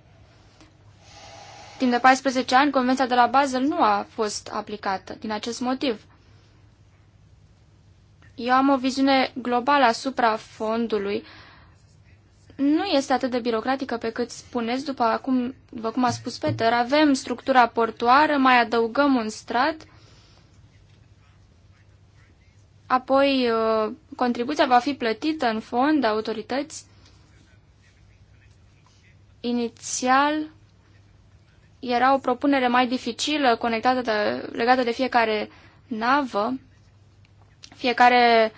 Timp de 14 ani, Convenția de la Basel nu a fost aplicată din acest motiv. Eu am o viziune globală asupra fondului. Nu este atât de birocratică pe cât spuneți, după, acum, după cum a spus Peter. Avem structura portoară, mai adăugăm un strat, apoi uh, contribuția va fi plătită în fond de autorități. Inițial, era o propunere mai dificilă, conectată de, legată de fiecare navă. Fiecare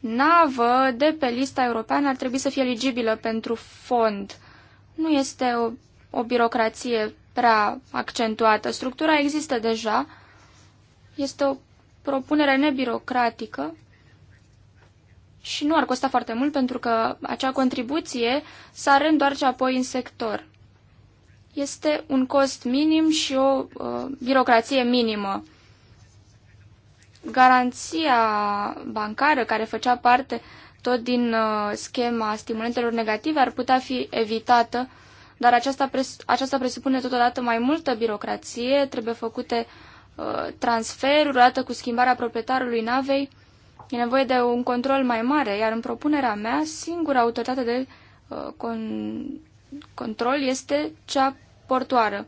navă de pe lista europeană ar trebui să fie eligibilă pentru fond. Nu este o, o birocrație prea accentuată. Structura există deja. Este o propunere nebirocratică și nu ar costa foarte mult pentru că acea contribuție s-ar reîntoarce apoi în sector este un cost minim și o uh, birocrație minimă. Garanția bancară, care făcea parte tot din uh, schema stimulentelor negative, ar putea fi evitată, dar aceasta, pres- aceasta presupune totodată mai multă birocrație, trebuie făcute uh, transferuri, odată cu schimbarea proprietarului navei, e nevoie de un control mai mare, iar în propunerea mea, singura autoritate de uh, con- control este cea portoară.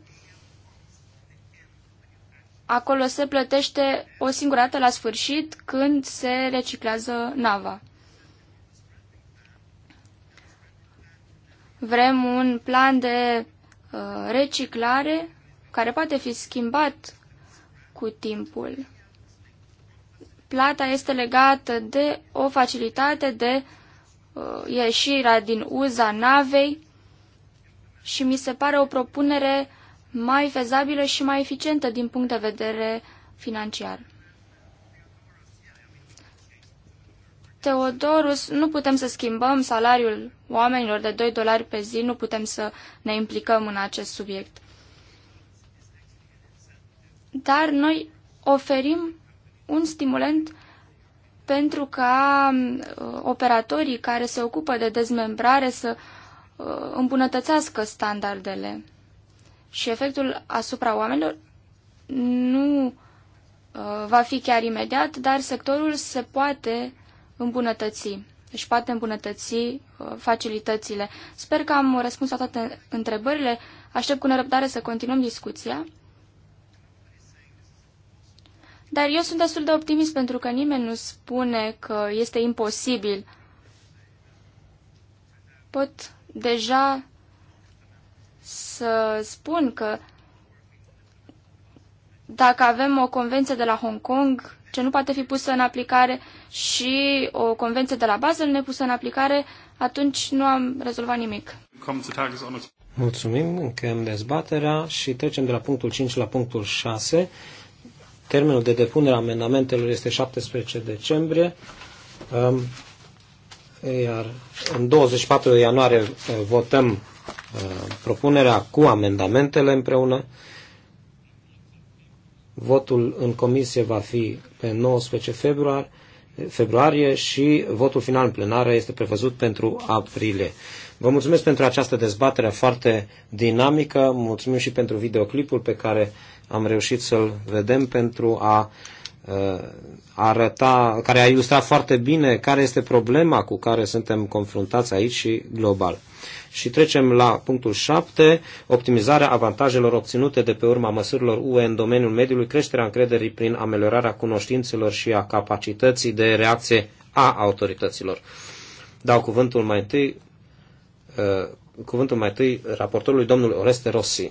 Acolo se plătește o singură dată la sfârșit când se reciclează nava. Vrem un plan de uh, reciclare care poate fi schimbat cu timpul. Plata este legată de o facilitate de uh, ieșirea din uza navei și mi se pare o propunere mai fezabilă și mai eficientă din punct de vedere financiar. Teodorus, nu putem să schimbăm salariul oamenilor de 2 dolari pe zi, nu putem să ne implicăm în acest subiect. Dar noi oferim un stimulent pentru ca uh, operatorii care se ocupă de dezmembrare să uh, Uh, îmbunătățească standardele și efectul asupra oamenilor nu uh, va fi chiar imediat, dar sectorul se poate îmbunătăți. Își poate îmbunătăți uh, facilitățile. Sper că am răspuns la toate întrebările. Aștept cu nerăbdare să continuăm discuția. Dar eu sunt destul de optimist pentru că nimeni nu spune că este imposibil. Pot deja să spun că dacă avem o convenție de la Hong Kong ce nu poate fi pusă în aplicare și o convenție de la Basel nepusă în aplicare, atunci nu am rezolvat nimic. Mulțumim, încheiem dezbaterea și trecem de la punctul 5 la punctul 6. Termenul de depunere a amendamentelor este 17 decembrie. Um, iar în 24 ianuarie votăm propunerea cu amendamentele împreună. Votul în comisie va fi pe 19 februar, februarie și votul final în plenară este prevăzut pentru aprilie. Vă mulțumesc pentru această dezbatere foarte dinamică, mulțumim și pentru videoclipul pe care am reușit să-l vedem pentru a Uh, arăta, care a ilustrat foarte bine care este problema cu care suntem confruntați aici și global. Și trecem la punctul 7, optimizarea avantajelor obținute de pe urma măsurilor UE în domeniul mediului, creșterea încrederii prin ameliorarea cunoștințelor și a capacității de reacție a autorităților. Dau cuvântul mai întâi uh, cuvântul mai întâi raportorului domnului Oreste Rossi.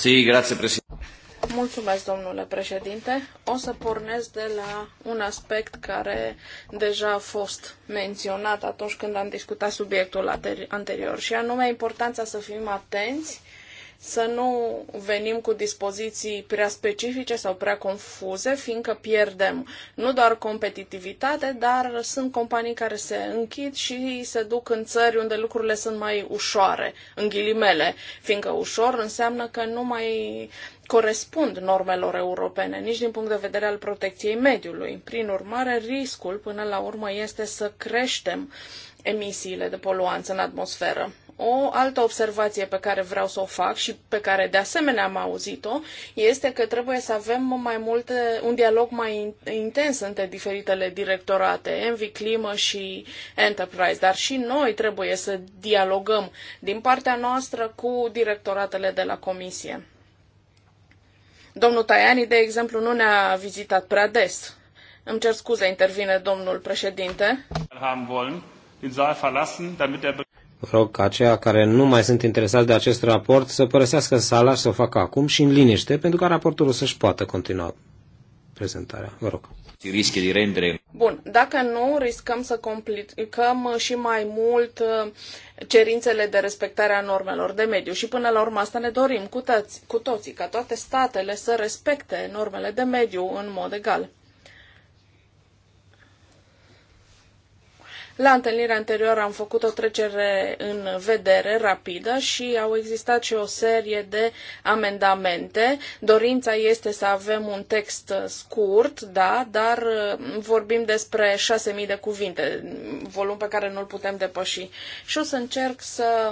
Sí, grazie, președinte. Mulțumesc, domnule președinte. O să pornesc de la un aspect care deja a fost menționat atunci când am discutat subiectul anterior, și anume importanța să fim atenți să nu venim cu dispoziții prea specifice sau prea confuze, fiindcă pierdem nu doar competitivitate, dar sunt companii care se închid și se duc în țări unde lucrurile sunt mai ușoare, în ghilimele, fiindcă ușor înseamnă că nu mai corespund normelor europene, nici din punct de vedere al protecției mediului. Prin urmare, riscul până la urmă este să creștem emisiile de poluanți în atmosferă. O altă observație pe care vreau să o fac și pe care de asemenea am auzit-o este că trebuie să avem mai multe, un dialog mai intens între diferitele directorate, Envi, Climă și Enterprise, dar și noi trebuie să dialogăm din partea noastră cu directoratele de la Comisie. Domnul Tajani, de exemplu, nu ne-a vizitat prea des. Îmi cer scuze, intervine domnul președinte. Er Vă rog ca aceia care nu mai sunt interesați de acest raport să părăsească sala și să o facă acum și în liniște, pentru ca raportul să-și poată continua prezentarea. Vă rog. Rischi de rendere. Bun, dacă nu, riscăm să complicăm și mai mult uh, cerințele de respectare a normelor de mediu și până la urmă asta ne dorim cu, toți, cu toții, ca toate statele să respecte normele de mediu în mod egal. La întâlnirea anterioară am făcut o trecere în vedere rapidă și au existat și o serie de amendamente. Dorința este să avem un text scurt, da, dar uh, vorbim despre 6.000 de cuvinte, volum pe care nu-l putem depăși. Și o să încerc să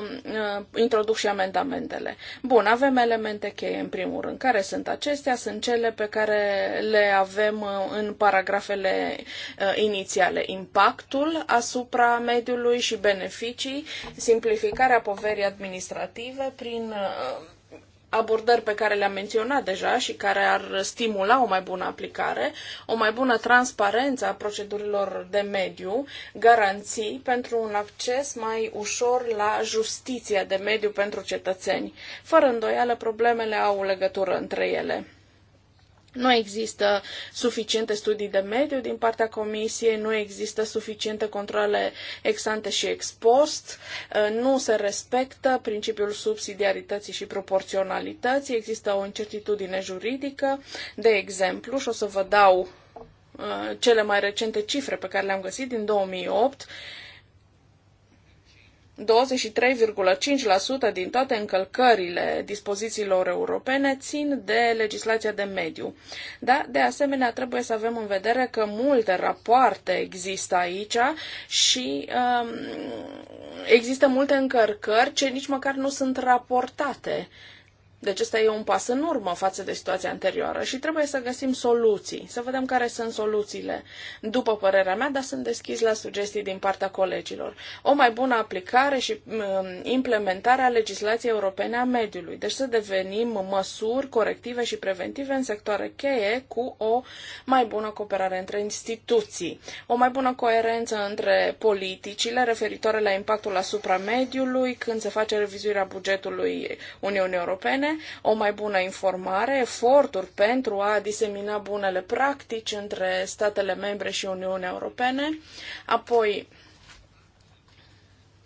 uh, introduc și amendamentele. Bun, avem elemente cheie în primul rând. Care sunt acestea? Sunt cele pe care le avem uh, în paragrafele inițiale. Impactul asupra asupra mediului și beneficii, simplificarea poverii administrative prin uh, abordări pe care le-am menționat deja și care ar stimula o mai bună aplicare, o mai bună transparență a procedurilor de mediu, garanții pentru un acces mai ușor la justiția de mediu pentru cetățeni. Fără îndoială, problemele au legătură între ele. Nu există suficiente studii de mediu din partea comisiei, nu există suficiente controle ex ante și ex post, uh, nu se respectă principiul subsidiarității și proporționalității, există o incertitudine juridică, de exemplu, și o să vă dau uh, cele mai recente cifre pe care le-am găsit din 2008, 23,5% din toate încălcările dispozițiilor europene țin de legislația de mediu. Da, de asemenea, trebuie să avem în vedere că multe rapoarte există aici și um, există multe încărcări ce nici măcar nu sunt raportate. Uh, deci ăsta e un pas în urmă față de situația anterioară și trebuie să găsim soluții, să vedem care sunt soluțiile. După părerea mea, dar sunt deschis la sugestii din partea colegilor. O mai bună aplicare și um, implementare a legislației europene a mediului. Deci să devenim măsuri corective și preventive în sectoare cheie cu o mai bună cooperare între instituții, o mai bună coerență între politicile referitoare la impactul asupra mediului când se face revizuirea bugetului Uniunii Europene o mai bună informare, eforturi pentru a disemina bunele practici între statele membre și Uniunea Europene, apoi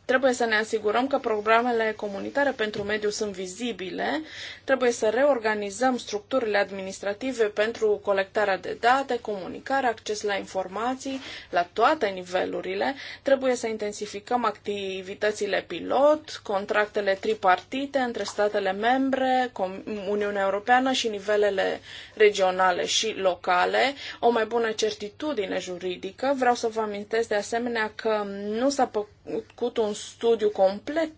Trebuie să ne asigurăm că programele comunitare pentru mediu sunt vizibile, Trebuie să reorganizăm structurile administrative pentru colectarea de date, comunicare, acces la informații la toate nivelurile. Trebuie să intensificăm activitățile pilot, contractele tripartite între statele membre, Uniunea Europeană și nivelele regionale și locale, o mai bună certitudine juridică. Vreau să vă amintesc de asemenea că nu s-a făcut un studiu complet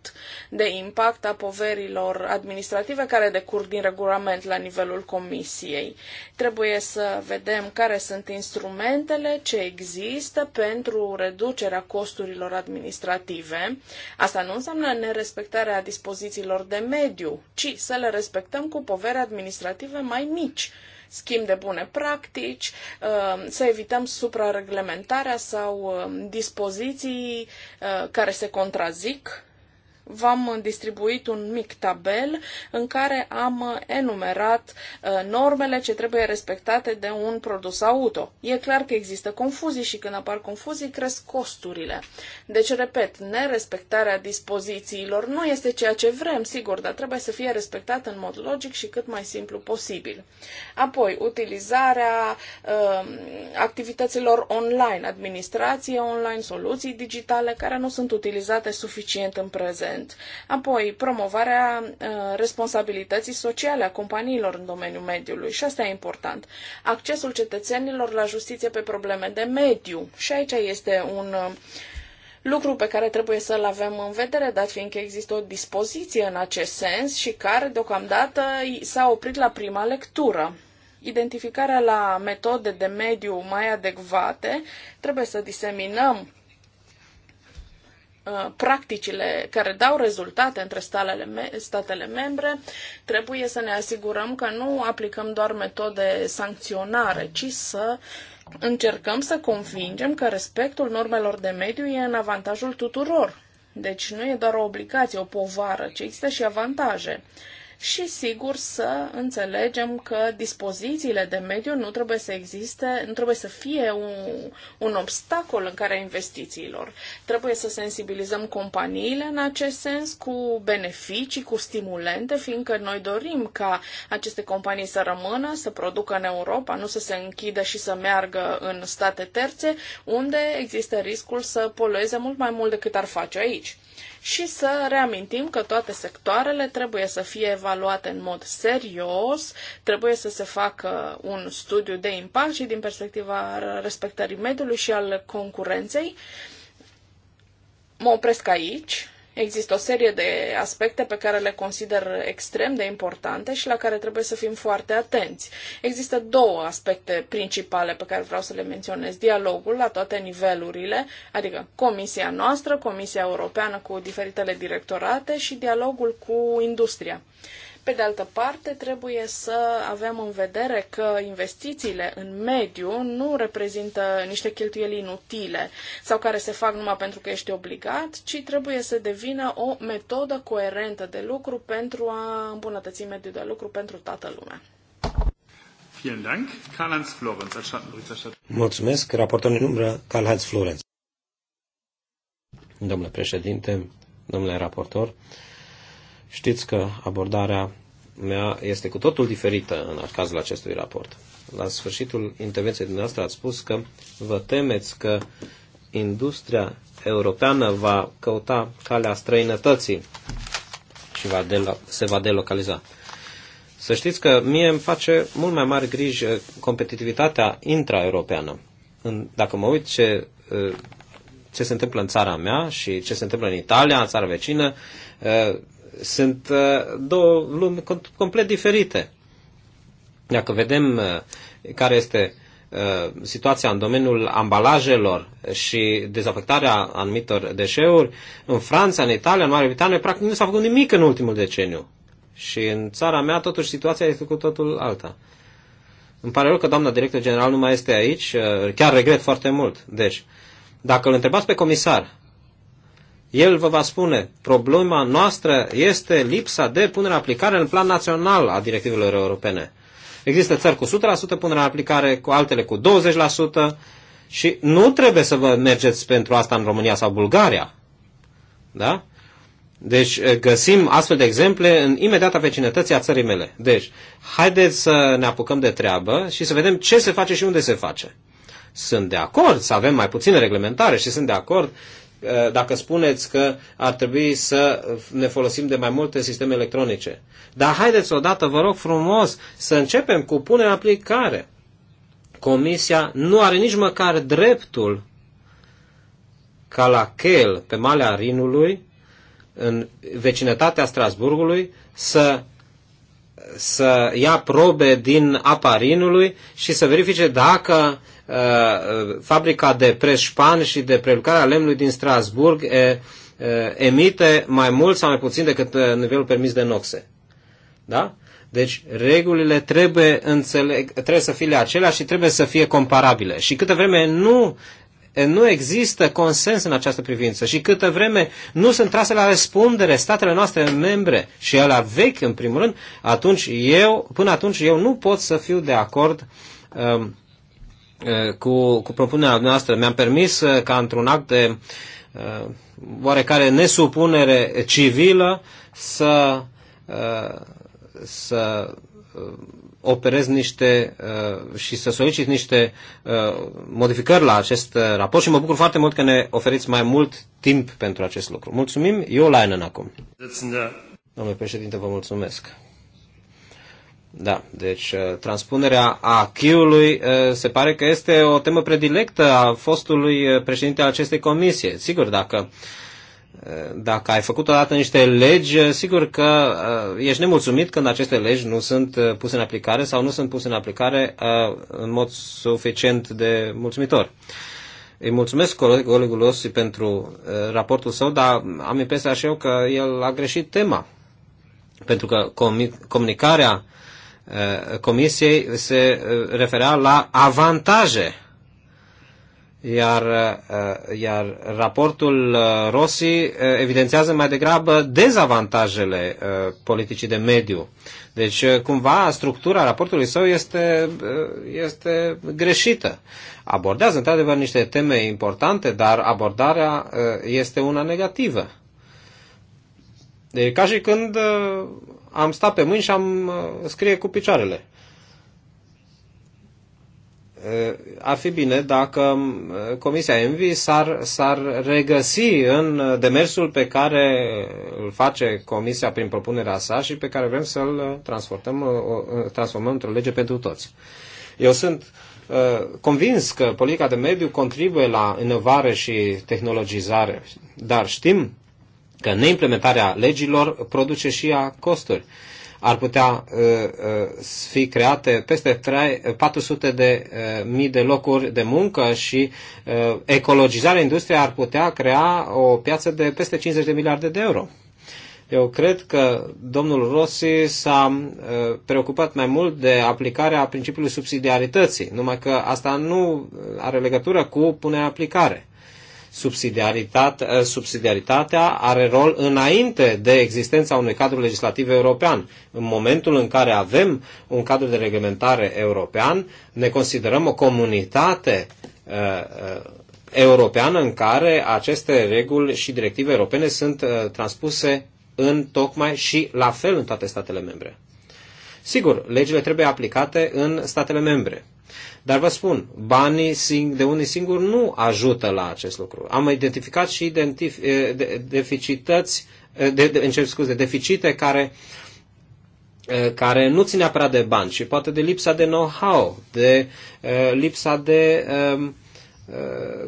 de impact a poverilor administrative care decurg din regulament la nivelul comisiei. Trebuie să vedem care sunt instrumentele ce există pentru reducerea costurilor administrative. Asta nu înseamnă nerespectarea dispozițiilor de mediu, ci să le respectăm cu povere administrative mai mici schimb de bune practici, uh, să evităm suprareglementarea sau uh, dispoziții uh, care se contrazic v-am distribuit un mic tabel în care am enumerat uh, normele ce trebuie respectate de un produs auto. E clar că există confuzii și când apar confuzii cresc costurile. Deci, repet, nerespectarea dispozițiilor nu este ceea ce vrem, sigur, dar trebuie să fie respectată în mod logic și cât mai simplu posibil. Apoi, utilizarea uh, activităților online, administrație online, soluții digitale care nu sunt utilizate suficient în prezent prezent. Apoi, promovarea uh, responsabilității sociale a companiilor în domeniul mediului și asta e important. Accesul cetățenilor la justiție pe probleme de mediu și aici este un uh, lucru pe care trebuie să-l avem în vedere, dat fiindcă există o dispoziție în acest sens și care deocamdată s-a oprit la prima lectură. Identificarea la metode de mediu mai adecvate trebuie să diseminăm Uh, practicile care dau rezultate între statele membre, trebuie să ne asigurăm că nu aplicăm doar metode sancționare, ci să încercăm să convingem că respectul normelor de mediu e în avantajul tuturor. Deci nu e doar o obligație, o povară, ci există și avantaje și, sigur, să înțelegem că dispozițiile de mediu nu trebuie să existe, nu trebuie să fie un, un obstacol în care investițiilor. Trebuie să sensibilizăm companiile în acest sens cu beneficii, cu stimulente, fiindcă noi dorim ca aceste companii să rămână, să producă în Europa, nu să se închidă și să meargă în state terțe, unde există riscul să polueze mult mai mult decât ar face aici și să reamintim că toate sectoarele trebuie să fie evaluate în mod serios, trebuie să se facă un studiu de impact și din perspectiva respectării mediului și al concurenței. Mă opresc aici Există o serie de aspecte pe care le consider extrem de importante și la care trebuie să fim foarte atenți. Există două aspecte principale pe care vreau să le menționez. Dialogul la toate nivelurile, adică Comisia noastră, Comisia Europeană cu diferitele directorate și dialogul cu industria. Pe de altă parte, trebuie să avem în vedere că investițiile în mediu nu reprezintă niște cheltuieli inutile sau care se fac numai pentru că ești obligat, ci trebuie să devină o metodă coerentă de lucru pentru a îmbunătăți mediul de lucru pentru toată lumea. Mulțumesc, raportor în umbră, Karl-Heinz Florenz. Domnule președinte, domnule raportor, Știți că abordarea mea este cu totul diferită în cazul acestui raport. La sfârșitul intervenției dumneavoastră ați spus că vă temeți că industria europeană va căuta calea străinătății și va se va delocaliza. Să știți că mie îmi face mult mai mari griji competitivitatea intraeuropeană. Dacă mă uit ce, ă, ce se întâmplă în țara mea și ce se întâmplă în Italia, în țara vecină, ă, sunt uh, două lumi complet diferite. Dacă vedem uh, care este uh, situația în domeniul ambalajelor și dezafectarea anumitor deșeuri, în Franța, în Italia, în Marea Britanie, practic nu s-a făcut nimic în ultimul deceniu. Și în țara mea, totuși, situația este cu totul alta. Îmi pare rău că doamna director general nu mai este aici, chiar regret foarte mult. Deci, dacă îl întrebați pe comisar el vă va spune, problema noastră este lipsa de punere în aplicare în plan național a directivelor europene. Există țări cu 100% punere în aplicare, cu altele cu 20% și nu trebuie să vă mergeți pentru asta în România sau Bulgaria. Da? Deci eh, găsim astfel de exemple în imediata vecinătății a țării mele. Deci, haideți să ne apucăm de treabă și să vedem ce se face și unde se face. Sunt de acord să avem mai puține reglementare și sunt de acord Eh, dacă spuneți că ar trebui să ne folosim de mai multe sisteme electronice. Dar haideți odată, vă rog frumos, să începem cu punerea aplicare. Comisia nu are nici măcar dreptul ca la Chel, pe malea Rinului, în vecinătatea Strasburgului, să să ia probe din apa Rinului și să verifice dacă Uh, fabrica de preșpan și de prelucrare a lemnului din Strasburg uh, emite mai mult sau mai puțin decât uh, nivelul permis de noxe. Da? Deci regulile trebuie, înțeleg, trebuie să fie acelea și trebuie să fie comparabile. Și câtă vreme nu nu există consens în această privință și câtă vreme nu sunt trase la răspundere statele noastre membre și la vechi în primul rând, atunci eu, până atunci eu nu pot să fiu de acord um, Eh, cu, cu propunerea noastră. Mi-am permis eh, ca într-un act de eh, oarecare nesupunere civilă să, să operez niște și să solicit niște modificări la acest raport și mă bucur foarte mult că ne oferiți mai mult timp pentru acest lucru. Mulțumim, eu la acum. Domnule președinte, vă mulțumesc. Da, deci uh, transpunerea acquis-ului uh, se pare că este o temă predilectă a fostului uh, președinte al acestei comisie. Sigur, dacă, dacă ai făcut odată niște legi, sigur că ești nemulțumit când aceste legi nu sunt puse în aplicare sau nu sunt puse în aplicare în mod suficient de mulțumitor. Îi mulțumesc colegul Ossi pentru raportul său, dar am impresia și eu că el a greșit tema. Pentru că comunicarea Eh, comisiei se eh, referea la avantaje, iar, eh, iar raportul Rossi evidențiază mai degrabă dezavantajele politicii de mediu. Deci, cumva, structura raportului său este, este greșită. Abordează, într-adevăr, niște teme importante, dar abordarea este una negativă. E deci, ca și când am stat pe mâini și am uh, scrie cu picioarele. Uh, ar fi bine dacă uh, Comisia Envi s-ar, s-ar regăsi în demersul pe care îl face Comisia prin propunerea sa și pe care vrem să-l transformăm, transformăm într-o lege pentru toți. Eu sunt convins că politica de mediu contribuie la inovare și tehnologizare, dar știm că neimplementarea legilor produce și ea costuri. Ar putea uh, uh, fi create peste 400 de uh, mii de locuri de muncă și ecologizarea industriei ar putea crea o piață de peste 50 de miliarde de euro. Eu cred că domnul Rossi s-a preocupat mai mult de aplicarea principiului subsidiarității, numai că asta nu are legătură cu punerea aplicare subsidiaritatea, eh, subsidiaritatea are rol înainte de existența unui cadru legislativ european. În momentul în care avem un cadru de reglementare european, ne considerăm o comunitate uh, europeană în care aceste reguli și directive europene sunt uh, transpuse în tocmai și la fel în toate statele membre. Sigur, legile trebuie aplicate în statele membre dar vă spun, banii de unii singuri nu ajută la acest lucru. Am identificat și identif- de, deficități, de, de, încep scuze, deficite care care nu țin neapărat de bani, ci poate de lipsa de know-how, de lipsa de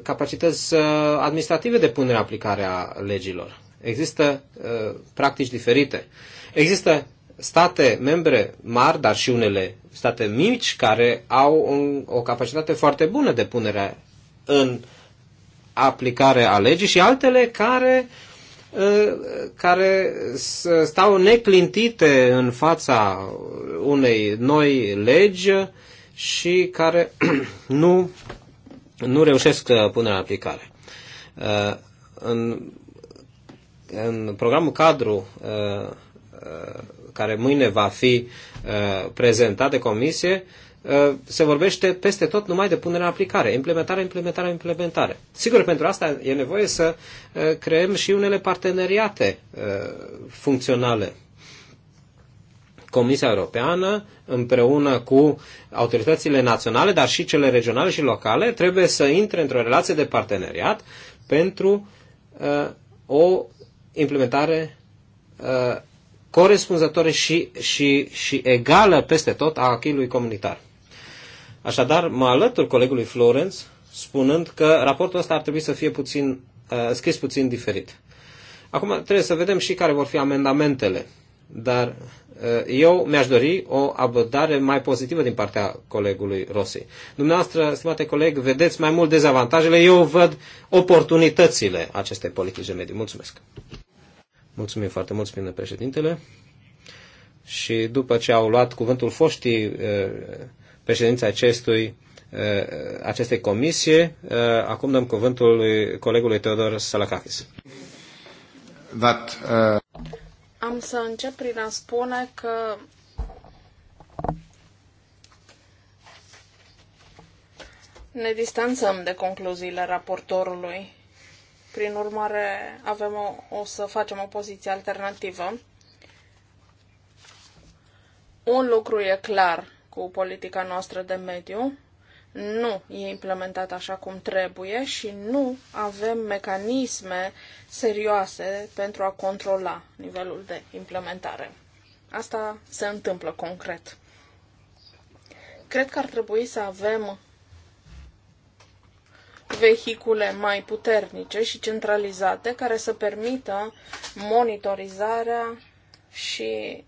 capacități administrative de punere în aplicare a legilor. Există practici diferite. Există state membre mari, dar și unele state mici, care au un, o capacitate foarte bună de punere în aplicare a legii și altele care, ă, care stau neclintite în fața unei noi legi și care nu, nu reușesc ă, punerea în aplicare. Ă, în, în programul cadru care mâine va fi uh, prezentat de comisie, uh, se vorbește peste tot numai de punere în aplicare, implementare, implementare, implementare. Sigur, pentru asta e nevoie să uh, creăm și unele parteneriate funcționale. Comisia Europeană, împreună cu autoritățile naționale, dar și cele regionale și locale, trebuie să intre într-o relație de parteneriat pentru uh, o implementare uh, corespunzătoare și, și, și egală peste tot a achilului comunitar. Așadar, mă alătur colegului Florence spunând că raportul ăsta ar trebui să fie puțin, uh, scris puțin diferit. Acum trebuie să vedem și care vor fi amendamentele, dar uh, eu mi-aș dori o abordare mai pozitivă din partea colegului Rossi. Dumneavoastră, stimate coleg, vedeți mai mult dezavantajele, eu văd oportunitățile acestei politici de mediu. Mulțumesc! Mulțumim foarte mult, spune președintele. Și după ce au luat cuvântul foștii eh, președinții acestui, eh, acestei comisie, eh, acum dăm cuvântul lui colegului Teodor Salakakis. That, uh... Am să încep prin a spune că ne distanțăm de concluziile raportorului prin urmare, avem o, o să facem o poziție alternativă. Un lucru e clar cu politica noastră de mediu, nu e implementată așa cum trebuie și nu avem mecanisme serioase pentru a controla nivelul de implementare. Asta se întâmplă concret. Cred că ar trebui să avem vehicule mai puternice și centralizate care să permită monitorizarea și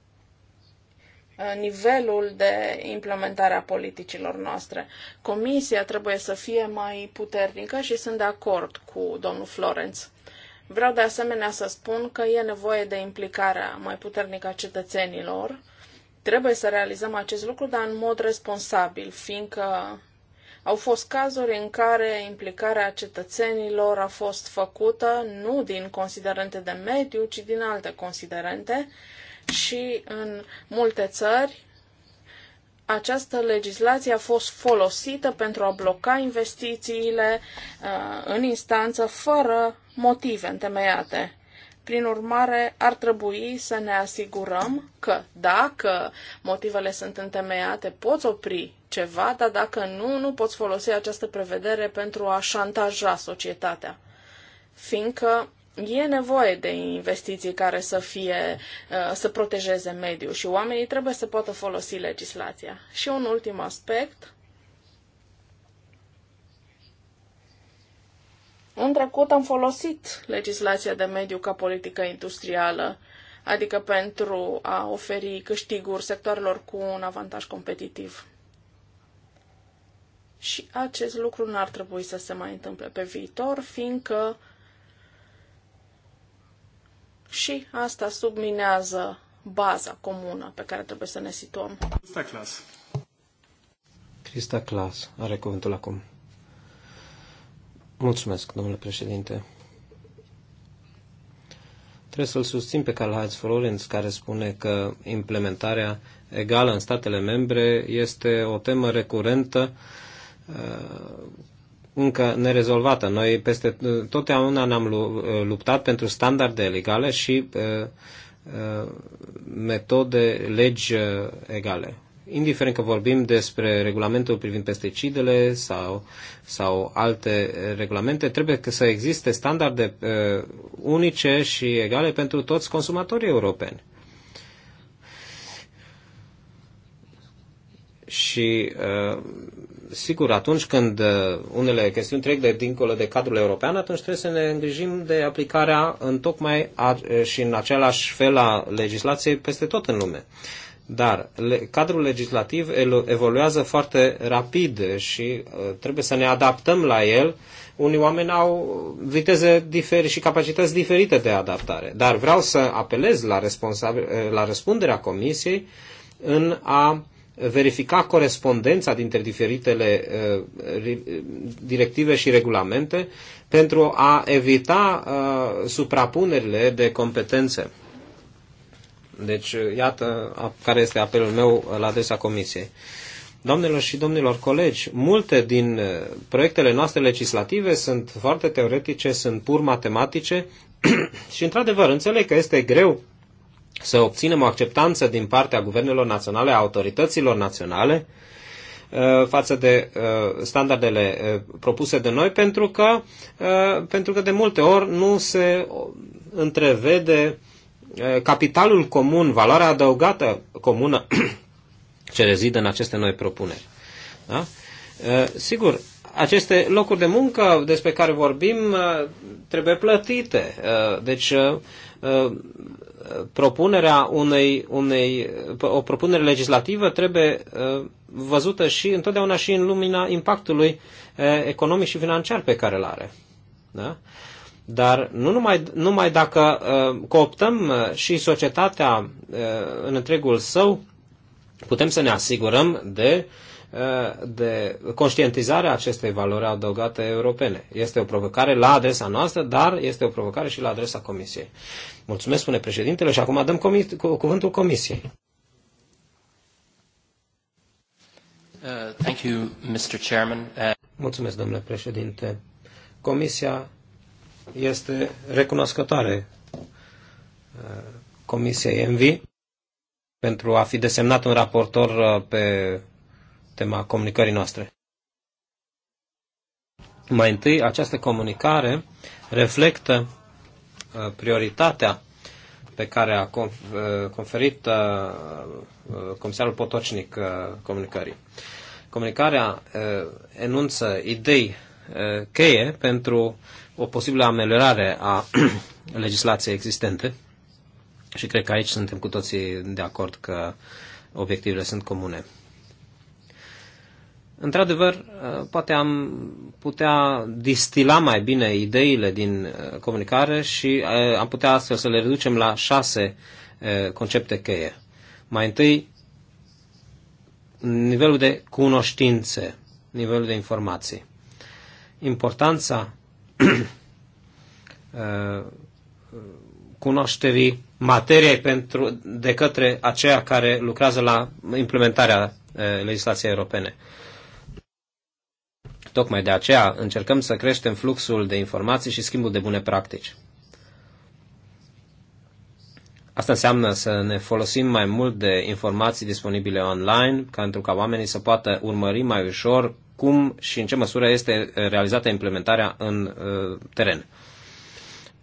uh, nivelul de implementare a politicilor noastre. Comisia trebuie să fie mai puternică și sunt de acord cu domnul Florenț. Vreau de asemenea să spun că e nevoie de implicarea mai puternică a cetățenilor. Trebuie să realizăm acest lucru, dar în mod responsabil, fiindcă au fost cazuri în care implicarea cetățenilor a fost făcută nu din considerente de mediu, ci din alte considerente și în multe țări această legislație a fost folosită pentru a bloca investițiile uh, în instanță fără motive întemeiate. Prin urmare, ar trebui să ne asigurăm că dacă motivele sunt întemeiate, poți opri ceva, dar dacă nu, nu poți folosi această prevedere pentru a șantaja societatea. Fiindcă e nevoie de investiții care să fie, uh, să protejeze mediul și oamenii trebuie să poată folosi legislația. Și un ultim aspect, În trecut am folosit legislația de mediu ca politică industrială, adică pentru a oferi câștiguri sectoarelor cu un avantaj competitiv. Și acest lucru n-ar trebui să se mai întâmple pe viitor, fiindcă și asta subminează baza comună pe care trebuie să ne situăm. Crista Clas. Crista Clas are cuvântul acum. Mulțumesc, domnule președinte. Trebuie să-l susțin pe Karl Heinz Florenz, care spune că implementarea egală în statele membre este o temă recurentă uh, încă nerezolvată. Noi peste totdeauna ne-am uh, luptat pentru standarde legale și uh, metode, legi egale indiferent că vorbim despre regulamentul privind pesticidele sau, sau alte regulamente, trebuie să existe standarde uh, unice și egale pentru toți consumatorii europeni. Și uh, sigur, atunci când uh, unele chestiuni trec de dincolo de cadrul european, atunci trebuie să ne îngrijim de aplicarea în tocmai a, uh, și în același fel a legislației peste tot în lume. Dar le, cadrul legislativ evoluează foarte rapid și uh, trebuie să ne adaptăm la el. Unii oameni au viteze diferite și capacități diferite de adaptare. Dar vreau să apelez la, uh, la răspunderea Comisiei în a verifica corespondența dintre diferitele uh, directive și regulamente pentru a evita uh, suprapunerile de competențe deci, iată care este apelul meu la adresa Comisiei. Doamnelor și domnilor colegi, multe din uh, proiectele noastre legislative sunt foarte teoretice, sunt pur matematice și, într-adevăr, înțeleg că este greu să obținem o acceptanță din partea guvernelor naționale, a autorităților naționale, uh, față de uh, standardele propuse de noi, pentru că, pentru că de multe ori nu se întrevede capitalul comun, valoarea adăugată comună ce rezidă în aceste noi propuneri. Da? Sigur, aceste locuri de muncă despre care vorbim trebuie plătite. Deci propunerea unei, unei o propunere legislativă trebuie văzută și întotdeauna și în lumina impactului economic și financiar pe care îl are. Da? dar nu numai, numai dacă uh, cooptăm uh, și societatea uh, în întregul său, putem să ne asigurăm de, de conștientizarea acestei valori adăugate europene. Este o provocare la adresa noastră, dar este o provocare și la adresa Comisiei. Mulțumesc, spune președintele, și acum dăm comis- cu, cuvântul Comisiei. Uh, thank you, Mr. Chairman. Uh... Mulțumesc, domnule președinte. Comisia este recunoscătoare uh, Comisiei ENVI pentru a fi desemnat un raportor uh, pe tema comunicării noastre. Mai întâi, această comunicare reflectă uh, prioritatea pe care a conferit comisarul Potocnic comunicării. Comunicarea enunță idei cheie pentru o posibilă ameliorare a legislației existente și cred că aici suntem cu toții de acord că obiectivele sunt comune. Într-adevăr, poate am putea distila mai bine ideile din uh, comunicare și uh, am putea astfel să le reducem la șase uh, concepte cheie. Mai întâi, nivelul de cunoștințe, nivelul de informații, importanța Uh, cunoașterii materiei pentru, de către aceia care lucrează la implementarea uh, legislației europene. Tocmai de aceea încercăm să creștem fluxul de informații și schimbul de bune practici. Asta înseamnă să ne folosim mai mult de informații disponibile online pentru ca oamenii să poată urmări mai ușor cum și în ce măsură este realizată implementarea în uh, teren.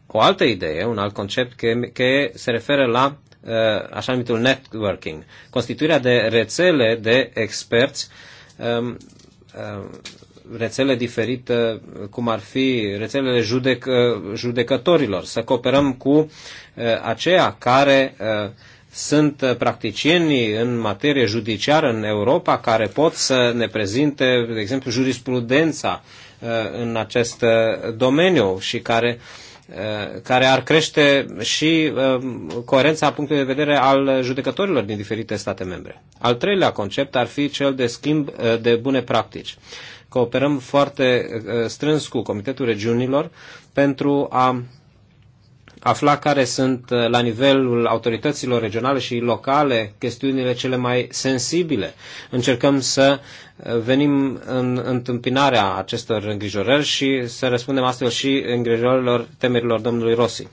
O altă idee, un alt concept că se referă la uh, așa numitul networking, constituirea de rețele de experți, um, uh, rețele diferite, cum ar fi rețelele judec, judecătorilor, să cooperăm cu aceia care sunt uh, practicieni în materie judiciară în Europa care pot să ne prezinte, de exemplu, jurisprudența uh, în acest uh, domeniu și care care ar crește și coerența a punctului de vedere al judecătorilor din diferite state membre. Al treilea concept ar fi cel de schimb de bune practici. Cooperăm foarte strâns cu Comitetul Regiunilor pentru a afla care sunt uh, la nivelul autorităților regionale și locale chestiunile cele mai sensibile. Încercăm să uh, venim în întâmpinarea acestor îngrijorări și să răspundem astfel și îngrijorărilor temerilor domnului Rossi.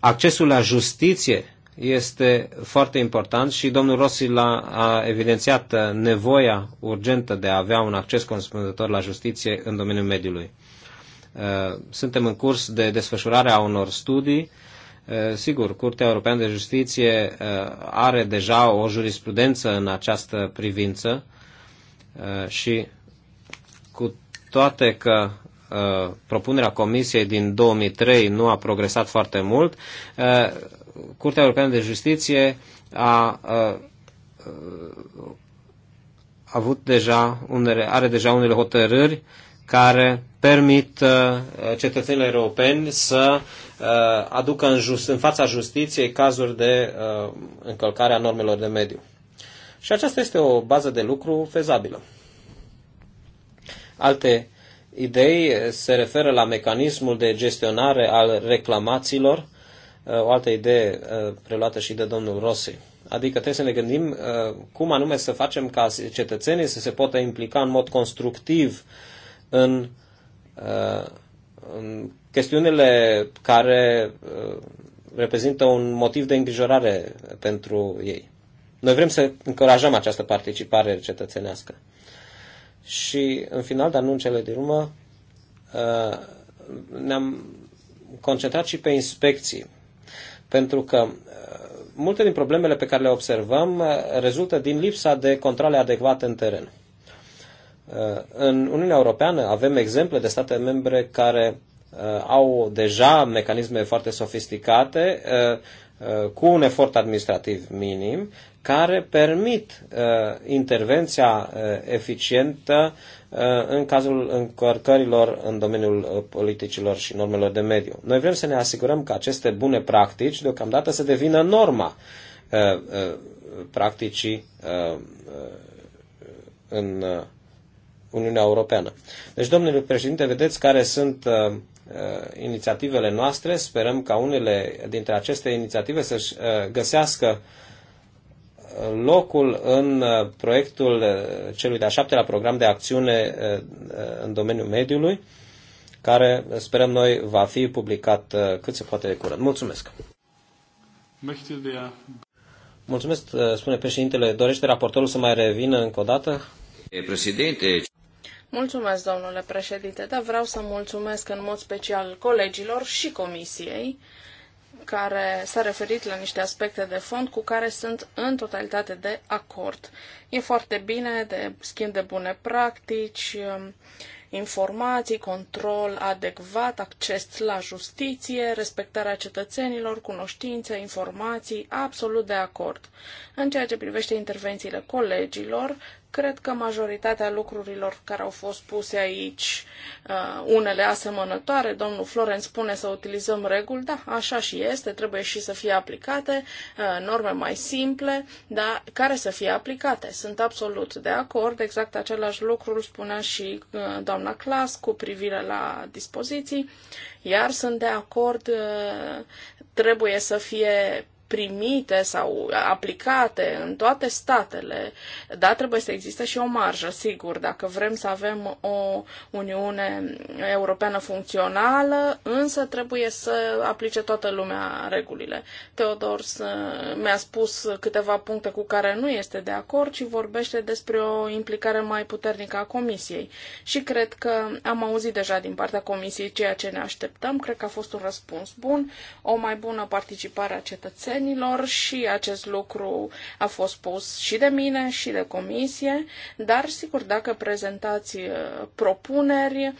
Accesul la justiție este foarte important și domnul Rossi l-a a evidențiat uh, nevoia urgentă de a avea un acces corespunzător la justiție în domeniul mediului. Uh, suntem în curs de desfășurare a unor studii. Uh, sigur, Curtea Europeană de Justiție uh, are deja o jurisprudență în această privință și cu toate că propunerea Comisiei din 2003 nu a progresat foarte mult, Curtea Europeană de Justiție a, avut deja unele, are deja unele hotărâri care permit uh, cetățenilor europeni să uh, aducă în, just, în fața justiției cazuri de uh, încălcare a normelor de mediu. Și aceasta este o bază de lucru fezabilă. Alte idei se referă la mecanismul de gestionare al reclamațiilor, o altă idee preluată și de domnul Rossi. Adică trebuie să ne gândim cum anume să facem ca cetățenii să se poată implica în mod constructiv în Uh, chestiunile care uh, reprezintă un motiv de îngrijorare pentru ei. Noi vrem să încurajăm această participare cetățenească. Și în final, dar nu în cele din urmă, uh, ne-am concentrat și pe inspecții. Pentru că multe din problemele pe care le observăm rezultă din lipsa de controle adecvate în teren. Uh, în Uniunea Europeană avem exemple de state membre care uh, au deja mecanisme foarte sofisticate, uh, cu un efort administrativ minim, care permit intervenția eficientă în cazul încărcărilor în domeniul politicilor și normelor de mediu. Noi vrem să ne asigurăm că aceste bune practici deocamdată să devină norma practicii în Uniunea Europeană. Deci, domnule președinte, vedeți care sunt uh, uh, inițiativele noastre. Sperăm ca unele dintre aceste inițiative să-și uh, găsească uh, locul în uh, proiectul celui de-a șaptelea program de acțiune în domeniul mediului, care sperăm noi va fi publicat cât se poate de curând. Mulțumesc! Mulțumesc, spune președintele. Dorește raportorul să mai revină încă o dată? Președinte. Mulțumesc, domnule președinte, dar vreau să mulțumesc în mod special colegilor și comisiei care s-a referit la niște aspecte de fond cu care sunt în totalitate de acord. E foarte bine de schimb de bune practici, um, informații, control adecvat, acces la justiție, respectarea cetățenilor, cunoștințe, informații, absolut de acord. În ceea ce privește intervențiile colegilor, Cred că majoritatea lucrurilor care au fost puse aici, uh, unele asemănătoare, domnul Florenț spune să utilizăm reguli, da, așa și este, trebuie și să fie aplicate, uh, norme mai simple, dar care să fie aplicate. Sunt absolut de acord, exact același lucru îl spunea și uh, doamna Clas cu privire la dispoziții, iar sunt de acord, trebuie să fie primite sau aplicate în toate statele, dar trebuie să existe și o marjă, sigur, dacă vrem să avem o Uniune Europeană funcțională, însă trebuie să aplice toată lumea regulile. Teodor mi-a spus câteva puncte cu care nu este de acord și vorbește despre o implicare mai puternică a Comisiei. Și cred că am auzit deja din partea Comisiei ceea ce ne așteptăm, cred că a fost un răspuns bun, o mai bună participare a cetățenilor, cetățenilor și acest lucru a fost pus și de mine și de comisie, dar sigur dacă prezentați uh, propuneri,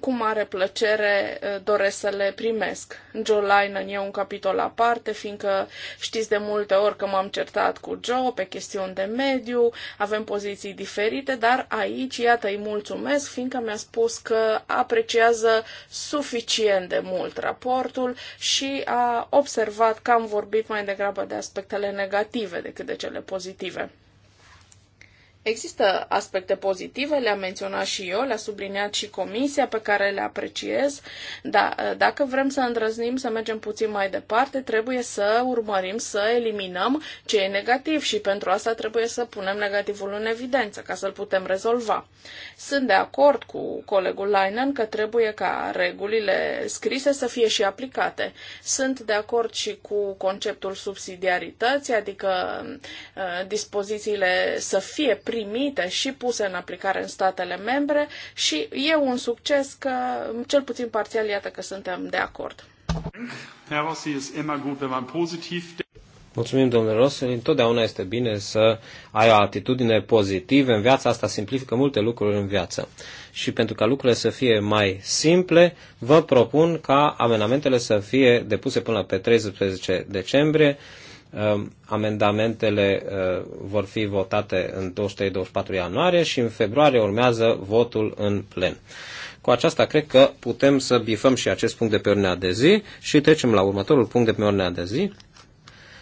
cu mare plăcere uh, doresc să le primesc. Joe Linen e un capitol aparte, fiindcă știți de multe ori că m-am certat cu Joe pe chestiuni de mediu, avem poziții diferite, dar aici, iată, îi mulțumesc, fiindcă mi-a spus că apreciază suficient de mult raportul și a observat că am vorbit mai degrabă de aspectele negative decât de cele pozitive. Există aspecte pozitive, le-am menționat și eu, le-a subliniat și comisia pe care le apreciez, dar dacă vrem să îndrăznim să mergem puțin mai departe, trebuie să urmărim să eliminăm ce e negativ și pentru asta trebuie să punem negativul în evidență ca să-l putem rezolva. Sunt de acord cu colegul Leinen că trebuie ca regulile scrise să fie și aplicate. Sunt de acord și cu conceptul subsidiarității, adică uh, dispozițiile să fie prin primite și puse în aplicare în statele membre și e un succes că, cel puțin parțial, iată că suntem de acord. Mulțumim, domnule Rossi. Întotdeauna este bine să ai o atitudine pozitivă în viața. Asta simplifică multe lucruri în viață. Și pentru ca lucrurile să fie mai simple, vă propun ca amenamentele să fie depuse până pe 13 decembrie Um, amendamentele uh, vor fi votate în 23-24 ianuarie și în februarie urmează votul în plen. Cu aceasta cred că putem să bifăm și acest punct de pe ordinea de zi și trecem la următorul punct de pe ordinea de zi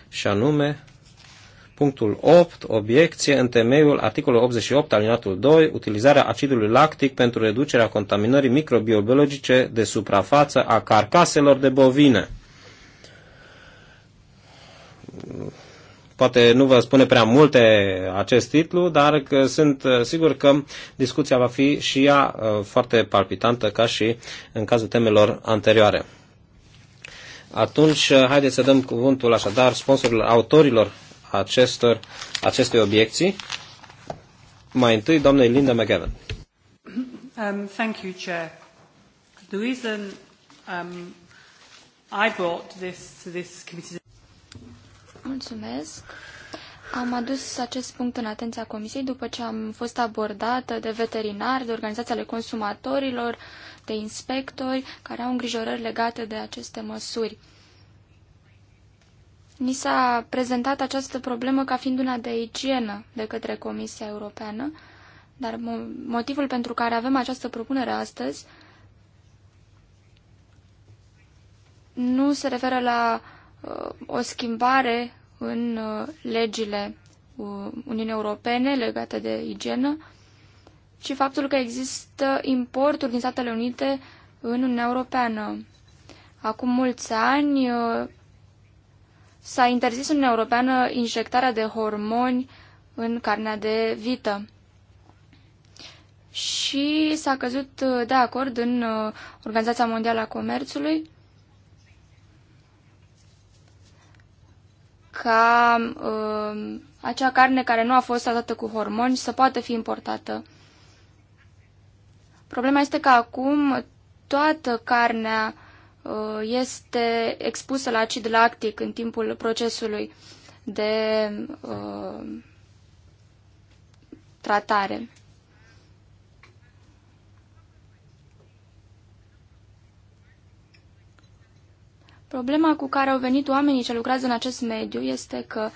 și anume Punctul 8. Obiecție în temeiul articolului 88 alinatul 2. Utilizarea acidului lactic pentru reducerea contaminării microbiologice de suprafață a carcaselor de bovine poate nu vă spune prea multe acest titlu, dar că sunt uh, sigur că discuția va fi și ea uh, foarte palpitantă ca și în cazul temelor anterioare. Atunci, uh, haideți să dăm cuvântul așadar sponsorilor, autorilor acestor, acestei obiecții. Mai întâi, doamnei Linda McGavin. Um, thank you, Chair. The reason um, I brought this to this committee Mulțumesc. Am adus acest punct în atenția Comisiei după ce am fost abordată de veterinari, de organizațiile ale consumatorilor, de inspectori care au îngrijorări legate de aceste măsuri. Ni s-a prezentat această problemă ca fiind una de igienă de către Comisia Europeană, dar motivul pentru care avem această propunere astăzi nu se referă la o schimbare în uh, legile uh, Uniunii Europene legate de igienă și faptul că există importuri din Statele Unite în Uniunea Europeană. Acum mulți ani uh, s-a interzis în Uniunea Europeană injectarea de hormoni în carnea de vită. Și s-a căzut de acord în Organizația Mondială a Comerțului ca uh, acea carne care nu a fost tratată cu hormoni să poată fi importată. Problema este că acum toată carnea uh, este expusă la acid lactic în timpul procesului de uh, tratare. Problema cu care au venit oamenii ce lucrează în acest mediu este că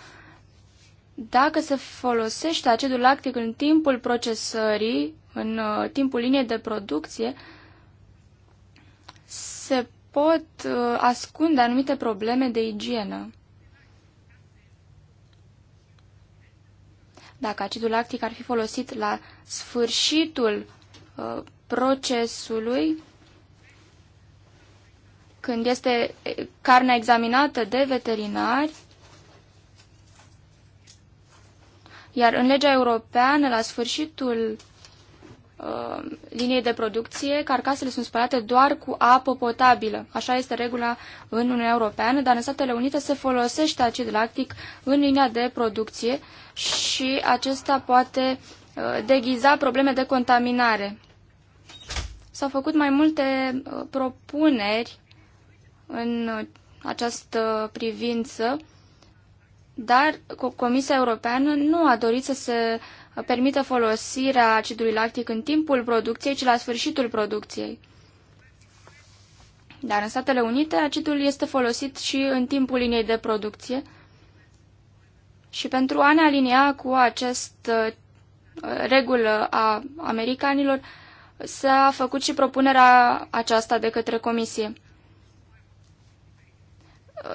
dacă se folosește acidul lactic în timpul procesării, în uh, timpul liniei de producție, se pot uh, ascunde anumite probleme de igienă. Dacă acidul lactic ar fi folosit la sfârșitul uh, procesului, când este carnea examinată de veterinari, iar în legea europeană, la sfârșitul uh, liniei de producție, carcasele sunt spălate doar cu apă potabilă. Așa este regula în Uniunea Europeană, dar în Statele Unite se folosește acid lactic în linia de producție și acesta poate uh, deghiza probleme de contaminare. S-au făcut mai multe uh, propuneri în această privință, dar Comisia Europeană nu a dorit să se permită folosirea acidului lactic în timpul producției, ci la sfârșitul producției. Dar în Statele Unite acidul este folosit și în timpul liniei de producție și pentru a ne alinea cu această uh, regulă a americanilor s-a făcut și propunerea aceasta de către Comisie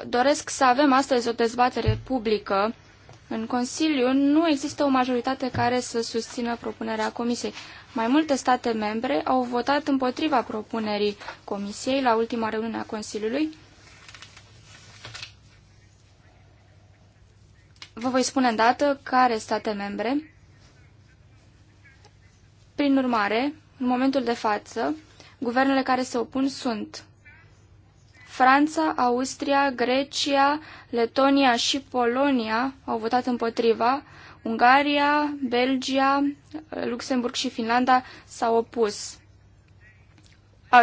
doresc să avem astăzi o dezbatere publică. În Consiliu nu există o majoritate care să susțină propunerea Comisiei. Mai multe state membre au votat împotriva propunerii Comisiei la ultima reuniune a Consiliului. Vă voi spune îndată care state membre. Prin urmare, în momentul de față, guvernele care se opun sunt Franța, Austria, Grecia, Letonia și Polonia au votat împotriva, Ungaria, Belgia, Luxemburg și Finlanda s-au opus.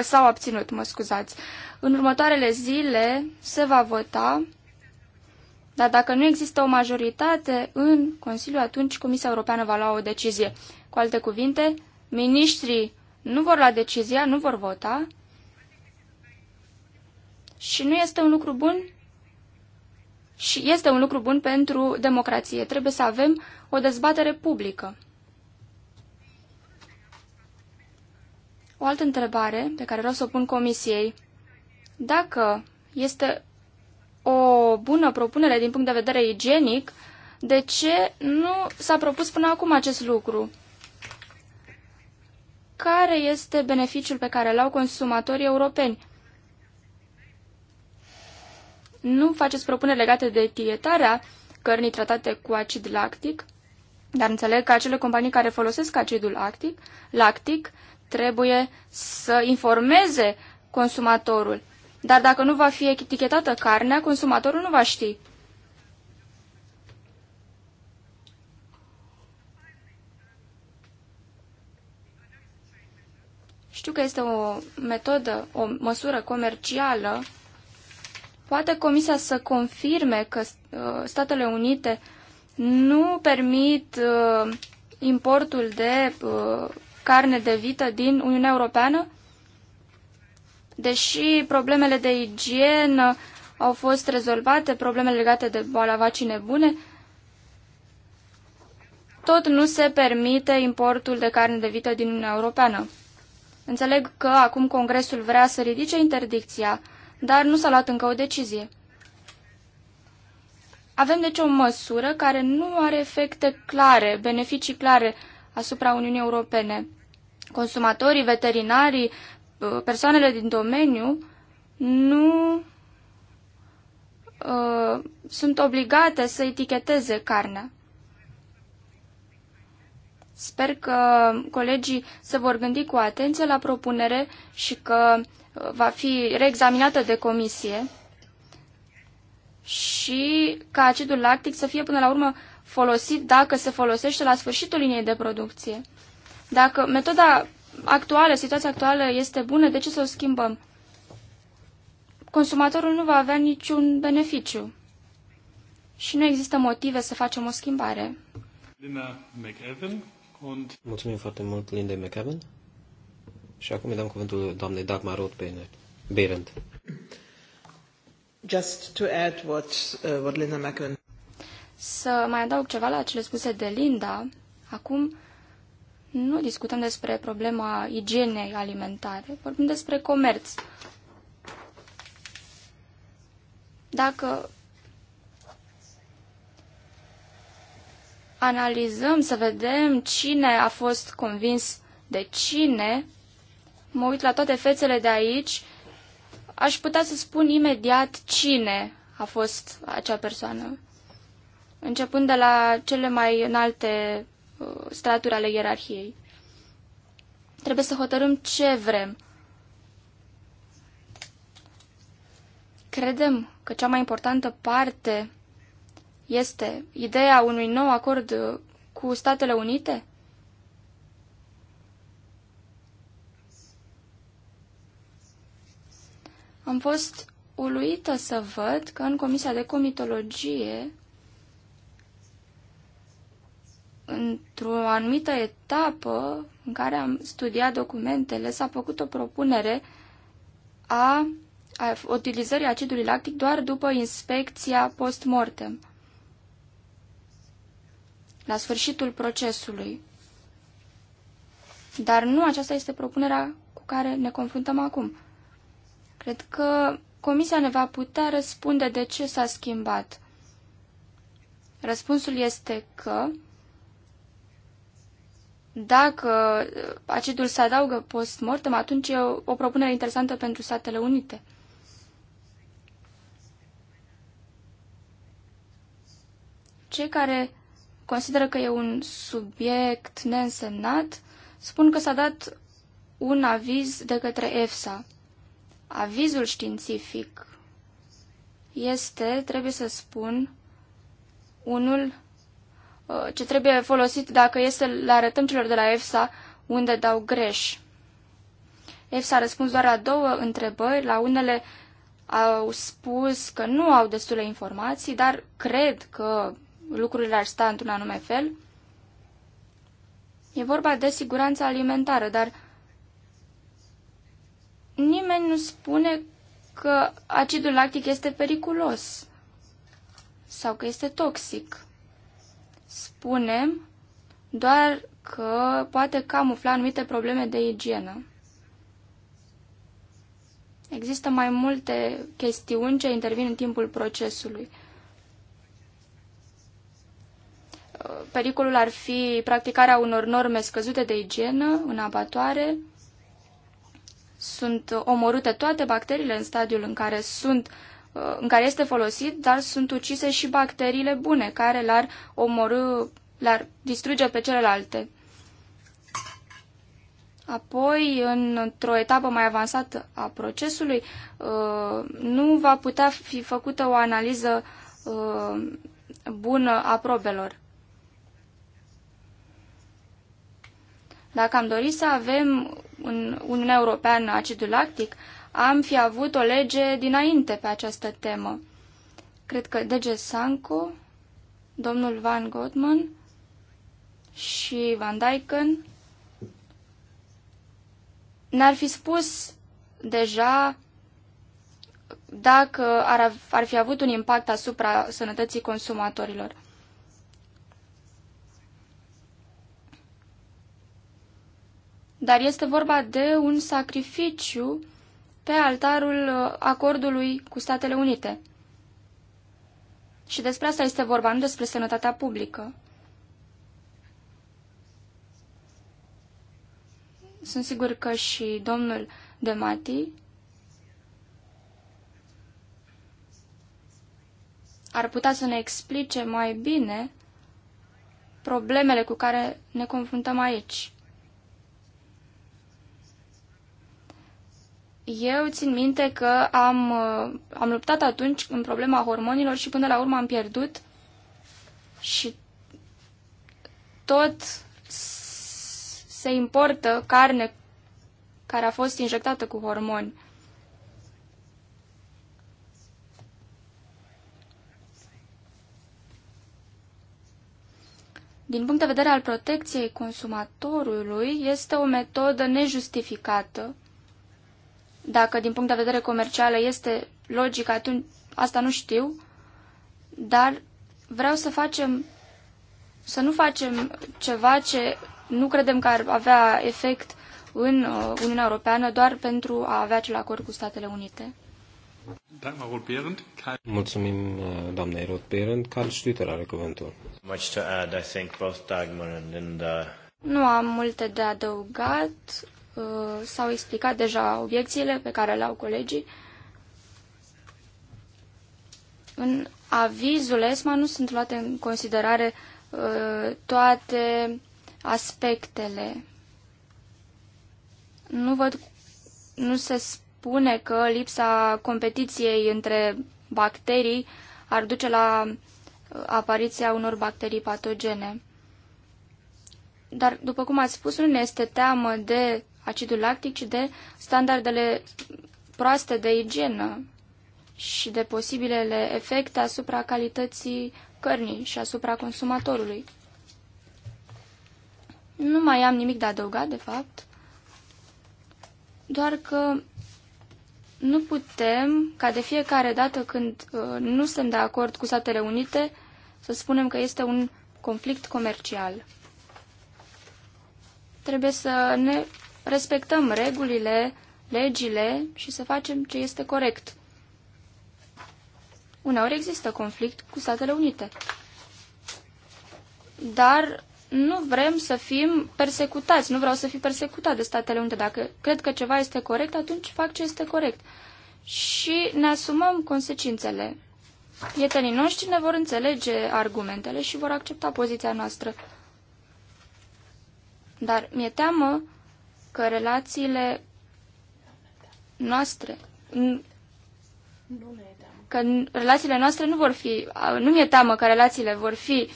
S-au abținut, mă scuzați. În următoarele zile se va vota, dar dacă nu există o majoritate în Consiliu, atunci Comisia Europeană va lua o decizie. Cu alte cuvinte, ministrii nu vor lua decizia, nu vor vota, și nu este un lucru bun și este un lucru bun pentru democrație. Trebuie să avem o dezbatere publică. O altă întrebare pe care vreau să o pun comisiei. Dacă este o bună propunere din punct de vedere igienic, de ce nu s-a propus până acum acest lucru? Care este beneficiul pe care îl au consumatorii europeni? nu faceți propuneri legate de etichetarea cărnii tratate cu acid lactic, dar înțeleg că acele companii care folosesc acidul lactic, lactic trebuie să informeze consumatorul. Dar dacă nu va fi etichetată carnea, consumatorul nu va ști. Știu că este o metodă, o măsură comercială Poate Comisia să confirme că uh, Statele Unite nu permit uh, importul de uh, carne de vită din Uniunea Europeană? Deși problemele de igienă au fost rezolvate, problemele legate de boala vacine bune, tot nu se permite importul de carne de vită din Uniunea Europeană. Înțeleg că acum Congresul vrea să ridice interdicția dar nu s-a luat încă o decizie. Avem deci o măsură care nu are efecte clare, beneficii clare asupra Uniunii Europene. Consumatorii, veterinarii, persoanele din domeniu nu uh, sunt obligate să eticheteze carnea. Sper că colegii se vor gândi cu atenție la propunere și că uh, va fi reexaminată de comisie și ca acidul lactic să fie până la urmă folosit dacă se folosește la sfârșitul liniei de producție. Dacă metoda actuală, situația actuală este bună, de ce să o schimbăm? Consumatorul nu va avea niciun beneficiu și nu există motive să facem o schimbare. Und Mulțumim foarte mult, Linde McCavan. Și acum îi dăm cuvântul doamnei Dagmar Roth Beirent. Just to add what, uh, what Linda McCavan... Să mai adaug ceva la cele spuse de Linda. Acum nu discutăm despre problema igienei alimentare, vorbim despre comerț. Dacă analizăm, să vedem cine a fost convins de cine, mă uit la toate fețele de aici, aș putea să spun imediat cine a fost acea persoană. Începând de la cele mai înalte uh, straturi ale ierarhiei. Trebuie să hotărâm ce vrem. Credem că cea mai importantă parte este ideea unui nou acord cu Statele Unite? Am fost uluită să văd că în Comisia de Comitologie, într-o anumită etapă în care am studiat documentele, s-a făcut o propunere a, a utilizării acidului lactic doar după inspecția post-mortem la sfârșitul procesului. Dar nu aceasta este propunerea cu care ne confruntăm acum. Cred că Comisia ne va putea răspunde de ce s-a schimbat. Răspunsul este că dacă acidul se adaugă post-mortem, atunci e o, propunere interesantă pentru Statele Unite. Cei care consideră că e un subiect neînsemnat, spun că s-a dat un aviz de către EFSA. Avizul științific este, trebuie să spun, unul uh, ce trebuie folosit dacă este să le arătăm celor de la EFSA unde dau greș. EFSA a răspuns doar la două întrebări, la unele au spus că nu au destule informații, dar cred că lucrurile ar sta într-un anume fel. E vorba de siguranța alimentară, dar nimeni nu spune că acidul lactic este periculos sau că este toxic. Spunem doar că poate camufla anumite probleme de igienă. Există mai multe chestiuni ce intervin în timpul procesului. Pericolul ar fi practicarea unor norme scăzute de igienă în abatoare. Sunt omorâte toate bacteriile în stadiul în care sunt uh, în care este folosit, dar sunt ucise și bacteriile bune, care l-ar omorâ, l-ar distruge pe celelalte. Apoi, într-o etapă mai avansată a procesului, uh, nu va putea fi făcută o analiză uh, bună a probelor. Dacă am dorit să avem în Uniunea Europeană acidul lactic, am fi avut o lege dinainte pe această temă. Cred că DG Sanco, domnul Van Gottman și Van Dyken n-ar fi spus deja dacă ar, ar fi avut un impact asupra sănătății consumatorilor. dar este vorba de un sacrificiu pe altarul uh, acordului cu Statele Unite. Și despre asta este vorba, nu despre sănătatea publică. Sunt sigur că și domnul Demati ar putea să ne explice mai bine problemele cu care ne confruntăm aici. Eu țin minte că am, uh, am luptat atunci în problema hormonilor și până la urmă am pierdut și tot se importă carne care a fost injectată cu hormoni. Din punct de vedere al protecției consumatorului, este o metodă nejustificată dacă din punct de vedere comercial este logic, atunci asta nu știu, dar vreau să facem, să nu facem ceva ce nu credem că ar avea efect în uh, Uniunea Europeană doar pentru a avea acel acord cu Statele Unite. Mulțumim, uh, doamna Ruth Berend. Carl Schlüter are cuvântul. Much to add, I think both and Nu am multe de adăugat. Uh, s-au explicat deja obiecțiile pe care le-au colegii. În avizul ESMA nu sunt luate în considerare uh, toate aspectele. Nu văd, nu se spune că lipsa competiției între bacterii ar duce la uh, apariția unor bacterii patogene. Dar, după cum ați spus, nu ne este teamă de acidul lactic, ci de standardele proaste de igienă și de posibilele efecte asupra calității cărnii și asupra consumatorului. Nu mai am nimic de adăugat, de fapt, doar că nu putem, ca de fiecare dată când uh, nu suntem de acord cu Statele Unite, să spunem că este un conflict comercial. Trebuie să ne respectăm regulile, legile și să facem ce este corect. Uneori există conflict cu Statele Unite. Dar nu vrem să fim persecutați, nu vreau să fiu persecutat de Statele Unite. Dacă cred că ceva este corect, atunci fac ce este corect. Și ne asumăm consecințele. Prietenii noștri ne vor înțelege argumentele și vor accepta poziția noastră. Dar mi-e teamă că relațiile noastre că relațiile noastre nu vor fi, nu mi-e teamă că relațiile vor fi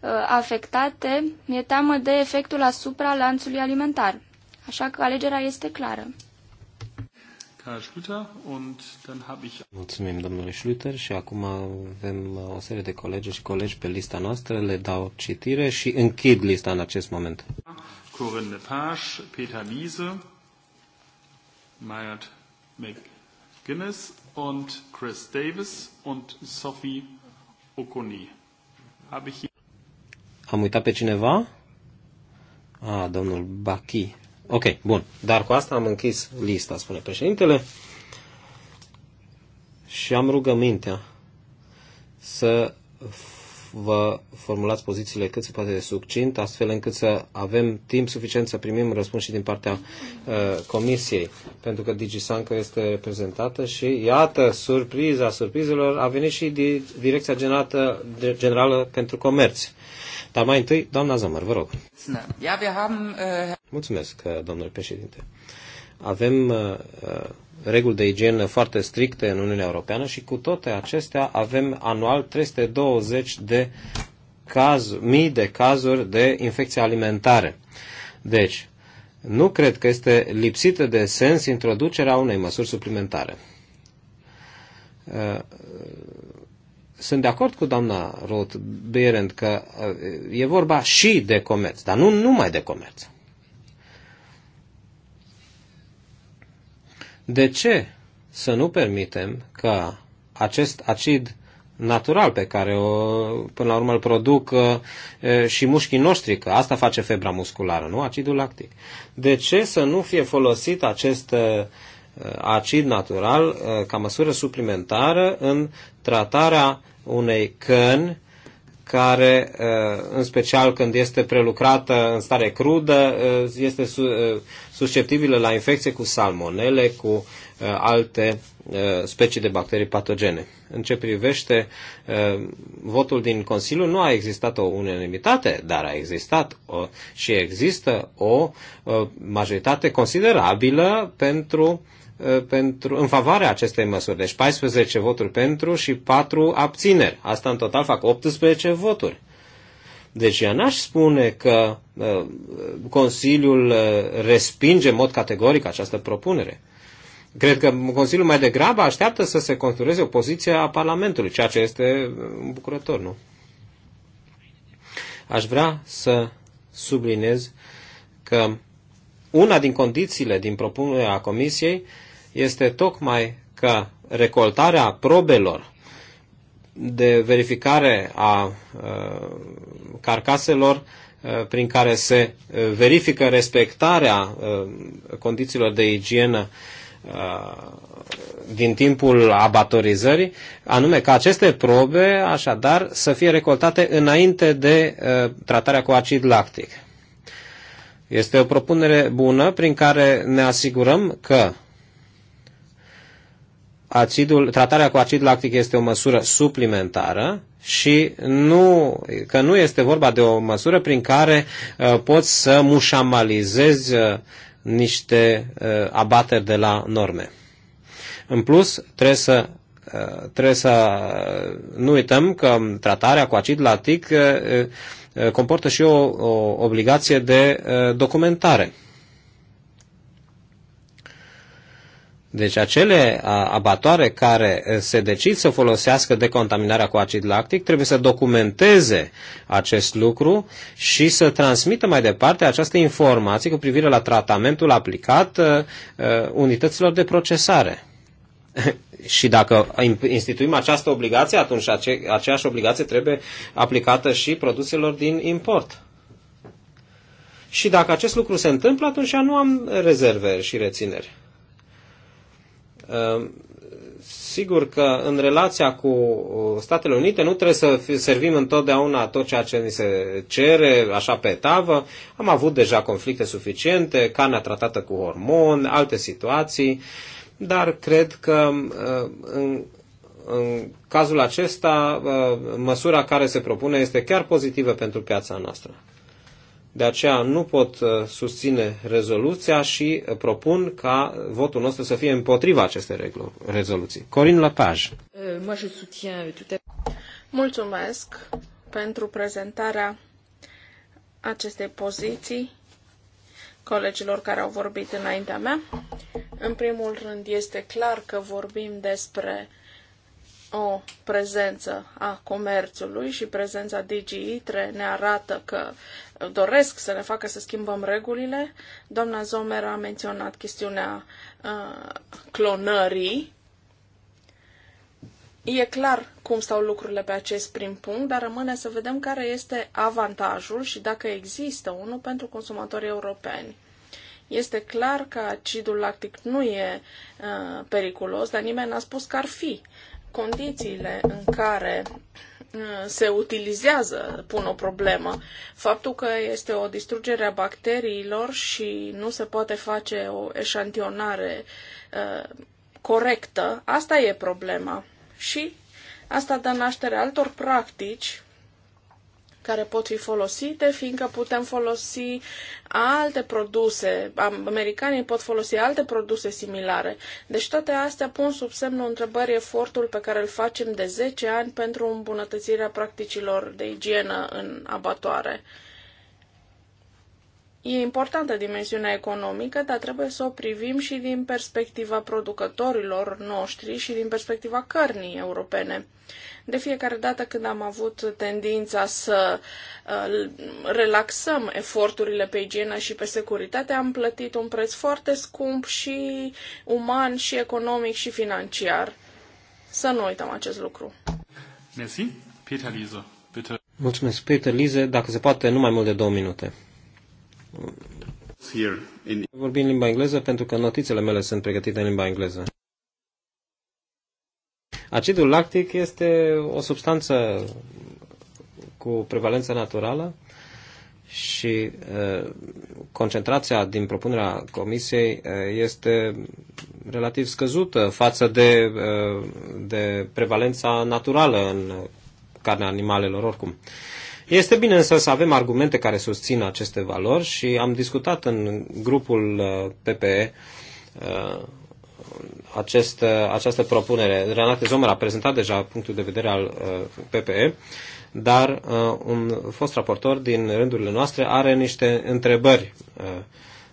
uh, afectate, mi-e teamă de efectul asupra lanțului alimentar. Așa că alegerea este clară. Mulțumim, domnule Schlüter, și acum avem o serie de colegi și colegi pe lista noastră, le dau citire și închid lista în acest moment. Corinne Lepage, Peter Wiese, Mayat McGuinness und Chris Davis und Sophie Oconi. Habe ich Am uitat pe cineva? Ah, domnul Bachi. Ok, bun. Dar cu asta am închis lista, spune președintele. Și am rugămintea să vă formulați pozițiile cât se poate de succint, astfel încât să avem timp suficient să primim răspuns și din partea uh, Comisiei, pentru că DigiSanca este reprezentată și, iată, surpriza surprizelor, a venit și Direcția Generală, Generală pentru Comerț. Dar mai întâi, doamna Zămăr, vă rog. Uh, Mulțumesc, uh, domnule președinte. Avem uh, uh reguli de igienă foarte stricte în Uniunea Europeană și cu toate acestea avem anual 320 de caz, mii de cazuri de infecție alimentare. Deci, nu cred că este lipsită de sens introducerea unei măsuri suplimentare. Sunt de acord cu doamna Roth Berend că uh, e vorba și de comerț, dar nu numai de comerț. De ce să nu permitem ca acest acid natural pe care o, până la urmă îl produc e, uh, și mușchii noștri, că asta face febra musculară, nu? Acidul lactic. De ce să nu fie folosit acest e, uh, acid natural e, uh, ca măsură suplimentară în tratarea unei căni care, uh, în special când este prelucrată în stare crudă, uh, este uh, susceptibilă la infecție cu salmonele, cu alte specii de bacterii patogene. În ce privește votul din Consiliu, nu a existat o unanimitate, dar a existat o, și există o majoritate considerabilă pentru uh, Uh, pentru, în favoarea acestei măsuri. Deci 14 voturi pentru și 4 abțineri. Asta în total fac 18 voturi. Deci ea n-aș spune că uh, Consiliul uh, respinge în mod categoric această propunere. Cred că Consiliul mai degrabă așteaptă să se construieze o poziție a Parlamentului, ceea ce este uh, bucurător, nu? Aș vrea să subliniez că una din condițiile din propunerea Comisiei uh, este tocmai că recoltarea probelor de verificare a uh, carcaselor uh, prin care se uh, verifică respectarea condițiilor de igienă din timpul abatorizării, anume că aceste probe, așadar, să fie recoltate înainte de tratarea cu acid lactic. Este o propunere bună prin care ne asigurăm că acidul, tratarea cu acid lactic este o măsură suplimentară și nu, că nu este vorba de o măsură prin care uh, poți să mușamalizezi uh, niște uh, abateri de la norme. În plus, trebuie să uh, trebuie să uh, nu uităm că tratarea cu acid lactic uh, comportă și o, o obligație de documentare. Deci acele abatoare care se decid să folosească decontaminarea cu acid lactic trebuie să documenteze acest lucru și să transmită mai departe această informație cu privire la tratamentul aplicat unităților de procesare. și dacă instituim această obligație, atunci ace- aceeași obligație trebuie aplicată și produselor din import. Și dacă acest lucru se întâmplă, atunci nu am rezerve și rețineri. Ehm, sigur că în relația cu uh, Statele Unite nu trebuie să servim întotdeauna tot ceea ce ni se cere, așa pe tavă. Am avut deja conflicte suficiente, carnea tratată cu hormon, alte situații, dar cred că uh, în, în cazul acesta uh, măsura care se propune este chiar pozitivă pentru piața noastră. De aceea nu pot uh, susține rezoluția și uh, propun ca votul nostru să fie împotriva acestei rezoluții. Corin Lapaj. Uh, Mulțumesc pentru prezentarea acestei poziții colegilor care au vorbit înaintea mea. În primul rând, este clar că vorbim despre uh, o prezență a comerțului și prezența DGITRE ne arată că doresc să ne facă să schimbăm regulile. Doamna Zomer a menționat chestiunea uh, clonării. E clar cum stau lucrurile pe acest prim punct, dar rămâne să vedem care este avantajul și dacă există unul pentru consumatorii europeni. Este clar că acidul lactic nu e uh, periculos, dar nimeni n-a spus că ar fi condițiile în care uh, se utilizează pun o problemă. Faptul că este o distrugere a bacteriilor și nu se poate face o eșantionare uh, corectă, asta e problema. Și asta dă naștere altor practici care pot fi folosite, fiindcă putem folosi alte produse, americanii pot folosi alte produse similare. Deci toate astea pun sub semnul întrebării efortul pe care îl facem de 10 ani pentru îmbunătățirea practicilor de igienă în abatoare. E importantă dimensiunea economică, dar trebuie să o privim și din perspectiva producătorilor noștri și din perspectiva cărnii europene. De fiecare dată când am avut tendința să uh, relaxăm eforturile pe igienă și pe securitate, am plătit un preț foarte scump și uman și economic și financiar. Să nu uităm acest lucru. Mersi. Peter Lise, bitte. Mulțumesc, Peter Lise. Dacă se poate, nu mai mult de două minute. Vorbim în limba engleză pentru că notițele mele sunt pregătite în limba engleză. Acidul lactic este o substanță cu prevalență naturală și uh, concentrația din propunerea comisiei uh, este relativ scăzută față de, uh, de prevalența naturală în carnea animalelor oricum. Este bine însă să avem argumente care susțin aceste valori și am discutat în grupul uh, PPE uh, acest, uh, această propunere. Renate Zomer a prezentat deja punctul de vedere al PPE, dar un fost raportor din rândurile noastre are niște întrebări.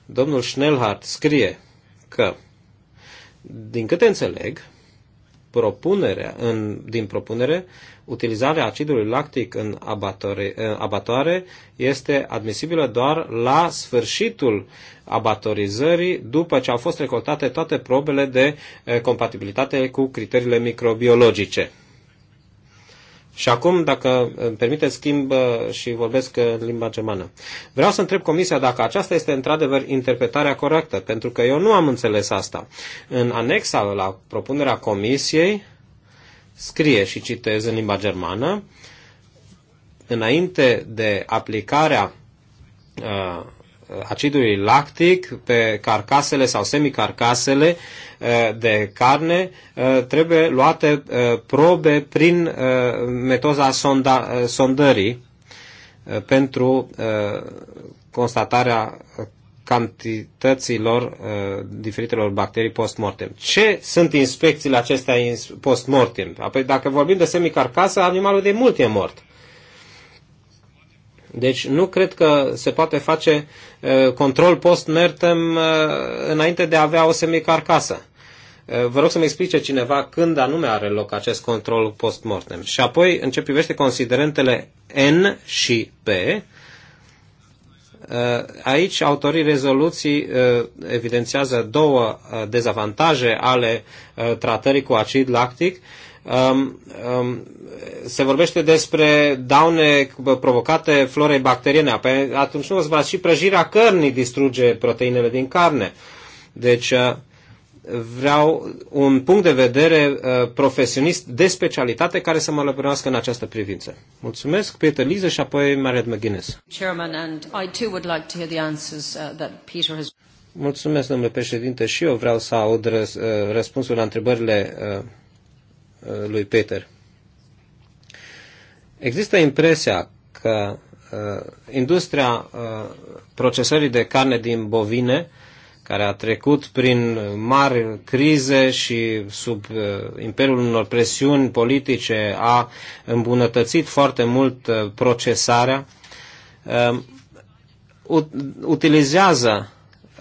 Domnul Schnellhardt scrie că, din câte înțeleg, propunerea, în, din propunere utilizarea acidului lactic în abatoare, abatoare este admisibilă doar la sfârșitul abatorizării, după ce au fost recoltate toate probele de eh, compatibilitate cu criteriile microbiologice. Și acum, dacă eh, îmi permite, schimb eh, și vorbesc în limba germană. Vreau să întreb Comisia dacă aceasta este într-adevăr interpretarea corectă, pentru că eu nu am înțeles asta. În anexa la propunerea Comisiei scrie și citez în limba germană, înainte de aplicarea uh, acidului lactic pe carcasele sau semicarcasele uh, de carne uh, trebuie luate uh, probe prin metoda sonda, sondării pentru constatarea cantităților uh, diferitelor bacterii post mortem. Ce sunt inspecțiile acestea post-mortem? Apoi, dacă vorbim de semicarcasă, animalul de mult e mort. Deci nu cred că se poate face uh, control post-mortem uh, înainte de a avea o semicarcasă. Vă rog să-mi explice cineva când anume are loc acest control post-mortem. Și apoi, în ce privește considerentele N și P, Uh, aici autorii rezoluții uh, evidențiază două uh, dezavantaje ale tratării cu acid lactic. Um, um, se vorbește despre daune provocate florei bacteriene. Atunci nu vă și prăjirea cărnii distruge proteinele din carne. Deci vreau un punct de vedere uh, profesionist de specialitate care să mă lăpânească în această privință. Mulțumesc, Peter Liză și apoi Mariet McGuinness. Mulțumesc, domnule președinte, și eu vreau să aud răs, uh, răspunsul la întrebările uh, lui Peter. Există impresia că industria procesării de carne din bovine uh, care a trecut prin mari crize și sub uh, imperiul unor presiuni politice a îmbunătățit foarte mult uh, procesarea, um, utilizează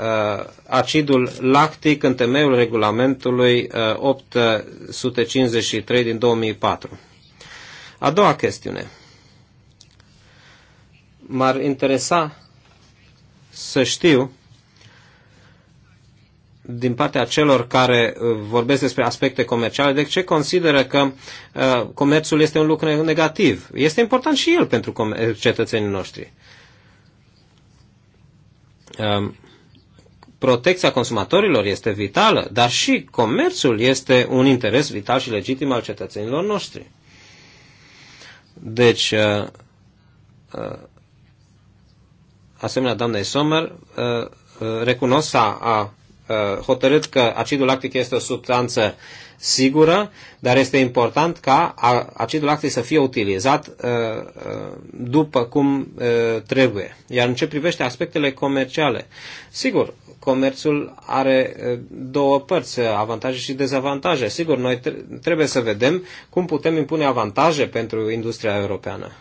uh, acidul lactic în temeiul regulamentului 853 din 2004. A doua chestiune. M-ar interesa să știu din partea celor care uh, vorbesc despre aspecte comerciale, de ce consideră că uh, comerțul este un lucru negativ. Este important și el pentru cetățenii noștri. Um, protecția consumatorilor este vitală, dar și comerțul este un interes vital și legitim al cetățenilor noștri. Deci, uh, asemenea doamnei Sommer, recunosc, a, a Uh, hotărât că acidul lactic este o substanță sigură, dar este important ca acidul lactic să fie utilizat uh, uh, după cum trebuie. Iar în ce privește aspectele comerciale, sigur, comerțul are două părți, avantaje și dezavantaje. Sigur, noi trebuie să vedem cum putem impune avantaje pentru industria europeană.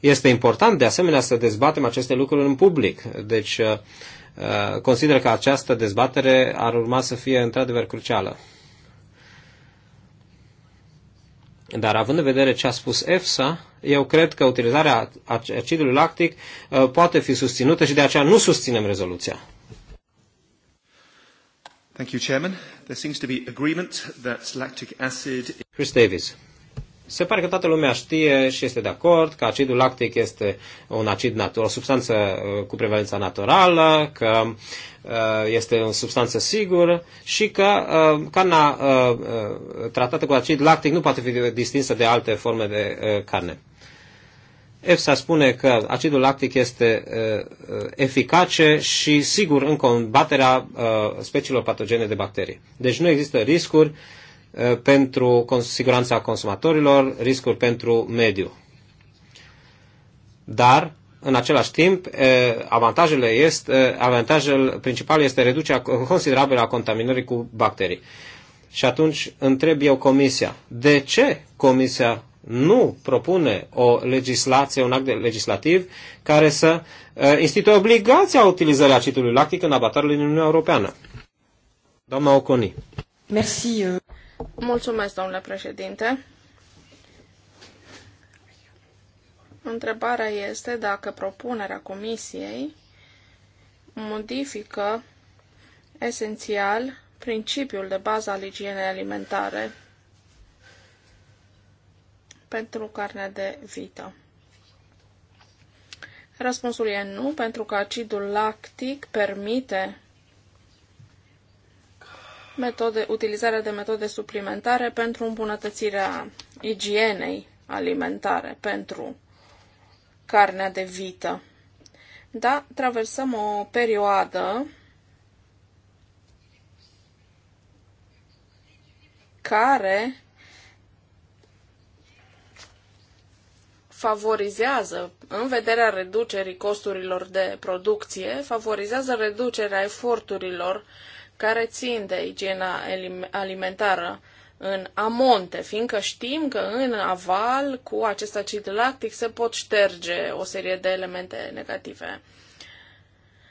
Este important, de asemenea, să dezbatem aceste lucruri în public. Deci, Uh, consider că această dezbatere ar urma să fie într-adevăr crucială. Dar având în vedere ce a spus EFSA, eu cred că utilizarea acidului lactic uh, poate fi susținută și de aceea nu susținem rezoluția. Thank you, Chairman. There seems to be agreement that lactic acid... Chris Davis se pare că toată lumea știe și este de acord că acidul lactic este un acid natural, o substanță uh, cu prevalența naturală, că uh, este o substanță sigură și că uh, carnea tratată cu acid lactic nu poate fi distinsă de alte forme de carne. EFSA spune că acidul lactic este eficace și sigur în combaterea speciilor patogene de bacterii. Deci nu există riscuri uh, Uh, pentru siguranța consumatorilor, riscuri pentru mediu. Dar, în același timp, uh, avantajele este, uh, avantajul principal este reducerea considerabilă a contaminării cu bacterii. Și atunci întreb eu Comisia, de ce Comisia nu propune o legislație, un act legislativ care să instituie obligația utilizării acidului lactic în abatoarele din Uniunea Europeană? Doamna Oconi. Merci. Euh, Mulțumesc, domnule președinte. Întrebarea este dacă propunerea comisiei modifică esențial principiul de bază al igienei alimentare pentru carne de vită. Răspunsul e nu, pentru că acidul lactic permite metode, utilizarea de metode suplimentare pentru îmbunătățirea igienei alimentare pentru carnea de vită. Da, traversăm o perioadă care favorizează, în vederea reducerii costurilor de producție, favorizează reducerea eforturilor uh, care țin de igiena alimentară în amonte, fiindcă știm că în aval cu acest acid lactic se pot șterge o serie de elemente negative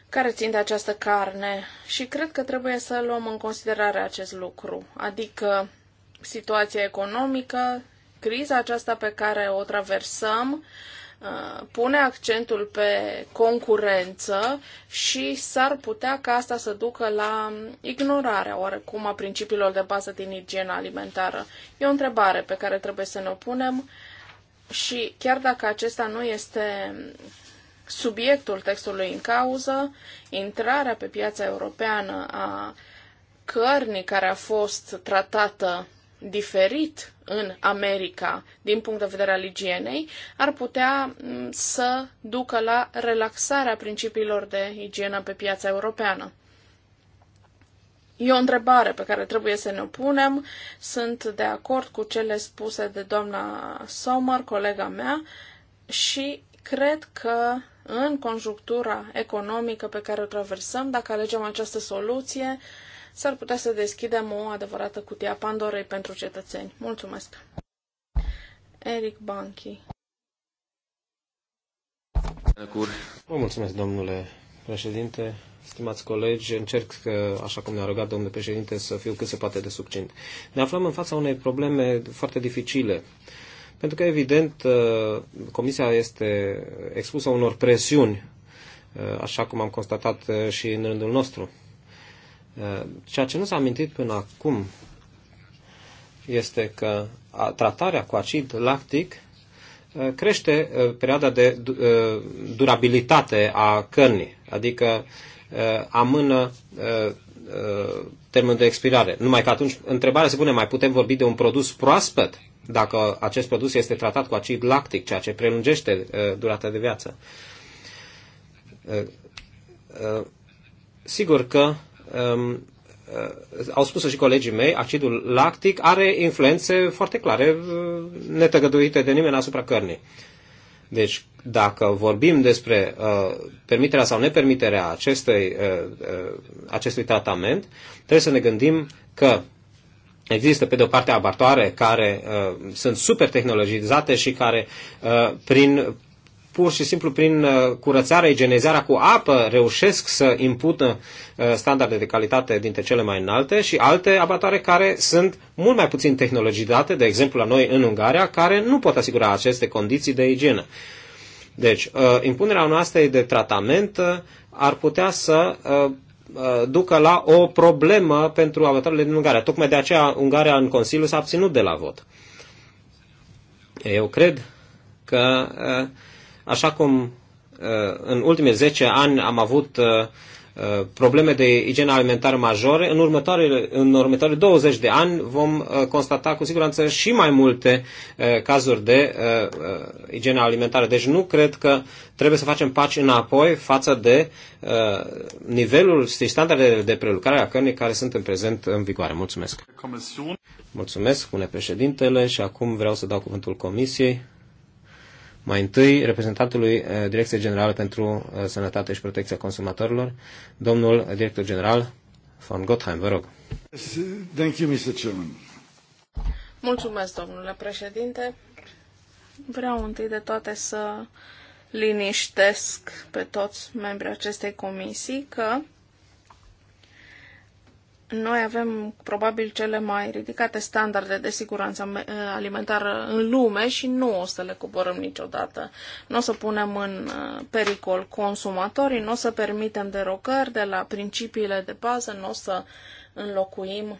care țin de această carne și cred că trebuie să luăm în considerare acest lucru, adică situația economică, criza aceasta pe care o traversăm, Uh, pune accentul pe concurență și s-ar putea ca asta să ducă la ignorarea oarecum a principiilor de bază din igiena alimentară. E o întrebare pe care trebuie să ne o punem și chiar dacă acesta nu este subiectul textului în cauză, intrarea pe piața europeană a cărnii care a fost tratată diferit în America din punct de vedere al igienei ar putea să ducă la relaxarea principiilor de igienă pe piața europeană. E o întrebare pe care trebuie să ne o punem. Sunt de acord cu cele spuse de doamna Sommer, colega mea, și cred că în conjunctura economică pe care o traversăm, dacă alegem această soluție, uh, s-ar putea să deschidem o adevărată cutie a Pandorei pentru cetățeni. Mulțumesc! Eric Banchi Vă mulțumesc, domnule președinte. Stimați colegi, încerc, așa cum ne-a rugat domnul președinte, să fiu cât se poate de succint. Ne aflăm în fața unei probleme foarte dificile. Pentru că, evident, uh, Comisia este expusă unor presiuni, uh, așa cum am constatat uh, și în rândul nostru. Uh, ceea ce nu s-a amintit până acum este că tratarea cu acid lactic uh, crește uh, perioada de durabilitate a cărnii, adică amână termenul de expirare. Numai că atunci întrebarea se pune, mai putem vorbi de un produs proaspăt dacă acest produs este tratat cu acid lactic, ceea ce prelungește durata de viață. Sigur că Um, uh, au spus și colegii mei, acidul lactic are influențe foarte clare, uh, netăgăduite de nimeni asupra cărnii. Deci, dacă vorbim despre uh, permiterea sau nepermiterea acestui, uh, uh, acestui tratament, trebuie să ne gândim că Există, pe de o parte, abartoare care uh, sunt super tehnologizate și care, uh, prin pur și simplu prin uh, curățarea, igienizarea cu apă reușesc să impună uh, standarde de calitate dintre cele mai înalte și alte abatoare care sunt mult mai puțin tehnologizate, de exemplu la noi în Ungaria, care nu pot asigura aceste condiții de igienă. Deci, uh, impunerea noastră de tratament ar putea să ducă la o problemă pentru abatoarele din Ungaria. Tocmai de aceea Ungaria în Consiliu s-a abținut de la vot. Eu cred că uh, așa cum uh, în ultimii 10 ani am avut uh, uh, probleme de igienă alimentară majore, în următoarele, în următoarele 20 de ani vom constata cu siguranță și mai multe cazuri de igienă alimentară. Deci nu cred că trebuie să facem paci înapoi față de nivelul și standardele de prelucrare a cărnii care sunt în prezent în vigoare. Mulțumesc! Mulțumesc, spune președintele, și acum vreau să dau cuvântul Comisiei mai întâi reprezentantului eh, Direcției Generale pentru eh, Sănătate și Protecția Consumatorilor, domnul director general von Gottheim, vă rog. Thank you, Mr. Chairman. Mulțumesc, domnule președinte. Vreau întâi de toate să liniștesc pe toți membrii acestei comisii că noi avem probabil cele mai ridicate standarde de siguranță alimentară în lume și nu o să le coborăm niciodată. Nu o să punem în uh, pericol consumatorii, nu o să permitem derogări de la principiile de bază, nu o să înlocuim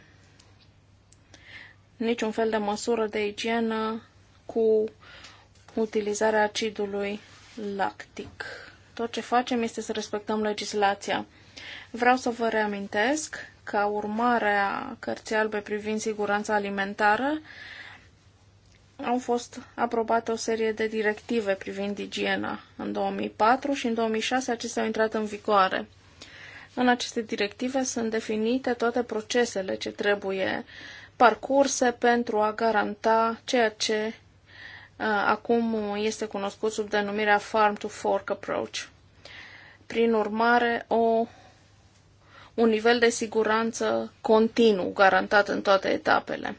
niciun fel de măsură de igienă cu utilizarea acidului lactic. Tot ce facem este să respectăm legislația. Vreau să vă reamintesc ca urmare a cărții albe privind siguranța alimentară, au fost aprobate o serie de directive privind igiena în 2004 și în 2006 acestea au intrat în vigoare. În aceste directive sunt definite toate procesele ce trebuie parcurse pentru a garanta ceea ce uh, acum este cunoscut sub denumirea Farm to Fork Approach. Prin urmare, o un nivel de siguranță continuu garantat în toate etapele.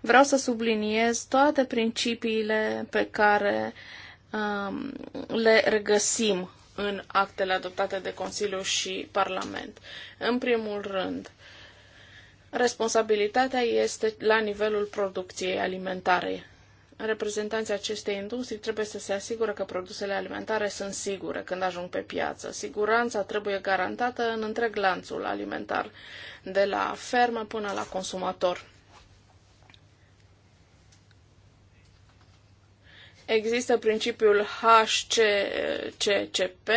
Vreau să subliniez toate principiile pe care um, le regăsim în actele adoptate de Consiliu și Parlament. În primul rând, responsabilitatea este la nivelul producției alimentare reprezentanții acestei industrii trebuie să se asigure că produsele alimentare sunt sigure când ajung pe piață. Siguranța trebuie garantată în întreg lanțul alimentar, de la fermă până la consumator. Există principiul HCCCP,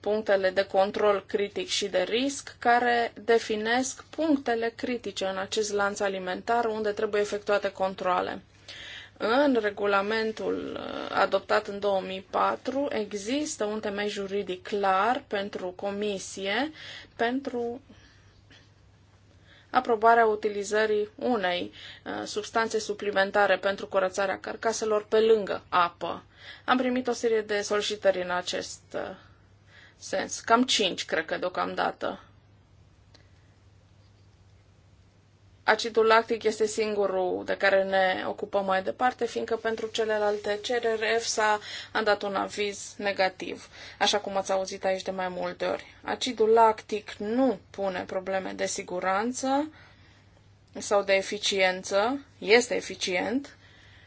punctele de control critic și de risc, care definesc punctele critice în acest lanț alimentar unde trebuie efectuate controle. În regulamentul uh, adoptat în 2004 există un temei juridic clar pentru comisie pentru aprobarea utilizării unei uh, substanțe suplimentare pentru curățarea carcaselor pe lângă apă. Am primit o serie de solicitări în acest uh, sens, cam cinci cred că deocamdată. acidul lactic este singurul de care ne ocupăm mai departe, fiindcă pentru celelalte cereri EFSA a dat un aviz negativ, așa cum ați auzit aici de mai multe ori. Acidul lactic nu pune probleme de siguranță sau de eficiență, este eficient,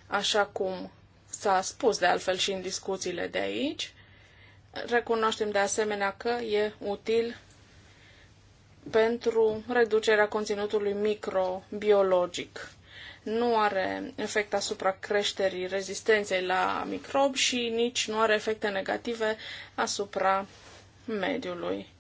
așa cum s-a spus de altfel și în discuțiile de aici. Recunoaștem de asemenea că e util pentru reducerea conținutului microbiologic. Nu are efect asupra creșterii rezistenței la microbi și nici nu are efecte negative asupra mediului.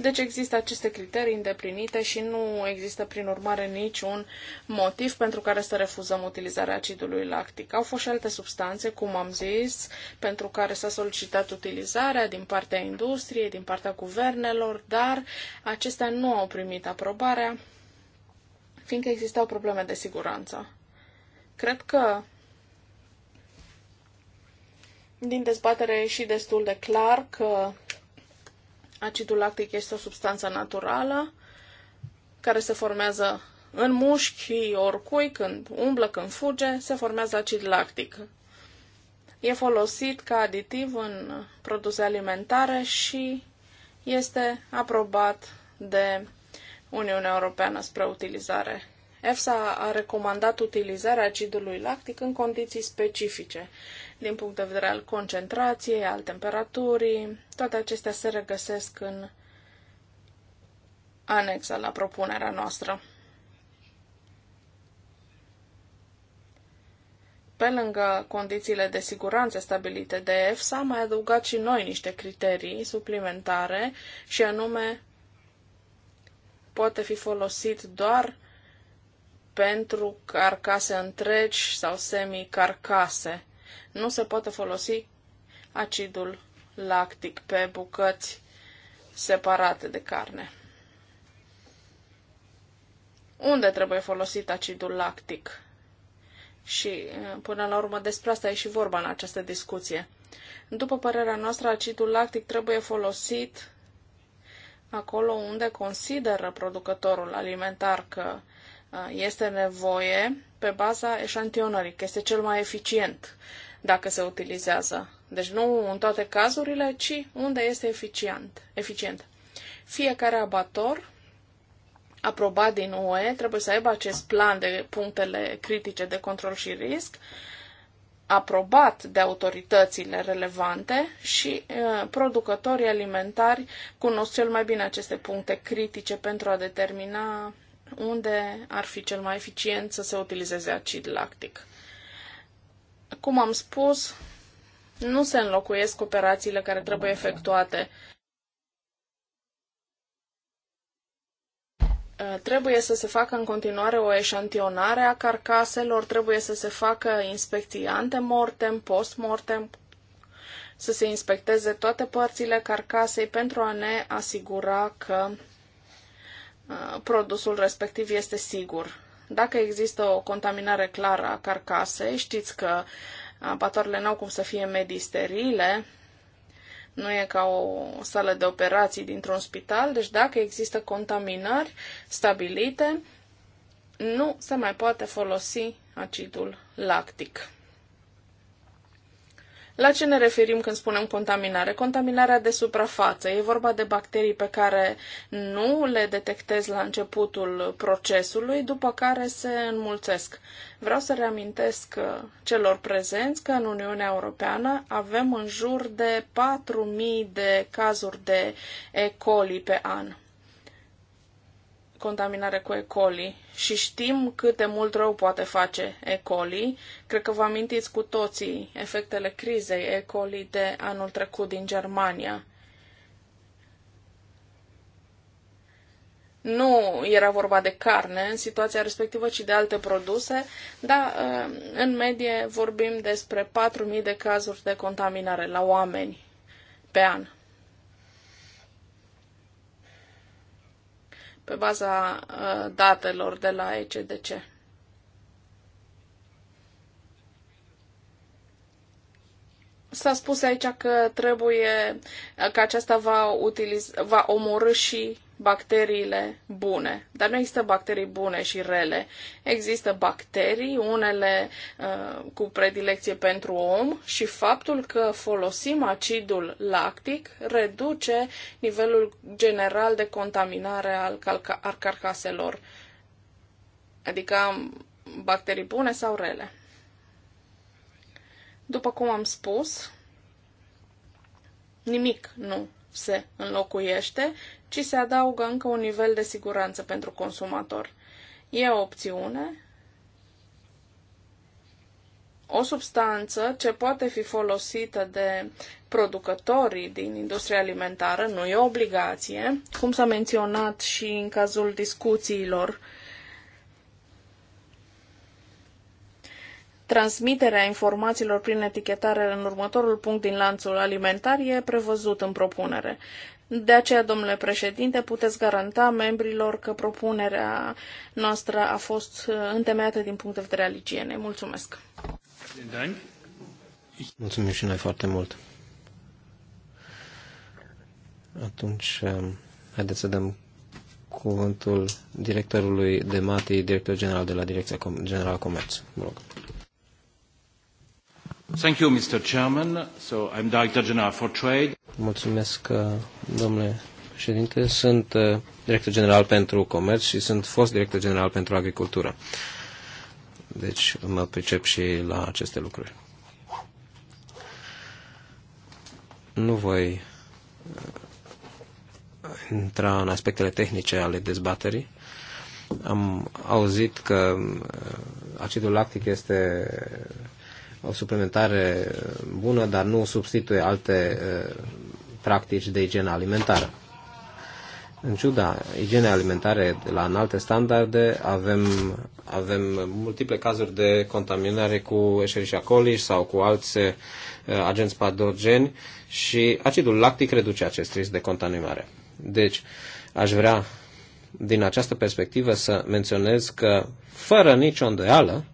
Deci există aceste criterii îndeplinite și nu există prin urmare niciun motiv pentru care să refuzăm utilizarea acidului lactic. Au fost și alte substanțe, cum am zis, pentru care s-a solicitat utilizarea din partea industriei, din partea guvernelor, dar acestea nu au primit aprobarea, fiindcă existau probleme de siguranță. Cred că din dezbatere și ieșit destul de clar că Acidul lactic este o substanță naturală care se formează în mușchi, oricui, când umblă, când fuge, se formează acid lactic. E folosit ca aditiv în produse alimentare și este aprobat de Uniunea Europeană spre utilizare. EFSA a recomandat utilizarea acidului lactic în condiții specifice din punct de vedere al concentrației, al temperaturii. Toate acestea se regăsesc în anexa la propunerea noastră. Pe lângă condițiile de siguranță stabilite de EFSA, am mai adăugat și noi niște criterii suplimentare și anume poate fi folosit doar pentru carcase întregi sau semi-carcase nu se poate folosi acidul lactic pe bucăți separate de carne. Unde trebuie folosit acidul lactic? Și uh, până la urmă despre asta e și vorba în această discuție. După părerea noastră, acidul lactic trebuie folosit acolo unde consideră producătorul alimentar că uh, este nevoie pe baza eșantionării, că este cel mai eficient dacă se utilizează. Deci nu în toate cazurile, ci unde este eficient. eficient. Fiecare abator aprobat din UE trebuie să aibă acest plan de punctele critice de control și risc, aprobat de autoritățile relevante și uh, producătorii alimentari cunosc cel mai bine aceste puncte critice pentru a determina unde ar fi cel mai eficient să se utilizeze acid lactic. Cum am spus, nu se înlocuiesc operațiile care trebuie efectuate. Uh, trebuie să se facă în continuare o eșantionare a carcaselor, trebuie să se facă inspecții antemortem, postmortem, să se inspecteze toate părțile carcasei pentru a ne asigura că uh, produsul respectiv este sigur. Dacă există o contaminare clară a carcasei, știți că abatoarele n-au cum să fie medii sterile, nu e ca o sală de operații dintr-un spital, deci dacă există contaminări stabilite, nu se mai poate folosi acidul lactic. La ce ne referim când spunem contaminare? Contaminarea de suprafață. E vorba de bacterii pe care nu le detectez la începutul procesului, după care se înmulțesc. Vreau să reamintesc uh, celor prezenți că în Uniunea Europeană avem în jur de 4.000 de cazuri de E. coli pe an. Contaminare cu E. coli și știm cât de mult rău poate face E. coli. Cred că vă amintiți cu toții efectele crizei E. coli de anul trecut din Germania. Nu era vorba de carne în situația respectivă, ci de alte produse, dar uh, în medie vorbim despre 4.000 de cazuri de contaminare la oameni pe an. pe baza uh, datelor de la ECDC. S-a spus aici că trebuie uh, că aceasta va, utiliza, va omorâ și bacteriile bune. Dar nu există bacterii bune și rele. Există bacterii, unele uh, cu predilecție pentru om și faptul că folosim acidul lactic reduce nivelul general de contaminare al, calca- carcaselor. Adică bacterii bune sau rele. După cum am spus, nimic nu se înlocuiește, ci se adaugă încă un nivel de siguranță pentru consumator. E o opțiune, o substanță ce poate fi folosită de producătorii din industria alimentară, nu e obligație, cum s-a menționat și în cazul discuțiilor Transmiterea informațiilor prin etichetare în următorul punct din lanțul alimentar e prevăzut în propunere. De aceea, domnule președinte, puteți garanta membrilor că propunerea noastră a fost uh, întemeiată din punct de vedere al igienei. Mulțumesc! Mulțumim și noi foarte mult! Atunci, um, haideți să dăm cuvântul directorului de MATI, director general de la Direcția Generală Comerț. Vă rog. Thank you, Mr. Chairman. So I'm Director General for Trade. Mulțumesc, uh, domnule președinte. Sunt uh, director general pentru comerț și sunt fost director general pentru agricultură. Deci mă pricep și la aceste lucruri. Nu voi uh, intra în aspectele tehnice ale dezbaterii. Am auzit că acidul lactic este o suplimentare bună, dar nu substituie alte practici de igienă alimentară. În ciuda igienei alimentare la înalte standarde, avem, avem multiple cazuri de contaminare cu Escherichia coli sau cu alți agenți patogeni și acidul lactic reduce acest risc de contaminare. Deci, aș vrea din această perspectivă să menționez că, fără nicio îndoială,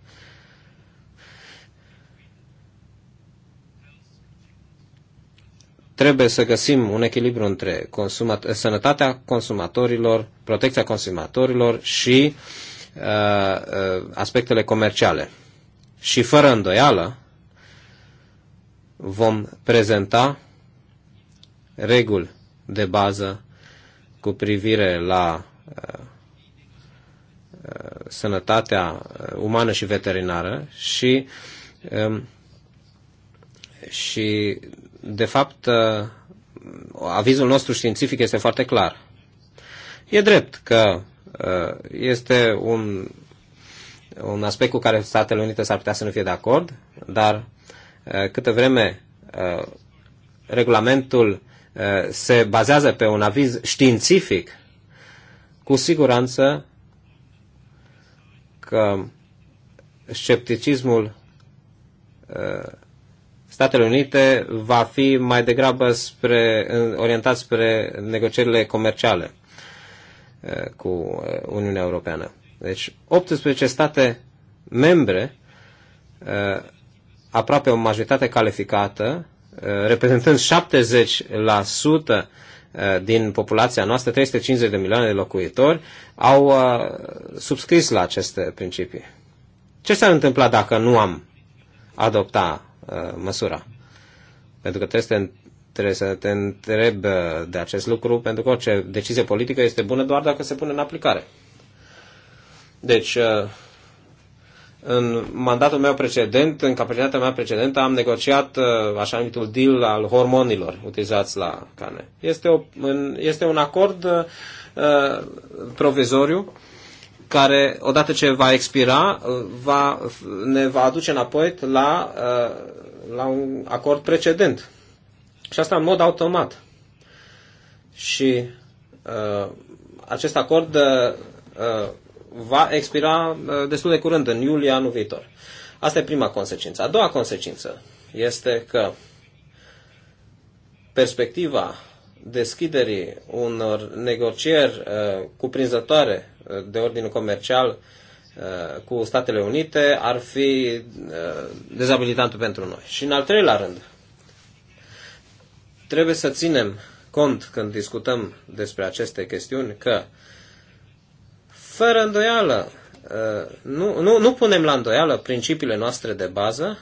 trebuie să găsim un echilibru între consumat- sănătatea consumatorilor, protecția consumatorilor și uh, uh, aspectele comerciale. Și fără îndoială vom prezenta reguli de bază cu privire la uh, uh sănătatea umană și veterinară și, um, și de fapt, uh, avizul nostru științific este foarte clar. E drept că uh, este un, un aspect cu care Statele Unite s-ar putea să nu fie de acord, dar uh, câtă vreme regulamentul se bazează pe un aviz științific, cu siguranță că scepticismul Statele Unite va fi mai degrabă spre, orientat spre negocierile comerciale eh, cu eh, Uniunea Europeană. Deci 18 state membre, eh, aproape o majoritate calificată, reprezentând 70% din populația noastră, 350 de milioane de locuitori, au subscris la aceste principii. Ce s-ar întâmpla dacă nu am adopta Uh, măsura. Pentru că trebuie să te, trebuie să te întreb uh, de acest lucru, pentru că orice decizie politică este bună doar dacă se pune în aplicare. Deci, uh, în mandatul meu precedent, în capacitatea mea precedentă, am negociat așa numitul deal al hormonilor utilizați la cane. Este, o, este un acord uh, provizoriu care, odată ce va expira, va, ne va aduce înapoi la, uh, la un acord precedent. Și asta în mod automat. Și uh, acest acord uh, uh va expira uh, destul de curând, în iulie anul viitor. Asta e prima consecință. A doua consecință este că perspectiva deschiderii unor negocieri uh, cuprinzătoare uh, de ordin comercial uh, cu Statele Unite ar fi dezabilitantul pentru noi. Și în al treilea rând, trebuie să ținem cont când discutăm despre aceste chestiuni că, fără îndoială, nu, nu, nu punem la îndoială principiile noastre de bază,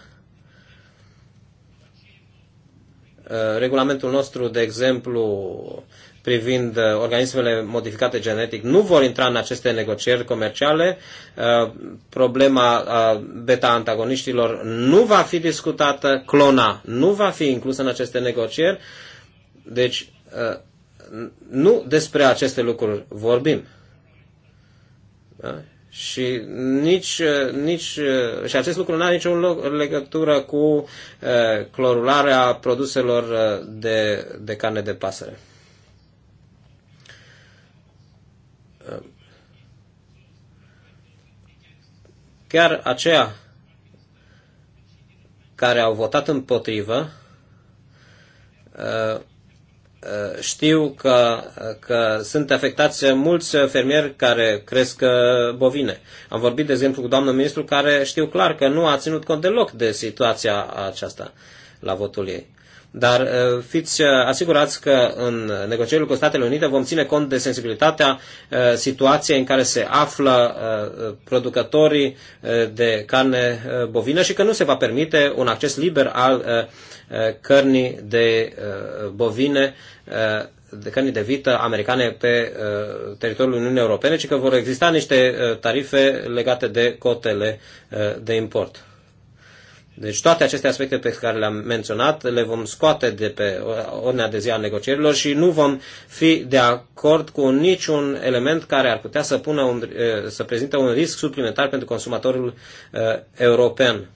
Uh, regulamentul nostru, de exemplu, privind uh, organismele modificate genetic nu vor intra în aceste negocieri comerciale. Uh, problema beta-antagoniștilor nu va fi discutată, clona nu va fi inclusă în aceste negocieri. Deci, nu despre aceste lucruri vorbim. Da? Și nici, uh, nici, uh, și acest lucru nu are nicio legătură cu uh, clorularea produselor uh, de, de carne de pasăre. Chiar aceia care au votat împotrivă uh, știu că, că sunt afectați mulți fermieri care cresc uh, bovine. Am vorbit, de exemplu, cu doamna ministru care știu clar că nu a ținut cont deloc de situația aceasta la votul ei. Dar uh, fiți uh, asigurați că în negocierile cu Statele Unite vom ține cont de sensibilitatea uh, situației în care se află producătorii de carne bovină și că nu se va permite un acces liber al cărnii de bovine de cărni de vită americane pe uh, teritoriul Uniunii Europene, ci că vor exista niște uh, tarife legate de cotele uh, de import. Deci toate aceste aspecte pe care le-am menționat le vom scoate de pe ordinea de zi a negocierilor și nu vom fi de acord cu niciun element care ar putea să, pună un, să prezinte un risc suplimentar pentru consumatorul eh, european.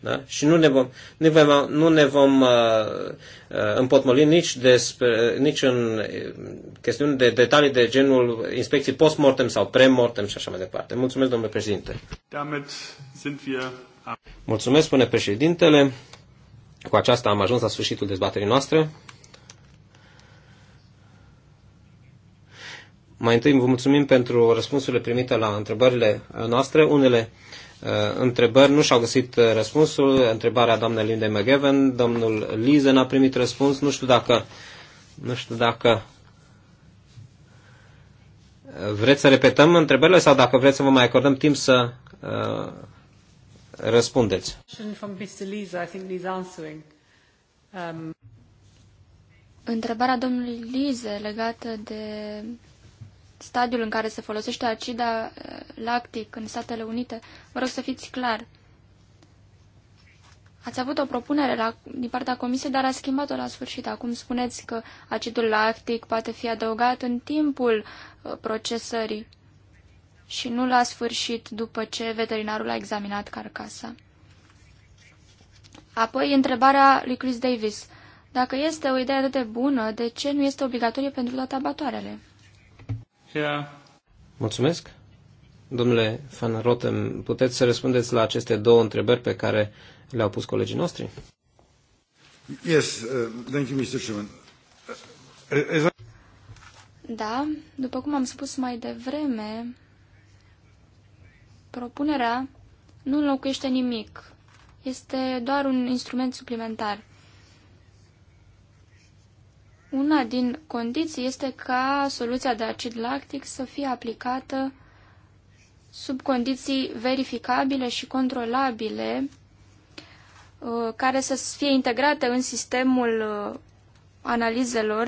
Da? Și nu ne vom, ne vom, nu ne vom uh, uh împotmoli nici, despre, nici în uh, chestiuni de detalii de genul inspecții post-mortem sau pre-mortem și așa mai departe. Mulțumesc, domnule președinte. Mulțumesc, spune președintele. Cu aceasta am ajuns la sfârșitul dezbaterii noastre. Mai întâi vă mulțumim pentru răspunsurile primite la întrebările noastre. Unele Uh, întrebări, nu și-au găsit uh, răspunsul. Întrebarea doamnei Linde McGeven, domnul Lize n-a primit răspuns. Nu știu dacă, nu știu dacă uh, vreți să repetăm întrebările sau dacă vreți să vă mai acordăm timp să uh, răspundeți. Um, Întrebarea domnului Lize legată de stadiul în care se folosește acida eh, lactic în Statele Unite. Vă rog să fiți clar. Ați avut o propunere la, din partea comisiei, dar a schimbat-o la sfârșit. Acum spuneți că acidul lactic poate fi adăugat în timpul eh, procesării și nu la sfârșit după ce veterinarul a examinat carcasa. Apoi, întrebarea lui Chris Davis. Dacă este o idee atât de bună, de ce nu este obligatorie pentru toate abatoarele? Yeah. Mulțumesc. Domnule Van Rotem, puteți să răspundeți la aceste două întrebări pe care le-au pus colegii noștri? Yes, uh, thank you, Mr. Chairman. Uh, da, după cum am spus mai devreme, propunerea nu înlocuiește nimic. Este doar un instrument suplimentar. Una din condiții este ca soluția de acid lactic să fie aplicată sub condiții verificabile și controlabile uh, care să fie integrate în sistemul uh, analizelor,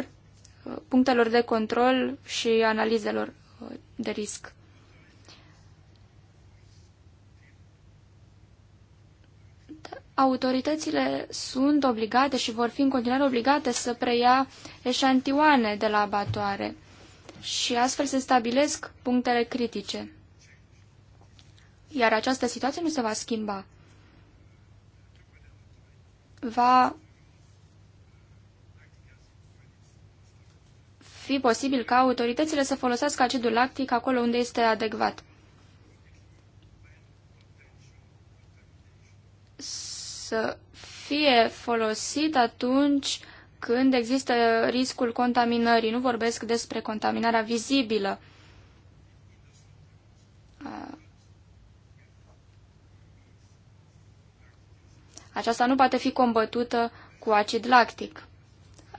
uh, punctelor de control și analizelor de risc. autoritățile sunt obligate și vor fi în continuare obligate să preia eșantioane de la abatoare și astfel se stabilesc punctele critice. Iar această situație nu se va schimba. Va fi posibil ca autoritățile să folosească acidul lactic acolo unde este adecvat. să fie folosit atunci când există riscul contaminării. Nu vorbesc despre contaminarea vizibilă. Aceasta nu poate fi combătută cu acid lactic.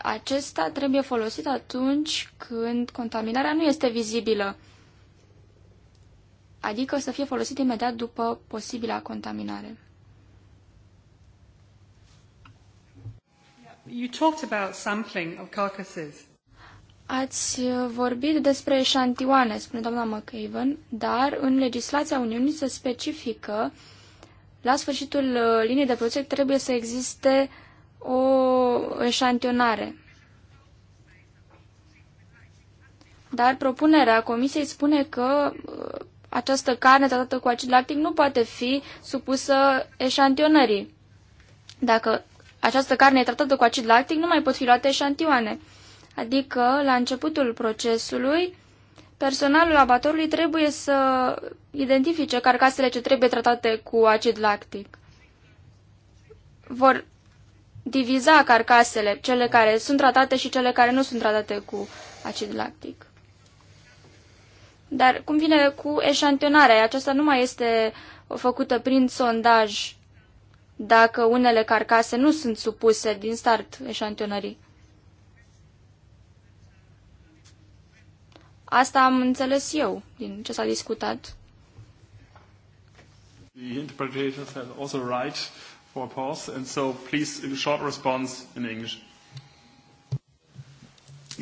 Acesta trebuie folosit atunci când contaminarea nu este vizibilă, adică să fie folosit imediat după posibila contaminare. you talked about sampling of carcasses. Ați uh, vorbit despre eșantioane, spune doamna McAven, dar în legislația Uniunii se specifică la sfârșitul uh, liniei de producție trebuie să existe o eșantionare. Dar propunerea comisiei spune că uh, această carne tratată cu acid lactic nu poate fi supusă eșantionării. Dacă această carne e tratată cu acid lactic, nu mai pot fi luate eșantioane. Adică, la începutul procesului, personalul abatorului trebuie să identifice carcasele ce trebuie tratate cu acid lactic. Vor diviza carcasele, cele care sunt tratate și cele care nu sunt tratate cu acid lactic. Dar cum vine cu eșantionarea? Aceasta nu mai este făcută prin sondaj dacă unele carcase nu sunt supuse din start eșantionării. Asta am înțeles eu din ce s-a discutat. The interpreters have also right for pause, and so please, a short response in English.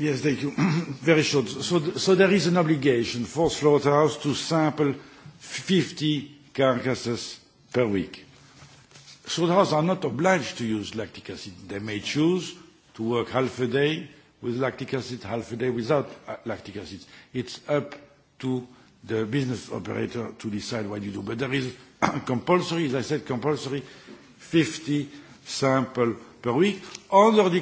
Yes, thank you. Very short. So, so there is an obligation for slaughterhouse to sample 50 carcasses per week. Soda are not obliged to use lactic acid. They may choose to work half a day with lactic acid, half a day without uh, lactic acid. It's up to the business operator to decide what you do. But there is compulsory, as I said, compulsory 50 sample per week under the,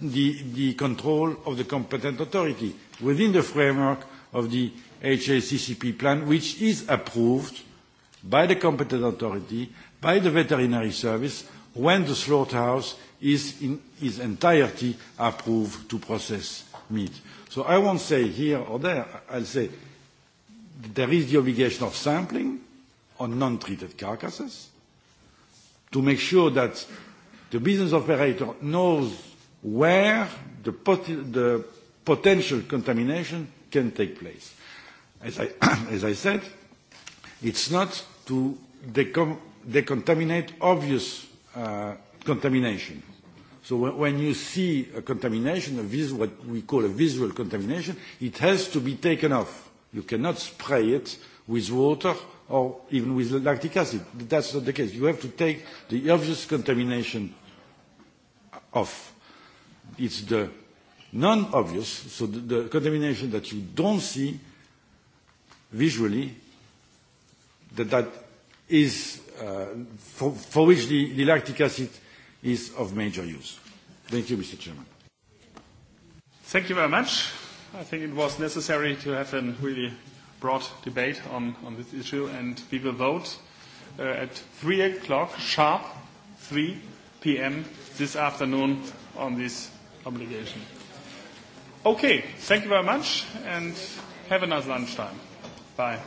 the, the control of the competent authority within the framework of the HACCP plan, which is approved by the competent authority by the veterinary service when the slaughterhouse is in its entirety approved to process meat. So I won't say here or there, I'll say there is the obligation of sampling on non-treated carcasses to make sure that the business operator knows where the, pot the potential contamination can take place. As I, as I said, it's not to they contaminate obvious uh, contamination. So when you see a contamination, a vis what we call a visual contamination, it has to be taken off. You cannot spray it with water or even with lactic acid. That's not the case. You have to take the obvious contamination off. It's the non-obvious, so the, the contamination that you don't see visually, that, that is, uh, for, for which the, the lactic acid is of major use. Thank you, Mr. Chairman. Thank you very much. I think it was necessary to have a really broad debate on, on this issue, and we will vote uh, at 3 o'clock sharp, 3 p.m. this afternoon on this obligation. Okay, thank you very much, and have a nice lunchtime. Bye.